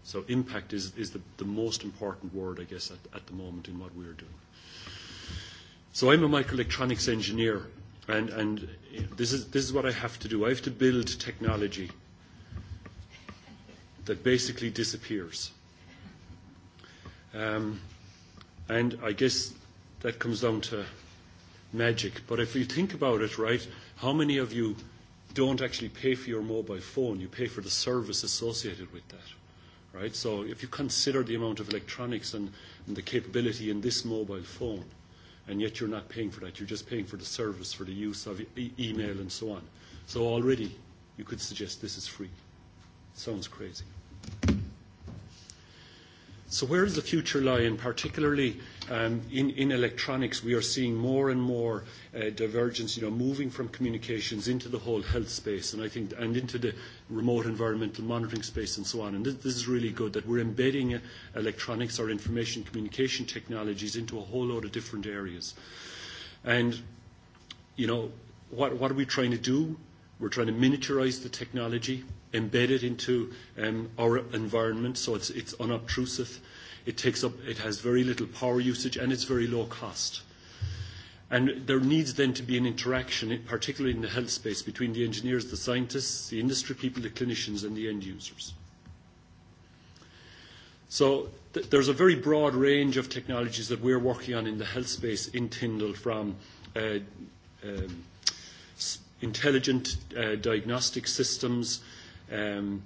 So impact is, is the, the most important word, I guess, at, at the moment in what we're doing. So I'm a microelectronics engineer, and, and this, is, this is what I have to do. I have to build technology that basically disappears. Um, and I guess that comes down to magic. But if you think about it, right, how many of you don't actually pay for your mobile phone? You pay for the service associated with that right? So if you consider the amount of electronics and, and the capability in this mobile phone, and yet you're not paying for that, you're just paying for the service, for the use of e- email and so on. So already you could suggest this is free. Sounds crazy. Thank you. So where does the future lie? And particularly um, in, in electronics, we are seeing more and more uh, divergence, you know, moving from communications into the whole health space, and I think, and into the remote environmental monitoring space and so on. And this, this is really good that we're embedding uh, electronics or information communication technologies into a whole load of different areas. And, you know, what, what are we trying to do? We're trying to miniaturize the technology, embed it into um, our environment so it's, it's unobtrusive. It takes up, it has very little power usage and it's very low cost. And there needs then to be an interaction, particularly in the health space, between the engineers, the scientists, the industry people, the clinicians, and the end users. So th- there's a very broad range of technologies that we're working on in the health space in Tyndall from uh, um, intelligent uh, diagnostic systems, um,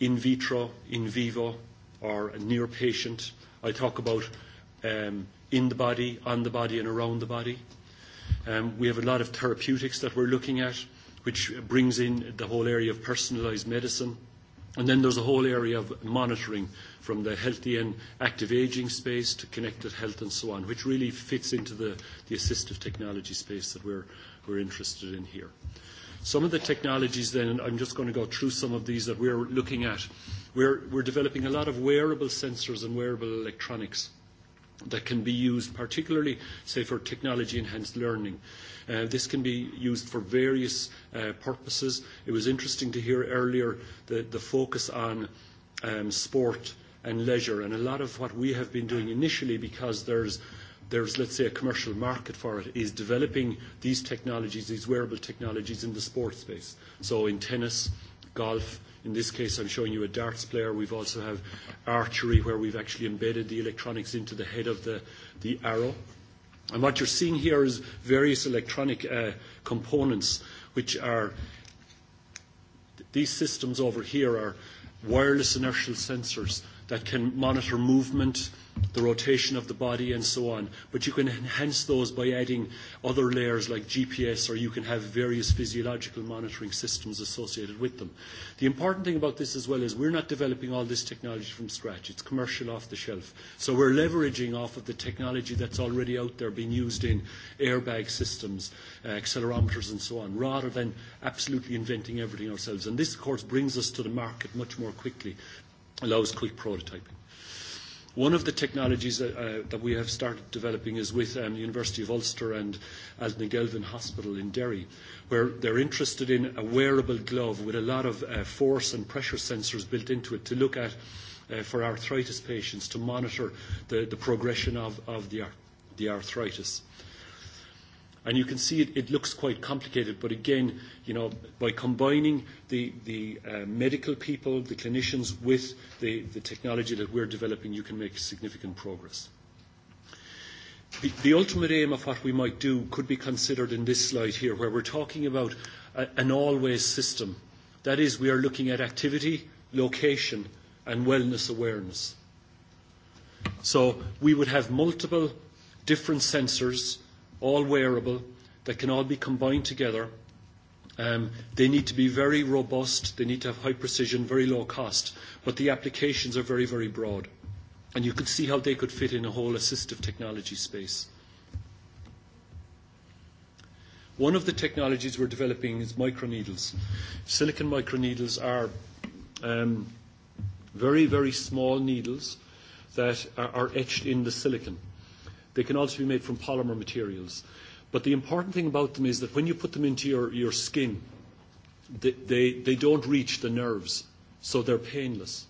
in vitro, in vivo, or near patient. I talk about um, in the body, on the body, and around the body. Um, we have a lot of therapeutics that we're looking at, which brings in the whole area of personalized medicine. Uh, And then there's the whole area of monitoring from the healthy and active aging space to connected health and so on, which really fits into the, the assistive technology space that we're, we're interested in here. Some of the technologies then, and I'm just going to go through some of these that we're looking at. We're, we're developing a lot of wearable sensors and wearable electronics. Uh, that can be used particularly, say, for technology-enhanced learning. Uh, this can be used for various uh, purposes. It was interesting to hear earlier the, the focus on um, sport and leisure, and a lot of what we have been doing initially, because there's there's, let's say, a commercial market for it, is developing these technologies, these wearable technologies in the sports space. So in tennis, golf, In this case, I'm showing you a darts player. We've also have archery, where we've actually embedded the electronics into the head of the, the arrow. And what you're seeing here is various electronic uh, components, which are these systems over here are wireless inertial sensors that can monitor movement, uh, the rotation of the body and so on. But you can enhance those by adding other layers like GPS or you can have various physiological monitoring systems associated with them. The important thing about this as well is we're not developing all this technology from scratch. It's commercial off the shelf. So we're leveraging off of the technology that's already out there being used in airbag systems, uh, accelerometers and so on, rather than absolutely inventing everything ourselves. And this, of course, brings us to the market much more quickly, allows quick prototyping. One of the technologies that, uh, that we have started developing is with um, the University of Ulster and Aldna Gelvin Hospital in Derry, where they're interested in a wearable glove with a lot of uh, force and pressure sensors built into it to look at uh, for arthritis patients to monitor the, the progression of, of the, ar- the arthritis. Uh, And you can see it, it looks quite complicated, but again, you know, by combining the, the uh, medical people, the clinicians, with the, the technology that we're developing, you can make significant progress. The, the ultimate aim of what we might do could be considered in this slide here, where we're talking about a, an always system. That is, we are looking at activity, location, and wellness awareness. So we would have multiple different sensors all wearable, that can all be combined together. Um, they need to be very robust, they need to have high precision, very low cost, but the applications are very, very broad. And you could see how they could fit in a whole assistive technology space. One of the technologies we're developing is microneedles. Silicon microneedles are um, very, very small needles that are, are etched in the silicon. They can also be made from polymer materials. But the important thing about them is that when you put them into your, your skin, they, they, they don't reach the nerves, so they're painless.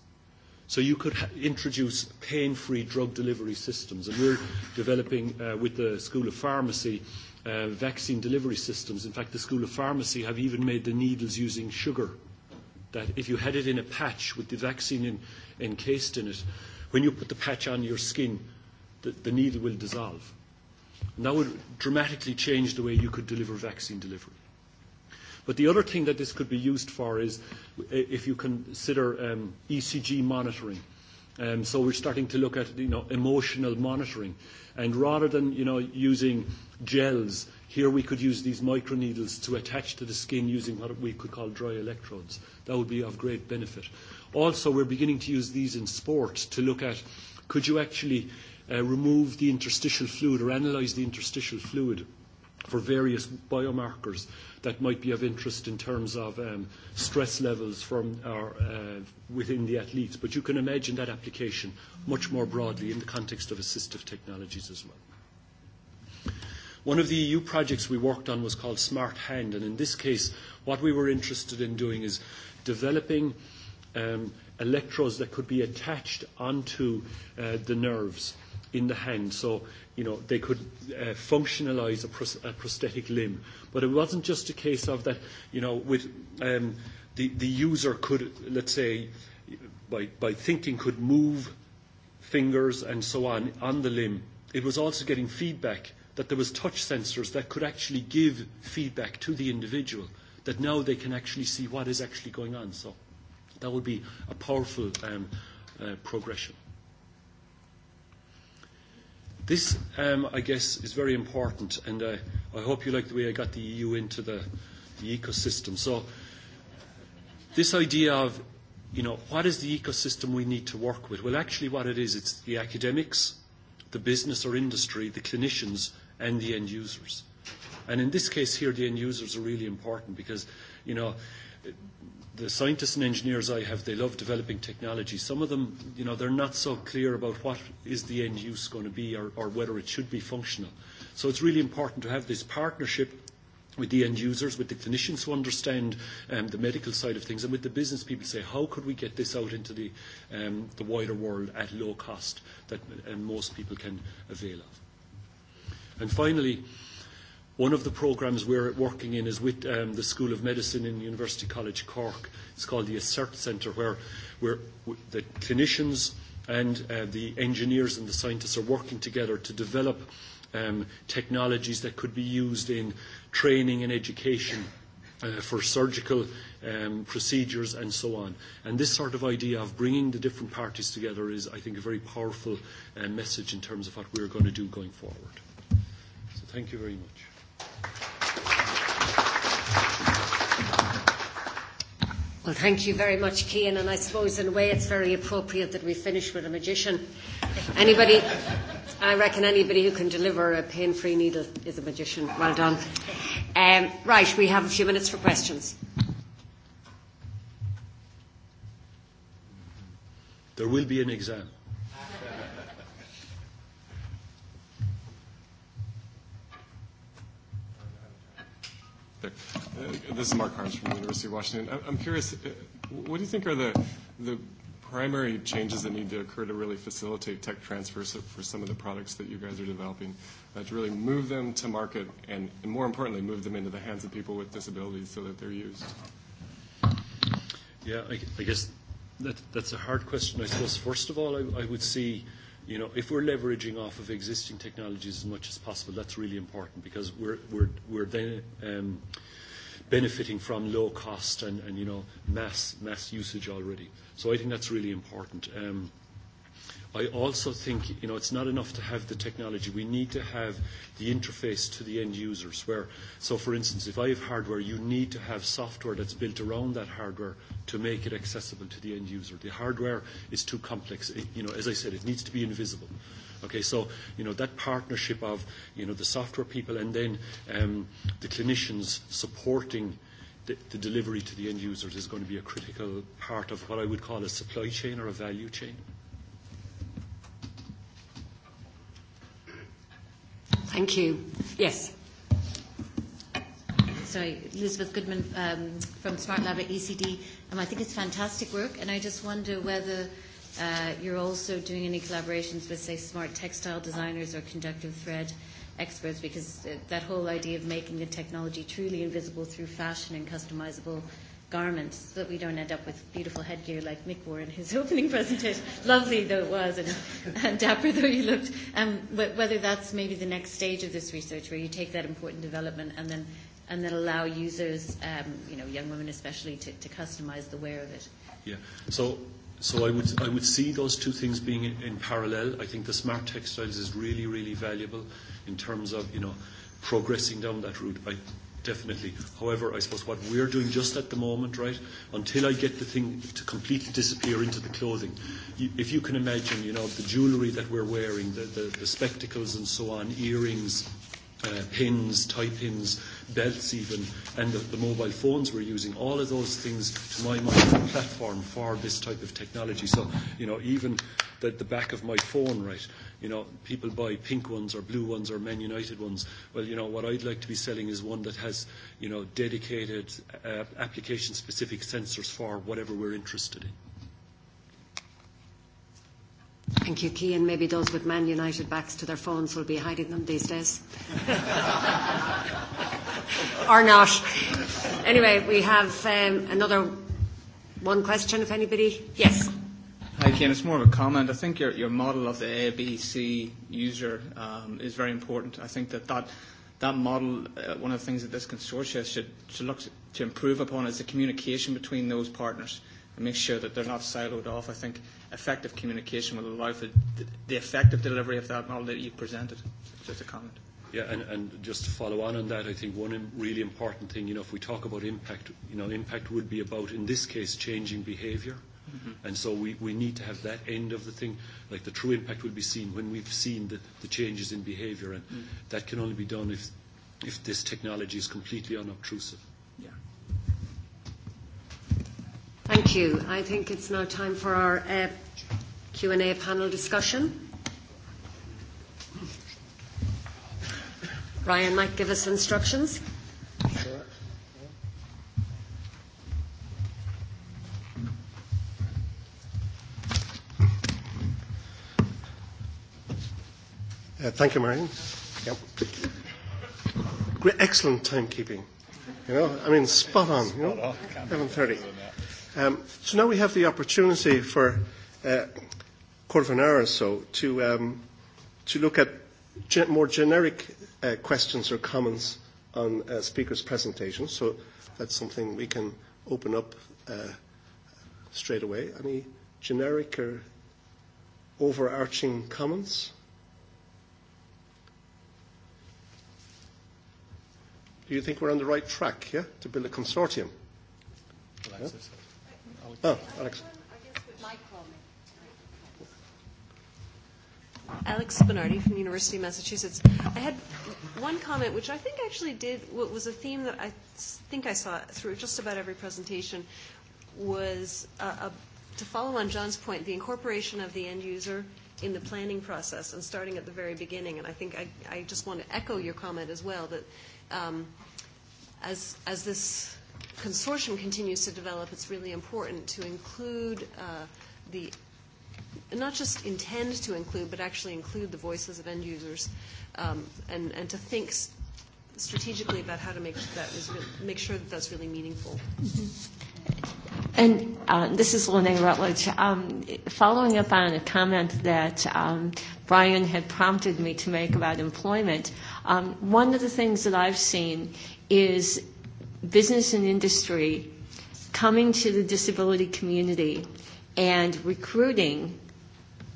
So you could ha- introduce pain-free drug delivery systems, and we're developing uh, with the School of Pharmacy uh, vaccine delivery systems. In fact, the School of Pharmacy have even made the needles using sugar. That if you had it in a patch with the vaccine in, encased in it, when you put the patch on your skin, the, the needle will dissolve. And that would dramatically change the way you could deliver vaccine delivery. But the other thing that this could be used for is if you consider um, ECG monitoring. Um, so we're starting to look at you know, emotional monitoring. And rather than you know, using gels, here we could use these microneedles to attach to the skin using what we could call dry electrodes. That would be of great benefit. Also, we're beginning to use these in sports to look at could you actually uh, remove the interstitial fluid or analyse the interstitial fluid for various biomarkers that might be of interest in terms of um, stress levels from our, uh, within the athletes. But you can imagine that application much more broadly in the context of assistive technologies as well. One of the EU projects we worked on was called Smart Hand, and in this case, what we were interested in doing is developing um, electrodes that could be attached onto uh, the nerves in the hand. So, you know, they could uh, functionalize a, pros- a prosthetic limb. But it wasn't just a case of that, you know, with um, the, the user could, let's say, by, by thinking, could move fingers and so on on the limb. It was also getting feedback that there was touch sensors that could actually give feedback to the individual that now they can actually see what is actually going on. So that would be a powerful um, uh, progression. This, um, I guess, is very important, and uh, I hope you like the way I got the EU into the, the ecosystem. So, this idea of, you know, what is the ecosystem we need to work with? Well, actually, what it is, it's the academics, the business or industry, the clinicians, and the end users. And in this case here, the end users are really important because, you know, the scientists and engineers I have, they love developing technology. Some of them, you know, they're not so clear about what is the end use going to be or, or whether it should be functional. So it's really important to have this partnership with the end users, with the clinicians who understand um, the medical side of things, and with the business people say, how could we get this out into the, um, the wider world at low cost that um, most people can avail of? And finally, uh, One of the programs we're working in is with um, the School of Medicine in University College Cork. It's called the ASSERT Centre, where, where the clinicians and uh, the engineers and the scientists are working together to develop um, technologies that could be used in training and education uh, for surgical um, procedures and so on. And this sort of idea of bringing the different parties together is, I think, a very powerful uh, message in terms of what we're going to do going forward. So thank you very much. Well, thank you very much, Kean, and I suppose in a way it's very appropriate that we finish with a magician. Anybody, I reckon anybody who can deliver a pain-free needle is a magician. Well done. Um, right, we have a few minutes for questions. There will be an exam. Uh, this is Mark Carnes from the University of Washington. I'm curious, uh, what do you think are the, the primary changes that need to occur to really facilitate tech transfer for some of the products that you guys are developing, uh, to really move them to market and, and more importantly, move them into the hands of people with disabilities so that they're used? Yeah, I, I guess that, that's a hard question. I suppose, first of all, I, I would see, you know, if we're leveraging off of existing technologies as much as possible, that's really important because we're, we're, we're then. Um, uh, benefiting from low cost and, and you know, mass, mass usage already. So I think that's really important. Um, I also think, you know, it's not enough to have the technology. We need to have the interface to the end users where, so for instance, if I have hardware, you need to have software that's built around that hardware to make it accessible to the end user. The hardware is too complex. It, you know, as I said, it needs to be invisible. Okay, so you know that partnership of you know the software people and then um, the clinicians supporting the, the delivery to the end users is going to be a critical part of what I would call a supply chain or a value chain. Thank you. Yes. Sorry, Elizabeth Goodman um, from Smart Lab at ECD. Um, I think it's fantastic work, and I just wonder whether Uh, you're also doing any collaborations with, say, smart textile designers or conductive thread experts because uh, that whole idea of making the technology truly invisible through fashion and customizable garments so that we don't end up with beautiful headgear like Mick wore in his opening presentation. Lovely though it was and, and dapper though you looked. Um, but whether that's maybe the next stage of this research where you take that important development and then, and then allow users, um, you know, young women especially, to, to customize the wear of it. Yeah. So So I would, I would see those two things being in, in parallel. I think the smart textiles is really, really valuable in terms of, you know, progressing down that route. I definitely. However, I suppose what we're doing just at the moment, right, until I get the thing to completely disappear into the clothing, you, if you can imagine, you know, the jewellery that we're wearing, the, the, the spectacles and so on, earrings, uh, pins, tie pins, belts even, and the, the mobile phones we're using, all of those things, to my mind, are a platform for this type of technology. So, you know, even the, the back of my phone, right, you know, people buy pink ones or blue ones or Man United ones. Well, you know, what I'd like to be selling is one that has, you know, dedicated uh, application-specific sensors for whatever we're interested in. Thank you, Kean. Maybe those with Man United backs to their phones will be hiding them these days. or not. Anyway, we have um, another one question, if anybody. Yes. Hi, Kean. It's more of a comment. I think your, your model of the ABC user um, is very important. I think that that, that model, uh, one of the things that this consortia should, should look to improve upon is the communication between those partners. Uh, and make sure that they're not siloed off. I think effective communication will allow for the effective delivery of that model that you presented. Just a comment. Yeah, and, and just to follow on on that, I think one really important thing, you know, if we talk about impact, you know, impact would be about, in this case, changing behavior. Mm-hmm. And so we, we need to have that end of the thing. Like the true impact will be seen when we've seen the, the changes in behavior, and mm. that can only be done if, if this technology is completely unobtrusive. Mm. Thank you. I think it's now time for our uh, Q&A panel discussion. Ryan might give us instructions. Sure. Uh, thank you, Marion. Yep. Great, excellent timekeeping. You know, I mean, spot on. You know, 11:30. Um, so now we have the opportunity for a quarter of an hour or so to, um, to look at ge- more generic uh, questions or comments on uh, speakers' presentations. So that's something we can open up uh, straight away. Any generic or overarching comments? Do you think we're on the right track, yeah, to build a consortium? Well, yeah? Oh, Alex. Alex Spinardi from University of Massachusetts. I had one comment, which I think actually did, what was a theme that I think I saw through just about every presentation, was a, uh, a, uh, to follow on John's point, the incorporation of the end user in the planning process and starting at the very beginning. And I think I, I just want to echo your comment as well that um, as, as this consortium continues to develop, it's really important to include uh, the not just intend to include, but actually include the voices of end users, um, and and to think s- strategically about how to make sure that is re- make sure that that's really meaningful. Mm-hmm. And uh, this is Lene Rutledge. Um, following up on a comment that um, Brian had prompted me to make about employment, um, one of the things that I've seen is business and industry coming to the disability community and recruiting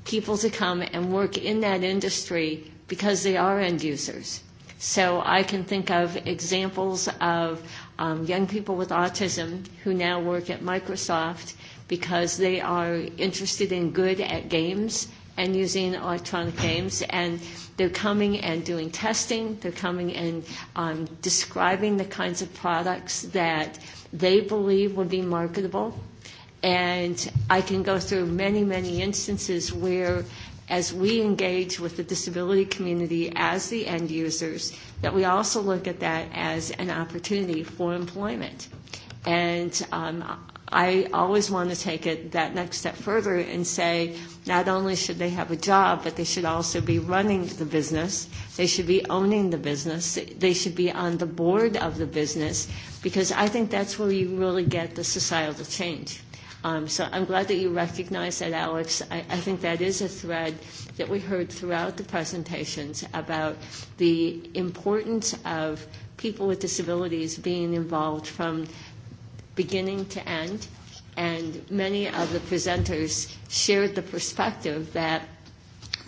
people to come and work in that industry because they are end users. So I can think of examples of um, young people with autism who now work at Microsoft because they are interested in good at games and using electronic games. And they're coming and doing testing. They're coming and um, describing the kinds of products that they believe would be marketable. And I can go through many, many instances where, as we engage with the disability community as the end users, that we also look at that as an opportunity for employment. And um, I always want to take it that next step further and say not only should they have a job, but they should also be running the business. They should be owning the business. They should be on the board of the business because I think that's where you really get the societal change. Um, so I'm glad that you recognize that, Alex. I, I think that is a thread that we heard throughout the presentations about the importance of people with disabilities being involved from beginning to end, and many of the presenters shared the perspective that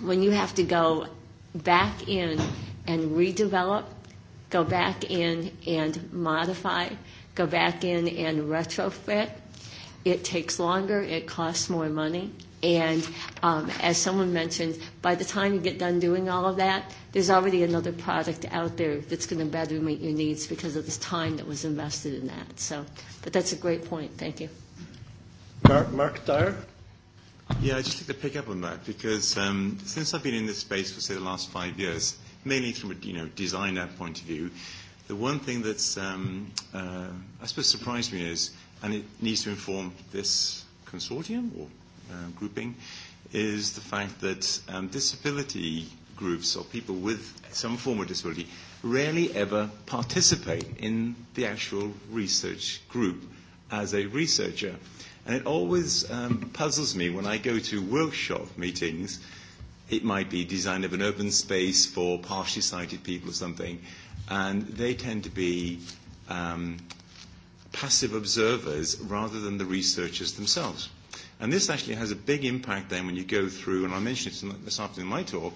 when you have to go back in and redevelop, go back in and modify, go back in and retrofit, it takes longer, it costs more money, And um, as someone mentioned, by the time you get done doing all of that, there's already another product out there that's going to better meet your needs because of the time that was invested in that. So, but that's a great point. Thank you. Mark, Mark Dyer? Yeah, I'd just like to pick up on that because um, since I've been in this space for, say, the last five years, mainly from a you know, designer point of view, the one thing that's, um, uh, I suppose, surprised me is, and it needs to inform this consortium or uh, grouping is the fact that um, disability groups or people with some form of disability rarely ever participate in the actual research group as a researcher. And it always um, puzzles me when I go to workshop meetings. It might be design of an open space for partially sighted people or something, and they tend to be um, passive observers rather than the researchers themselves. And this actually has a big impact then when you go through, and I mentioned it this afternoon in my talk,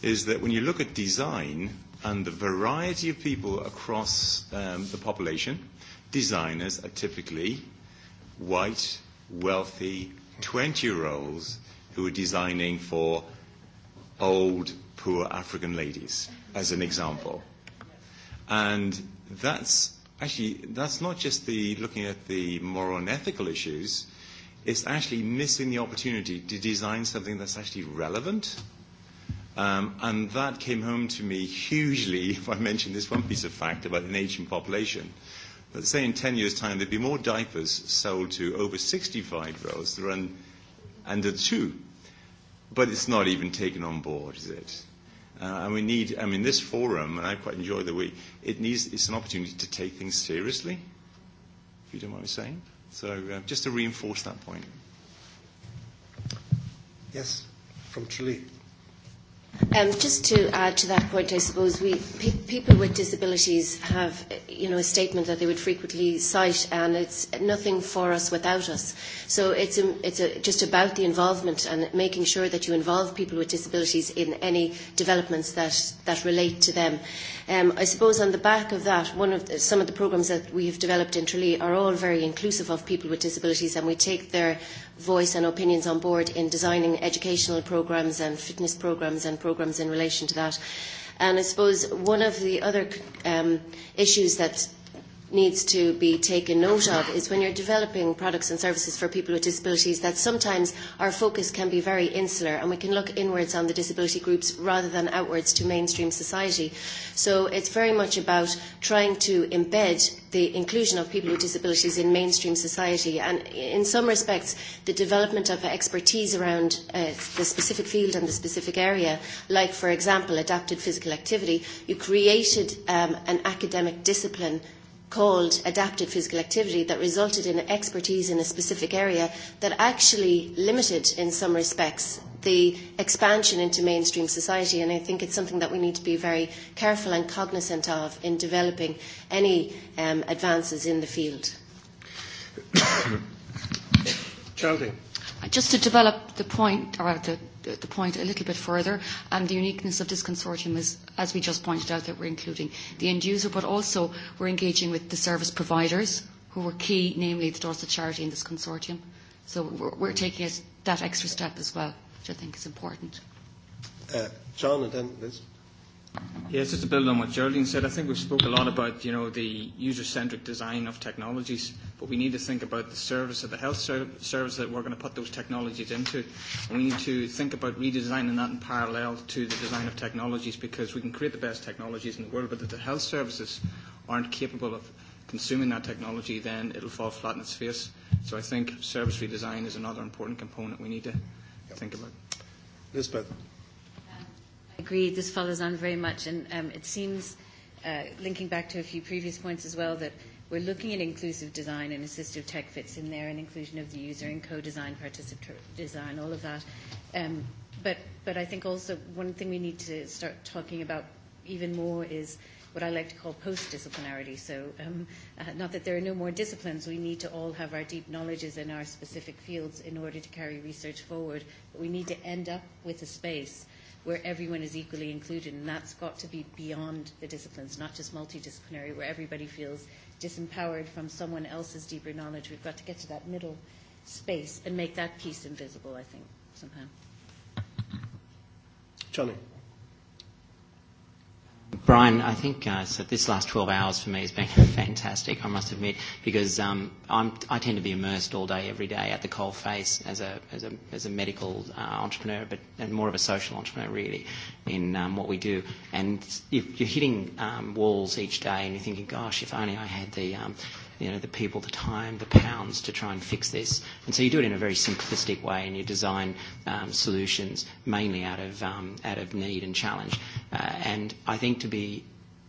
is that when you look at design and the variety of people across um, the population, designers are typically white, wealthy, 20-year-olds who are designing for old, poor African ladies, as an example. And that's actually, that's not just the looking at the moral and ethical issues, is actually missing the opportunity to design something that's actually relevant. Um, and that came home to me hugely, if I mention this one piece of fact about an aging population. But say in 10 years' time, there'd be more diapers sold to over 65 year olds than under two. But it's not even taken on board, is it? Uh, and we need, I mean, this forum, and I quite enjoy the week, it needs, it's an opportunity to take things seriously, if you don't mind me saying. So uh, just to reinforce that point. Yes, from Chile. Um, just to add to that point, I suppose we pe- people with disabilities have, you know, a statement that they would frequently cite, and it's nothing for us without us. So it's a, um, it's a, just about the involvement and making sure that you involve people with disabilities in any developments that that relate to them. Um, I suppose on the back of that, one of the, some of the programs that we have developed in Tralee are all very inclusive of people with disabilities, and we take their voice and opinions on board in designing educational programs and fitness programs and. Programs programmes in relation to that. And I suppose one of the other um, issues that's needs to be taken note of is when you're developing products and services for people with disabilities that sometimes our focus can be very insular and we can look inwards on the disability groups rather than outwards to mainstream society. So it's very much about trying to embed the inclusion of people with disabilities in mainstream society and in some respects the development of expertise around uh, the specific field and the specific area like for example adapted physical activity you created um, an academic discipline called adapted physical activity that resulted in expertise in a specific area that actually limited, in some respects, the expansion into mainstream society. And I think it's something that we need to be very careful and cognizant of in developing any um, advances in the field. Geraldine. Just to develop the point, or uh, the the, the point a little bit further. And the uniqueness of this consortium is, as we just pointed out, that we're including the end user, but also we're engaging with the service providers who were key, namely the Dorset Charity in this consortium. So we're, we're taking it that extra step as well, which I think is important. Uh, John and then Liz. Yeah, just to build on what Geraldine said, I think we spoke a lot about, you know, the user-centric design of technologies, but we need to think about the service of the health ser- service that we're going to put those technologies into. And we need to think about redesigning that in parallel to the design of technologies because we can create the best technologies in the world, but if the health services aren't capable of consuming that technology, then it'll fall flat in its face. So I think service redesign is another important component we need to yep. think about. Lisbeth. Agreed. This follows on very much, and um, it seems, uh, linking back to a few previous points as well, that we're looking at inclusive design and assistive tech fits in there, and inclusion of the user and co-design, participative design, all of that. Um, but but I think also one thing we need to start talking about even more is what I like to call post-disciplinarity. So um, uh, not that there are no more disciplines, we need to all have our deep knowledges in our specific fields in order to carry research forward, but we need to end up with a space – where everyone is equally included. And that's got to be beyond the disciplines, not just multidisciplinary, where everybody feels disempowered from someone else's deeper knowledge. We've got to get to that middle space and make that piece invisible, I think, somehow. Johnny. Brian, I think uh, so. This last 12 hours for me has been fantastic. I must admit, because um, I'm, I tend to be immersed all day, every day, at the coal face as a as a as a medical uh, entrepreneur, but and more of a social entrepreneur really, in um, what we do. And if you're hitting um, walls each day, and you're thinking, "Gosh, if only I had the um, you know, the people, the time, the pounds to try and fix this. And so you do it in a very simplistic way and you design um, solutions mainly out of, um, out of need and challenge. Uh, and I think to be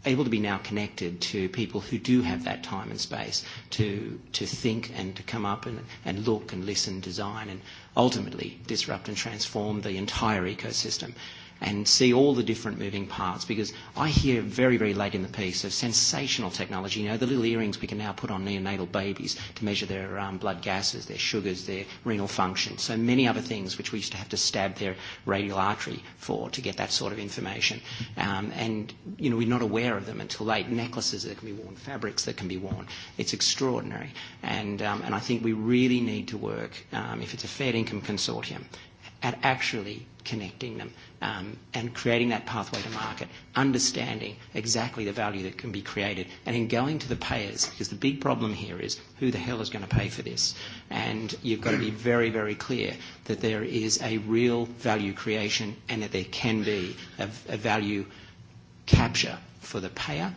able to be now connected to people who do have that time and space to, to think and to come up and, and look and listen, design and ultimately disrupt and transform the entire ecosystem and see all the different moving parts because I hear very, very late in the piece of sensational technology, you know, the little earrings we can now put on neonatal babies to measure their um, blood gases, their sugars, their renal function, so many other things which we used to have to stab their radial artery for to get that sort of information. Um, and, you know, we're not aware of them until late. Necklaces that can be worn, fabrics that can be worn. It's extraordinary. And, um, and I think we really need to work, um, if it's a Fair Income Consortium, at actually connecting them um, and creating that pathway to market, understanding exactly the value that can be created, and in going to the payers, because the big problem here is who the hell is going to pay for this? And you've got to be very, very clear that there is a real value creation and that there can be a, a value capture for the payer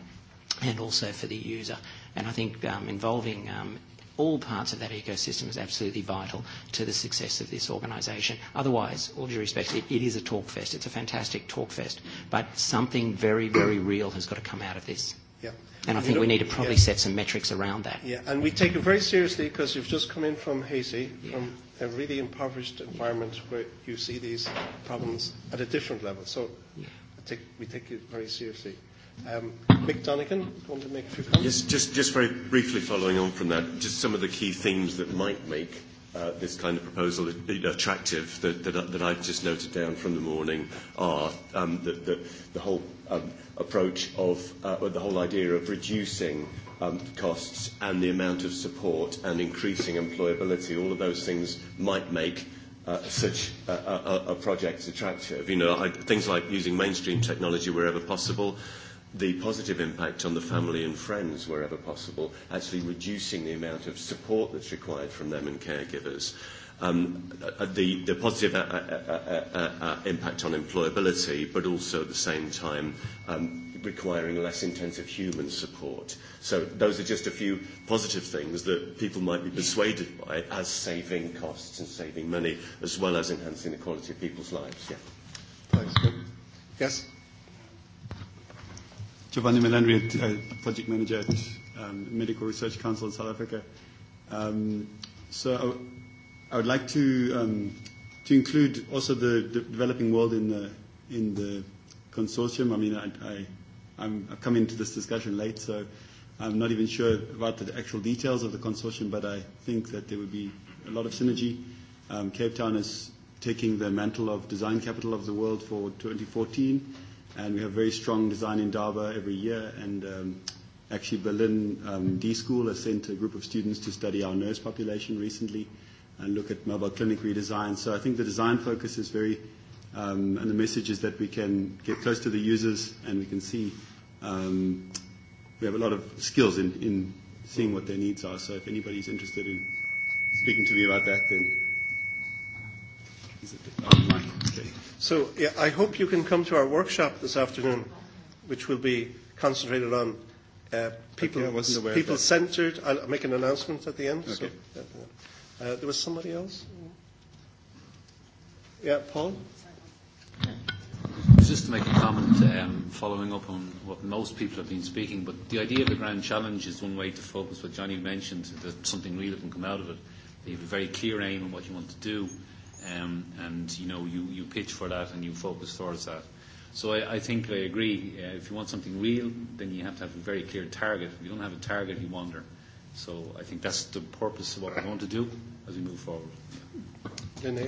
and also for the user. And I think um, involving um, all parts of that ecosystem is absolutely vital to the success of this organisation. Otherwise, all due respect, it, it is a talk fest. It's a fantastic talk fest. But something very, very real has got to come out of this. Yeah. And I you think know, we need to probably yeah. set some metrics around that. Yeah, and we take it very seriously because you've just come in from Haiti, yeah. from a really impoverished environment where you see these problems at a different level. So yeah. I take, we take it very seriously. Um, Mick Donegan, do you want to make a few comments? Yes, just, just very briefly following on from that, just some of the key themes that might make uh, this kind of proposal attractive that, that, that I've just noted down from the morning are um, that, that the whole um, approach of, uh, the whole idea of reducing um, costs and the amount of support and increasing employability, all of those things might make uh, such a, a, a project attractive. You know, I, things like using mainstream technology wherever possible, uh, the positive impact on the family and friends wherever possible, actually reducing the amount of support that's required from them and caregivers. Um, uh, the, the positive uh uh, uh, uh, uh, impact on employability, but also at the same time um, requiring less intensive human support. So those are just a few positive things that people might be persuaded by as saving costs and saving money, as well as enhancing the quality of people's lives. Yeah. Thanks. Yes. Giovanni Melendri, uh, project manager at um, Medical Research Council in South Africa. Um, so I, I would like to um, to include also the de- developing world in the in the consortium. I mean, I, I I'm, I've come into this discussion late, so I'm not even sure about the actual details of the consortium, but I think that there would be a lot of synergy. Um, Cape Town is taking the mantle of design capital of the world for 2014 and we have very strong design in Daba every year. And um, actually, Berlin um, D School has sent a group of students to study our nurse population recently and look at mobile clinic redesign. So I think the design focus is very, um, and the message is that we can get close to the users and we can see um, we have a lot of skills in, in seeing what their needs are. So if anybody's interested in speaking to me about that, then is it, oh, Mike, okay. So yeah, I hope you can come to our workshop this afternoon, which will be concentrated on uh, people okay, people centred. I'll make an announcement at the end. Okay. So, uh, uh, there was somebody else. Yeah, Paul. Just to make a comment, um, following up on what most people have been speaking, but the idea of the grand challenge is one way to focus. What Johnny mentioned, that something real can come out of it. That you have a very clear aim on what you want to do um, and you know you, you pitch for that and you focus towards that. So I, I think I agree. Uh, if you want something real, then you have to have a very clear target. If you don't have a target, you wander. So I think that's the purpose of what we're going to do as we move forward. Yeah.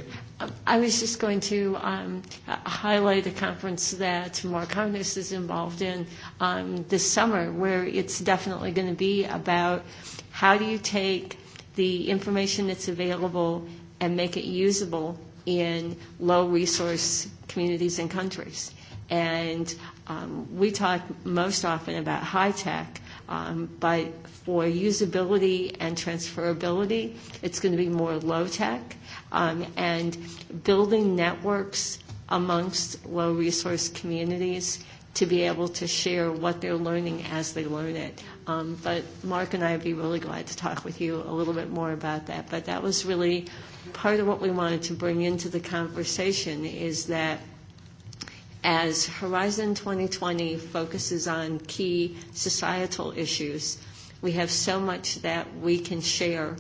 I was just going to um, highlight a conference that Marconis is involved in um, this summer, where it's definitely going to be about how do you take the information that's available and make it usable in low resource communities and countries. And um, we talk most often about high tech, um, but for usability and transferability, it's going to be more low tech. Um, and building networks amongst low resource communities to be able to share what they're learning as they learn it Um, but Mark and I would be really glad to talk with you a little bit more about that. But that was really part of what we wanted to bring into the conversation is that as Horizon 2020 focuses on key societal issues, we have so much that we can share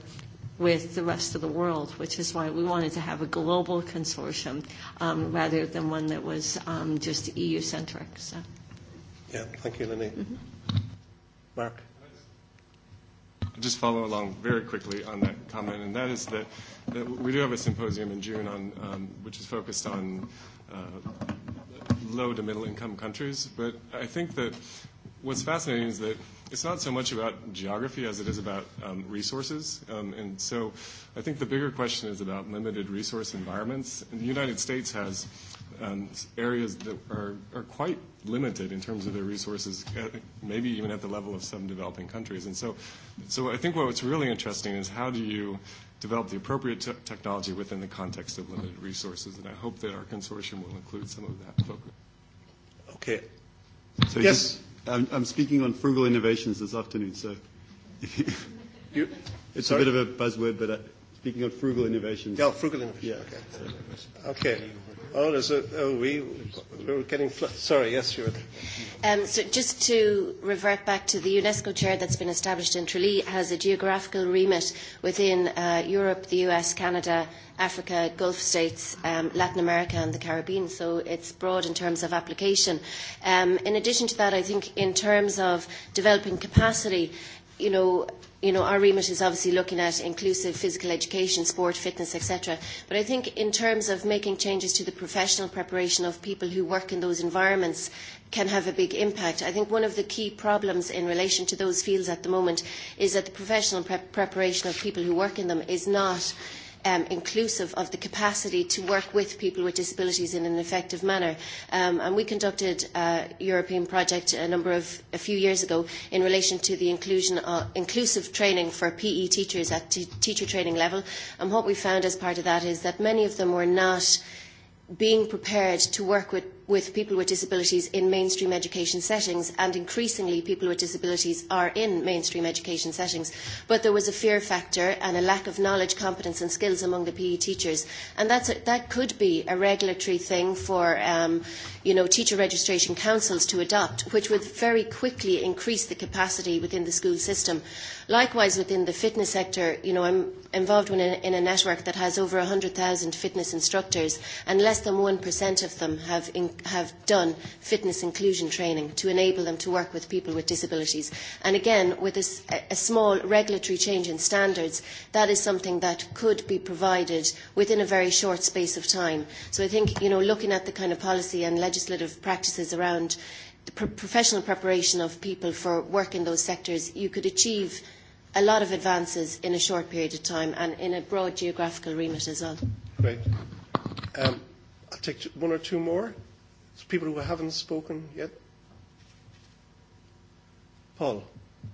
with the rest of the world, which is why we wanted to have a global consortium um, rather than one that was um, just EU centric. So. Yeah, thank you, Lenny. Mm-hmm. Mark. I'll just follow along very quickly on that comment, and that is that, that we do have a symposium in June on, um, which is focused on uh, low to middle income countries. But I think that what's fascinating is that it's not so much about geography as it is about um, resources. Um, and so I think the bigger question is about limited resource environments. And the United States has um, areas that are, are quite limited in terms of their resources, uh, maybe even at the level of some developing countries. And so, so I think what's really interesting is how do you develop the appropriate te- technology within the context of limited resources? And I hope that our consortium will include some of that focus. Okay. So yes. Just, I'm, I'm speaking on frugal innovations this afternoon, so you, it's sorry? a bit of a buzzword, but I, uh, speaking on frugal innovations. Yeah, frugal innovations. Yeah. Okay. Okay. Oh, there's a, oh we, we were getting, fl- sorry, yes, you were. Um, so just to revert back to the UNESCO chair that's been established in Tralee has a geographical remit within uh, Europe, the US, Canada, Africa, Gulf states, um, Latin America and the Caribbean, so it's broad in terms of application. Um, in addition to that, I think in terms of developing capacity, you know, you know, our remit is obviously looking at inclusive physical education, sport, fitness, etc. But I think in terms of making changes to the professional preparation of people who work in those environments can have a big impact. I think one of the key problems in relation to those fields at the moment is that the professional pre- preparation of people who work in them is not uh, um, inclusive of the capacity to work with people with disabilities in an effective manner. Um, and we conducted a uh, European project a number of, a few years ago in relation to the inclusion, uh, inclusive training for PE teachers at t- teacher training level. And what we found as part of that is that many of them were not being prepared to work with with people with disabilities in mainstream education settings, and increasingly people with disabilities are in mainstream education settings. But there was a fear factor and a lack of knowledge, competence, and skills among the PE teachers, and that's a, that could be a regulatory thing for um, you know teacher registration councils to adopt, which would very quickly increase the capacity within the school system. Likewise, within the fitness sector, you know, I'm involved in a, in a network that has over 100,000 fitness instructors, and less than 1% of them have in, have done fitness inclusion training to enable them to work with people with disabilities. And again, with a, a small regulatory change in standards, that is something that could be provided within a very short space of time. So I think, you know, looking at the kind of policy and legislative practices around the pro- professional preparation of people for work in those sectors, you could achieve a lot of advances in a short period of time and in a broad geographical remit as well. Great. Um, I'll take one or two more. So people who haven't spoken yet? Paul.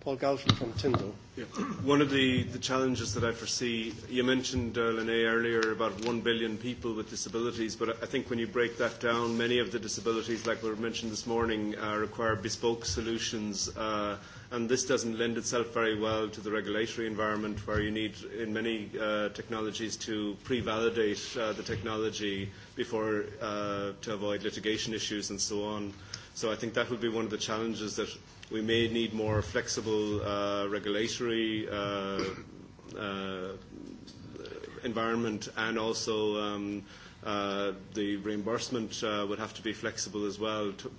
Paul Galton from Tyndall. Yeah. One of the, the challenges that I foresee, you mentioned, uh, Lene, earlier about one billion people with disabilities, but I think when you break that down, many of the disabilities, like we mentioned this morning, uh, require bespoke solutions, uh, and this doesn't lend itself very well to the regulatory environment where you need, in many uh, technologies, to pre-validate uh, the technology before uh, to avoid litigation issues and so on. So I think that will be one of the challenges that we may need more flexible uh, regulatory uh, uh, environment and also um, uh, the reimbursement uh, would have to be flexible as well to,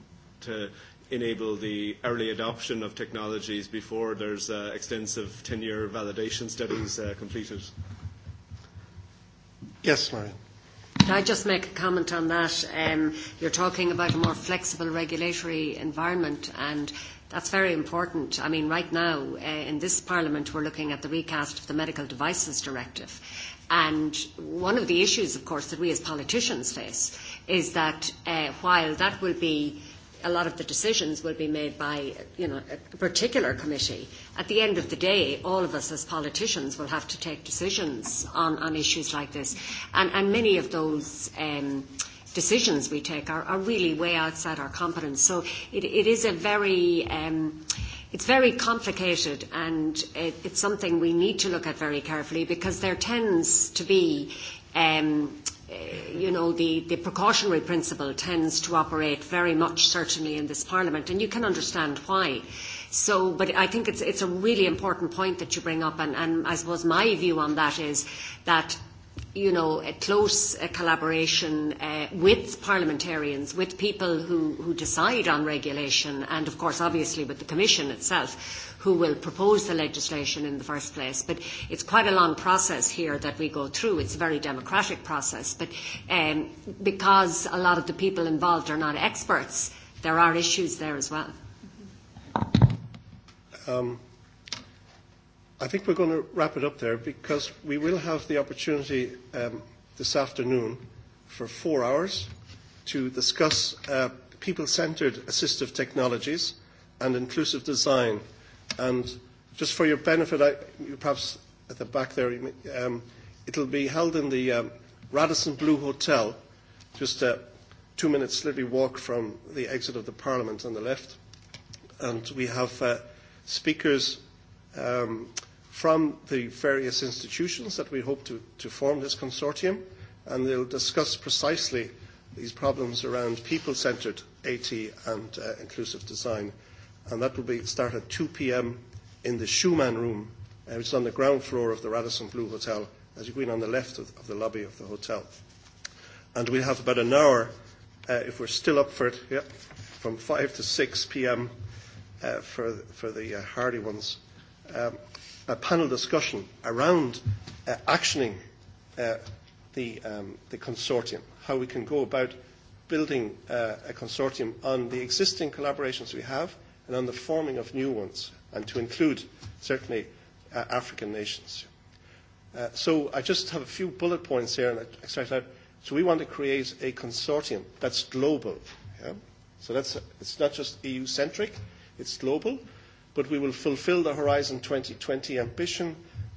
to enable the early adoption of technologies before there's uh, extensive 10-year validation studies uh, completed. Yes, Marion. Could I just make a comment on that? Um, you're talking about a more flexible regulatory environment, and that's very important. I mean, right now, uh, in this Parliament, we're looking at the recast of the Medical Devices Directive. And one of the issues, of course, that we as politicians face is that uh, while that will be a lot of the decisions will be made by, you know, a particular committee. At the end of the day, all of us as politicians will have to take decisions on, on issues like this. And, and many of those um, decisions we take are, are really way outside our competence. So it, it is a very... Um, it's very complicated and it, it's something we need to look at very carefully because there tends to be um, Uh, you know, the, the precautionary principle tends to operate very much, certainly in this Parliament, and you can understand why. So, but I think it's, it's a really important point that you bring up, and, and I suppose my view on that is that you know, a close uh, collaboration uh, with parliamentarians, with people who, who decide on regulation, and of course, obviously, with the Commission itself who will propose the legislation in the first place. But it's quite a long process here that we go through. It's a very democratic process. But um, because a lot of the people involved are not experts, there are issues there as well. Um, I think we're going to wrap it up there because we will have the opportunity um, this afternoon for four hours to discuss uh, people-centered assistive technologies and inclusive design And just for your benefit, I, you perhaps at the back there, you may, um, it'll be held in the um, Radisson Blue Hotel, just a two minute slippery walk from the exit of the Parliament on the left. And we have uh, speakers um, from the various institutions that we hope to, to form this consortium, and they'll discuss precisely these problems around people centered AT and uh, inclusive design and that will be, start at 2 p.m. in the Schumann Room, uh, which is on the ground floor of the Radisson Blue Hotel, as you go in on the left of, of the lobby of the hotel. And we'll have about an hour, uh, if we're still up for it, yeah, from 5 to 6 p.m. Uh, for, for the uh, hardy ones, um, a panel discussion around uh, actioning uh, the, um, the consortium, how we can go about building uh, a consortium on the existing collaborations we have – and on the forming of new ones, and to include certainly uh, African nations. Uh, so I just have a few bullet points here, and I start out. So we want to create a consortium that's global. Yeah? So that's, it's not just EU-centric, it's global, but we will fulfill the Horizon 2020 ambition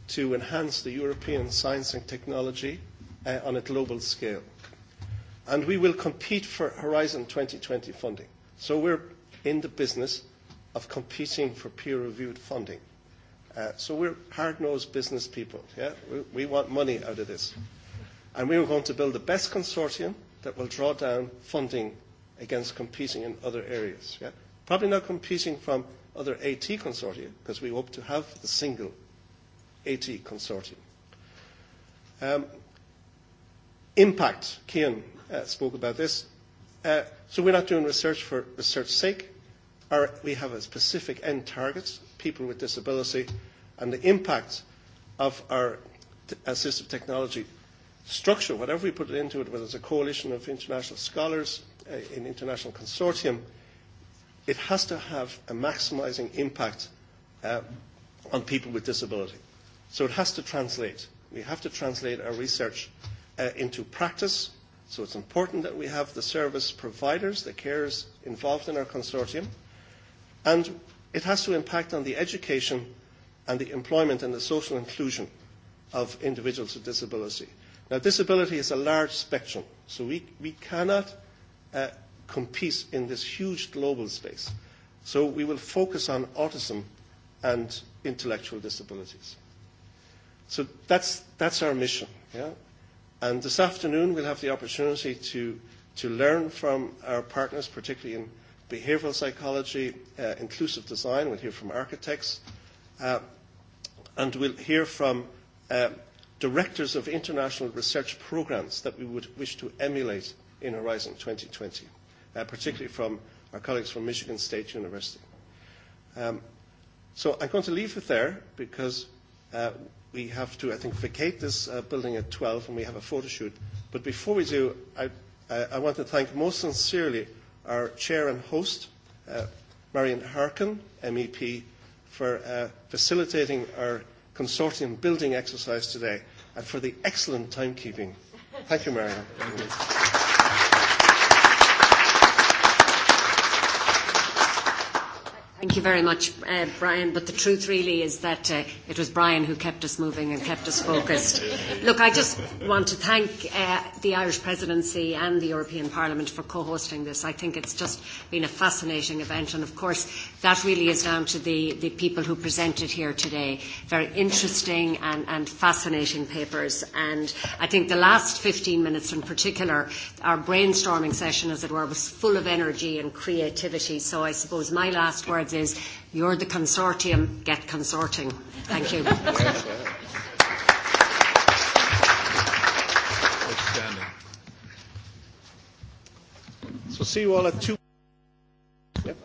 to enhance the European science and technology uh, on a global scale. And we will compete for Horizon 2020 funding. So we're in the business of competing for peer-reviewed funding. Uh, so we're hard-nosed business people. Yeah? We, we want money out of this. And we were going to build the best consortium that will draw down funding against competing in other areas. Yeah? Probably not competing from other AT consortia, because we hope to have the single AT consortium. Um, impact, Kian uh, spoke about this. Uh, so we're not doing research for research's sake are, we have a specific end target, people with disability, and the impact of our t- assistive technology structure, whatever we put it into it, whether it's a coalition of international scholars uh, in international consortium, it has to have a maximizing impact uh, on people with disability. So it has to translate. We have to translate our research uh, into practice. So it's important that we have the service providers, the carers involved in our consortium – And it has to impact on the education and the employment and the social inclusion of individuals with disability. Now, disability is a large spectrum, so we, we cannot uh, compete in this huge global space. So we will focus on autism and intellectual disabilities. So that's, that's our mission. Yeah? And this afternoon, we'll have the opportunity to, to learn from our partners, particularly in behavioral psychology, uh, inclusive design. We'll hear from architects. Uh, and we'll hear from uh, directors of international research programs that we would wish to emulate in Horizon 2020, uh, particularly from our colleagues from Michigan State University. Um, so I'm going to leave it there because uh, we have to, I think, vacate this uh, building at 12 and we have a photo shoot. But before we do, I, I, I want to thank most sincerely our chair and host, uh, Marion Harkin, MEP, for uh, facilitating our consortium building exercise today and for the excellent timekeeping. Thank you, Marion. Thank you. Thank you very much, uh, Brian. But the truth really is that uh, it was Brian who kept us moving and kept us focused. Look, I just want to thank uh, the Irish Presidency and the European Parliament for co-hosting this. I think it's just been a fascinating event, and of course, that really is down to the, the people who presented here today. Very interesting and, and fascinating papers. And I think the last 15 minutes in particular, our brainstorming session, as it were, was full of energy and creativity. So I suppose my last words is you're the consortium, get consorting. Thank you. yes, yeah. Outstanding. So see you all at two. Yep.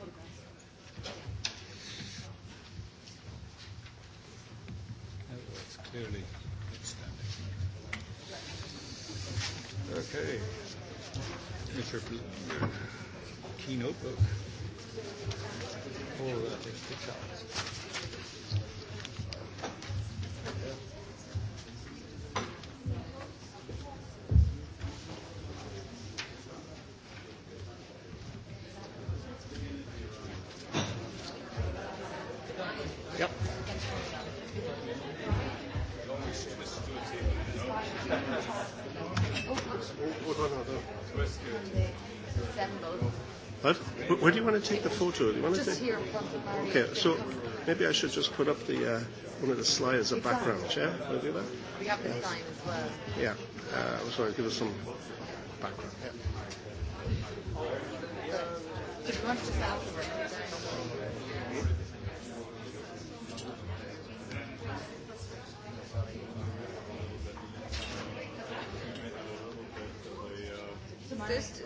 That's clearly outstanding. Okay. Mr. Keynote book all uh, things to tell. to it. Why just it? here in front of Maria. Okay, so maybe I should just put up the uh, one of the slides as a background, yeah? Can I do that? We have the yeah. sign as well. Yeah, uh, I was going to give us some background. Yeah. If you want to just afterwards, This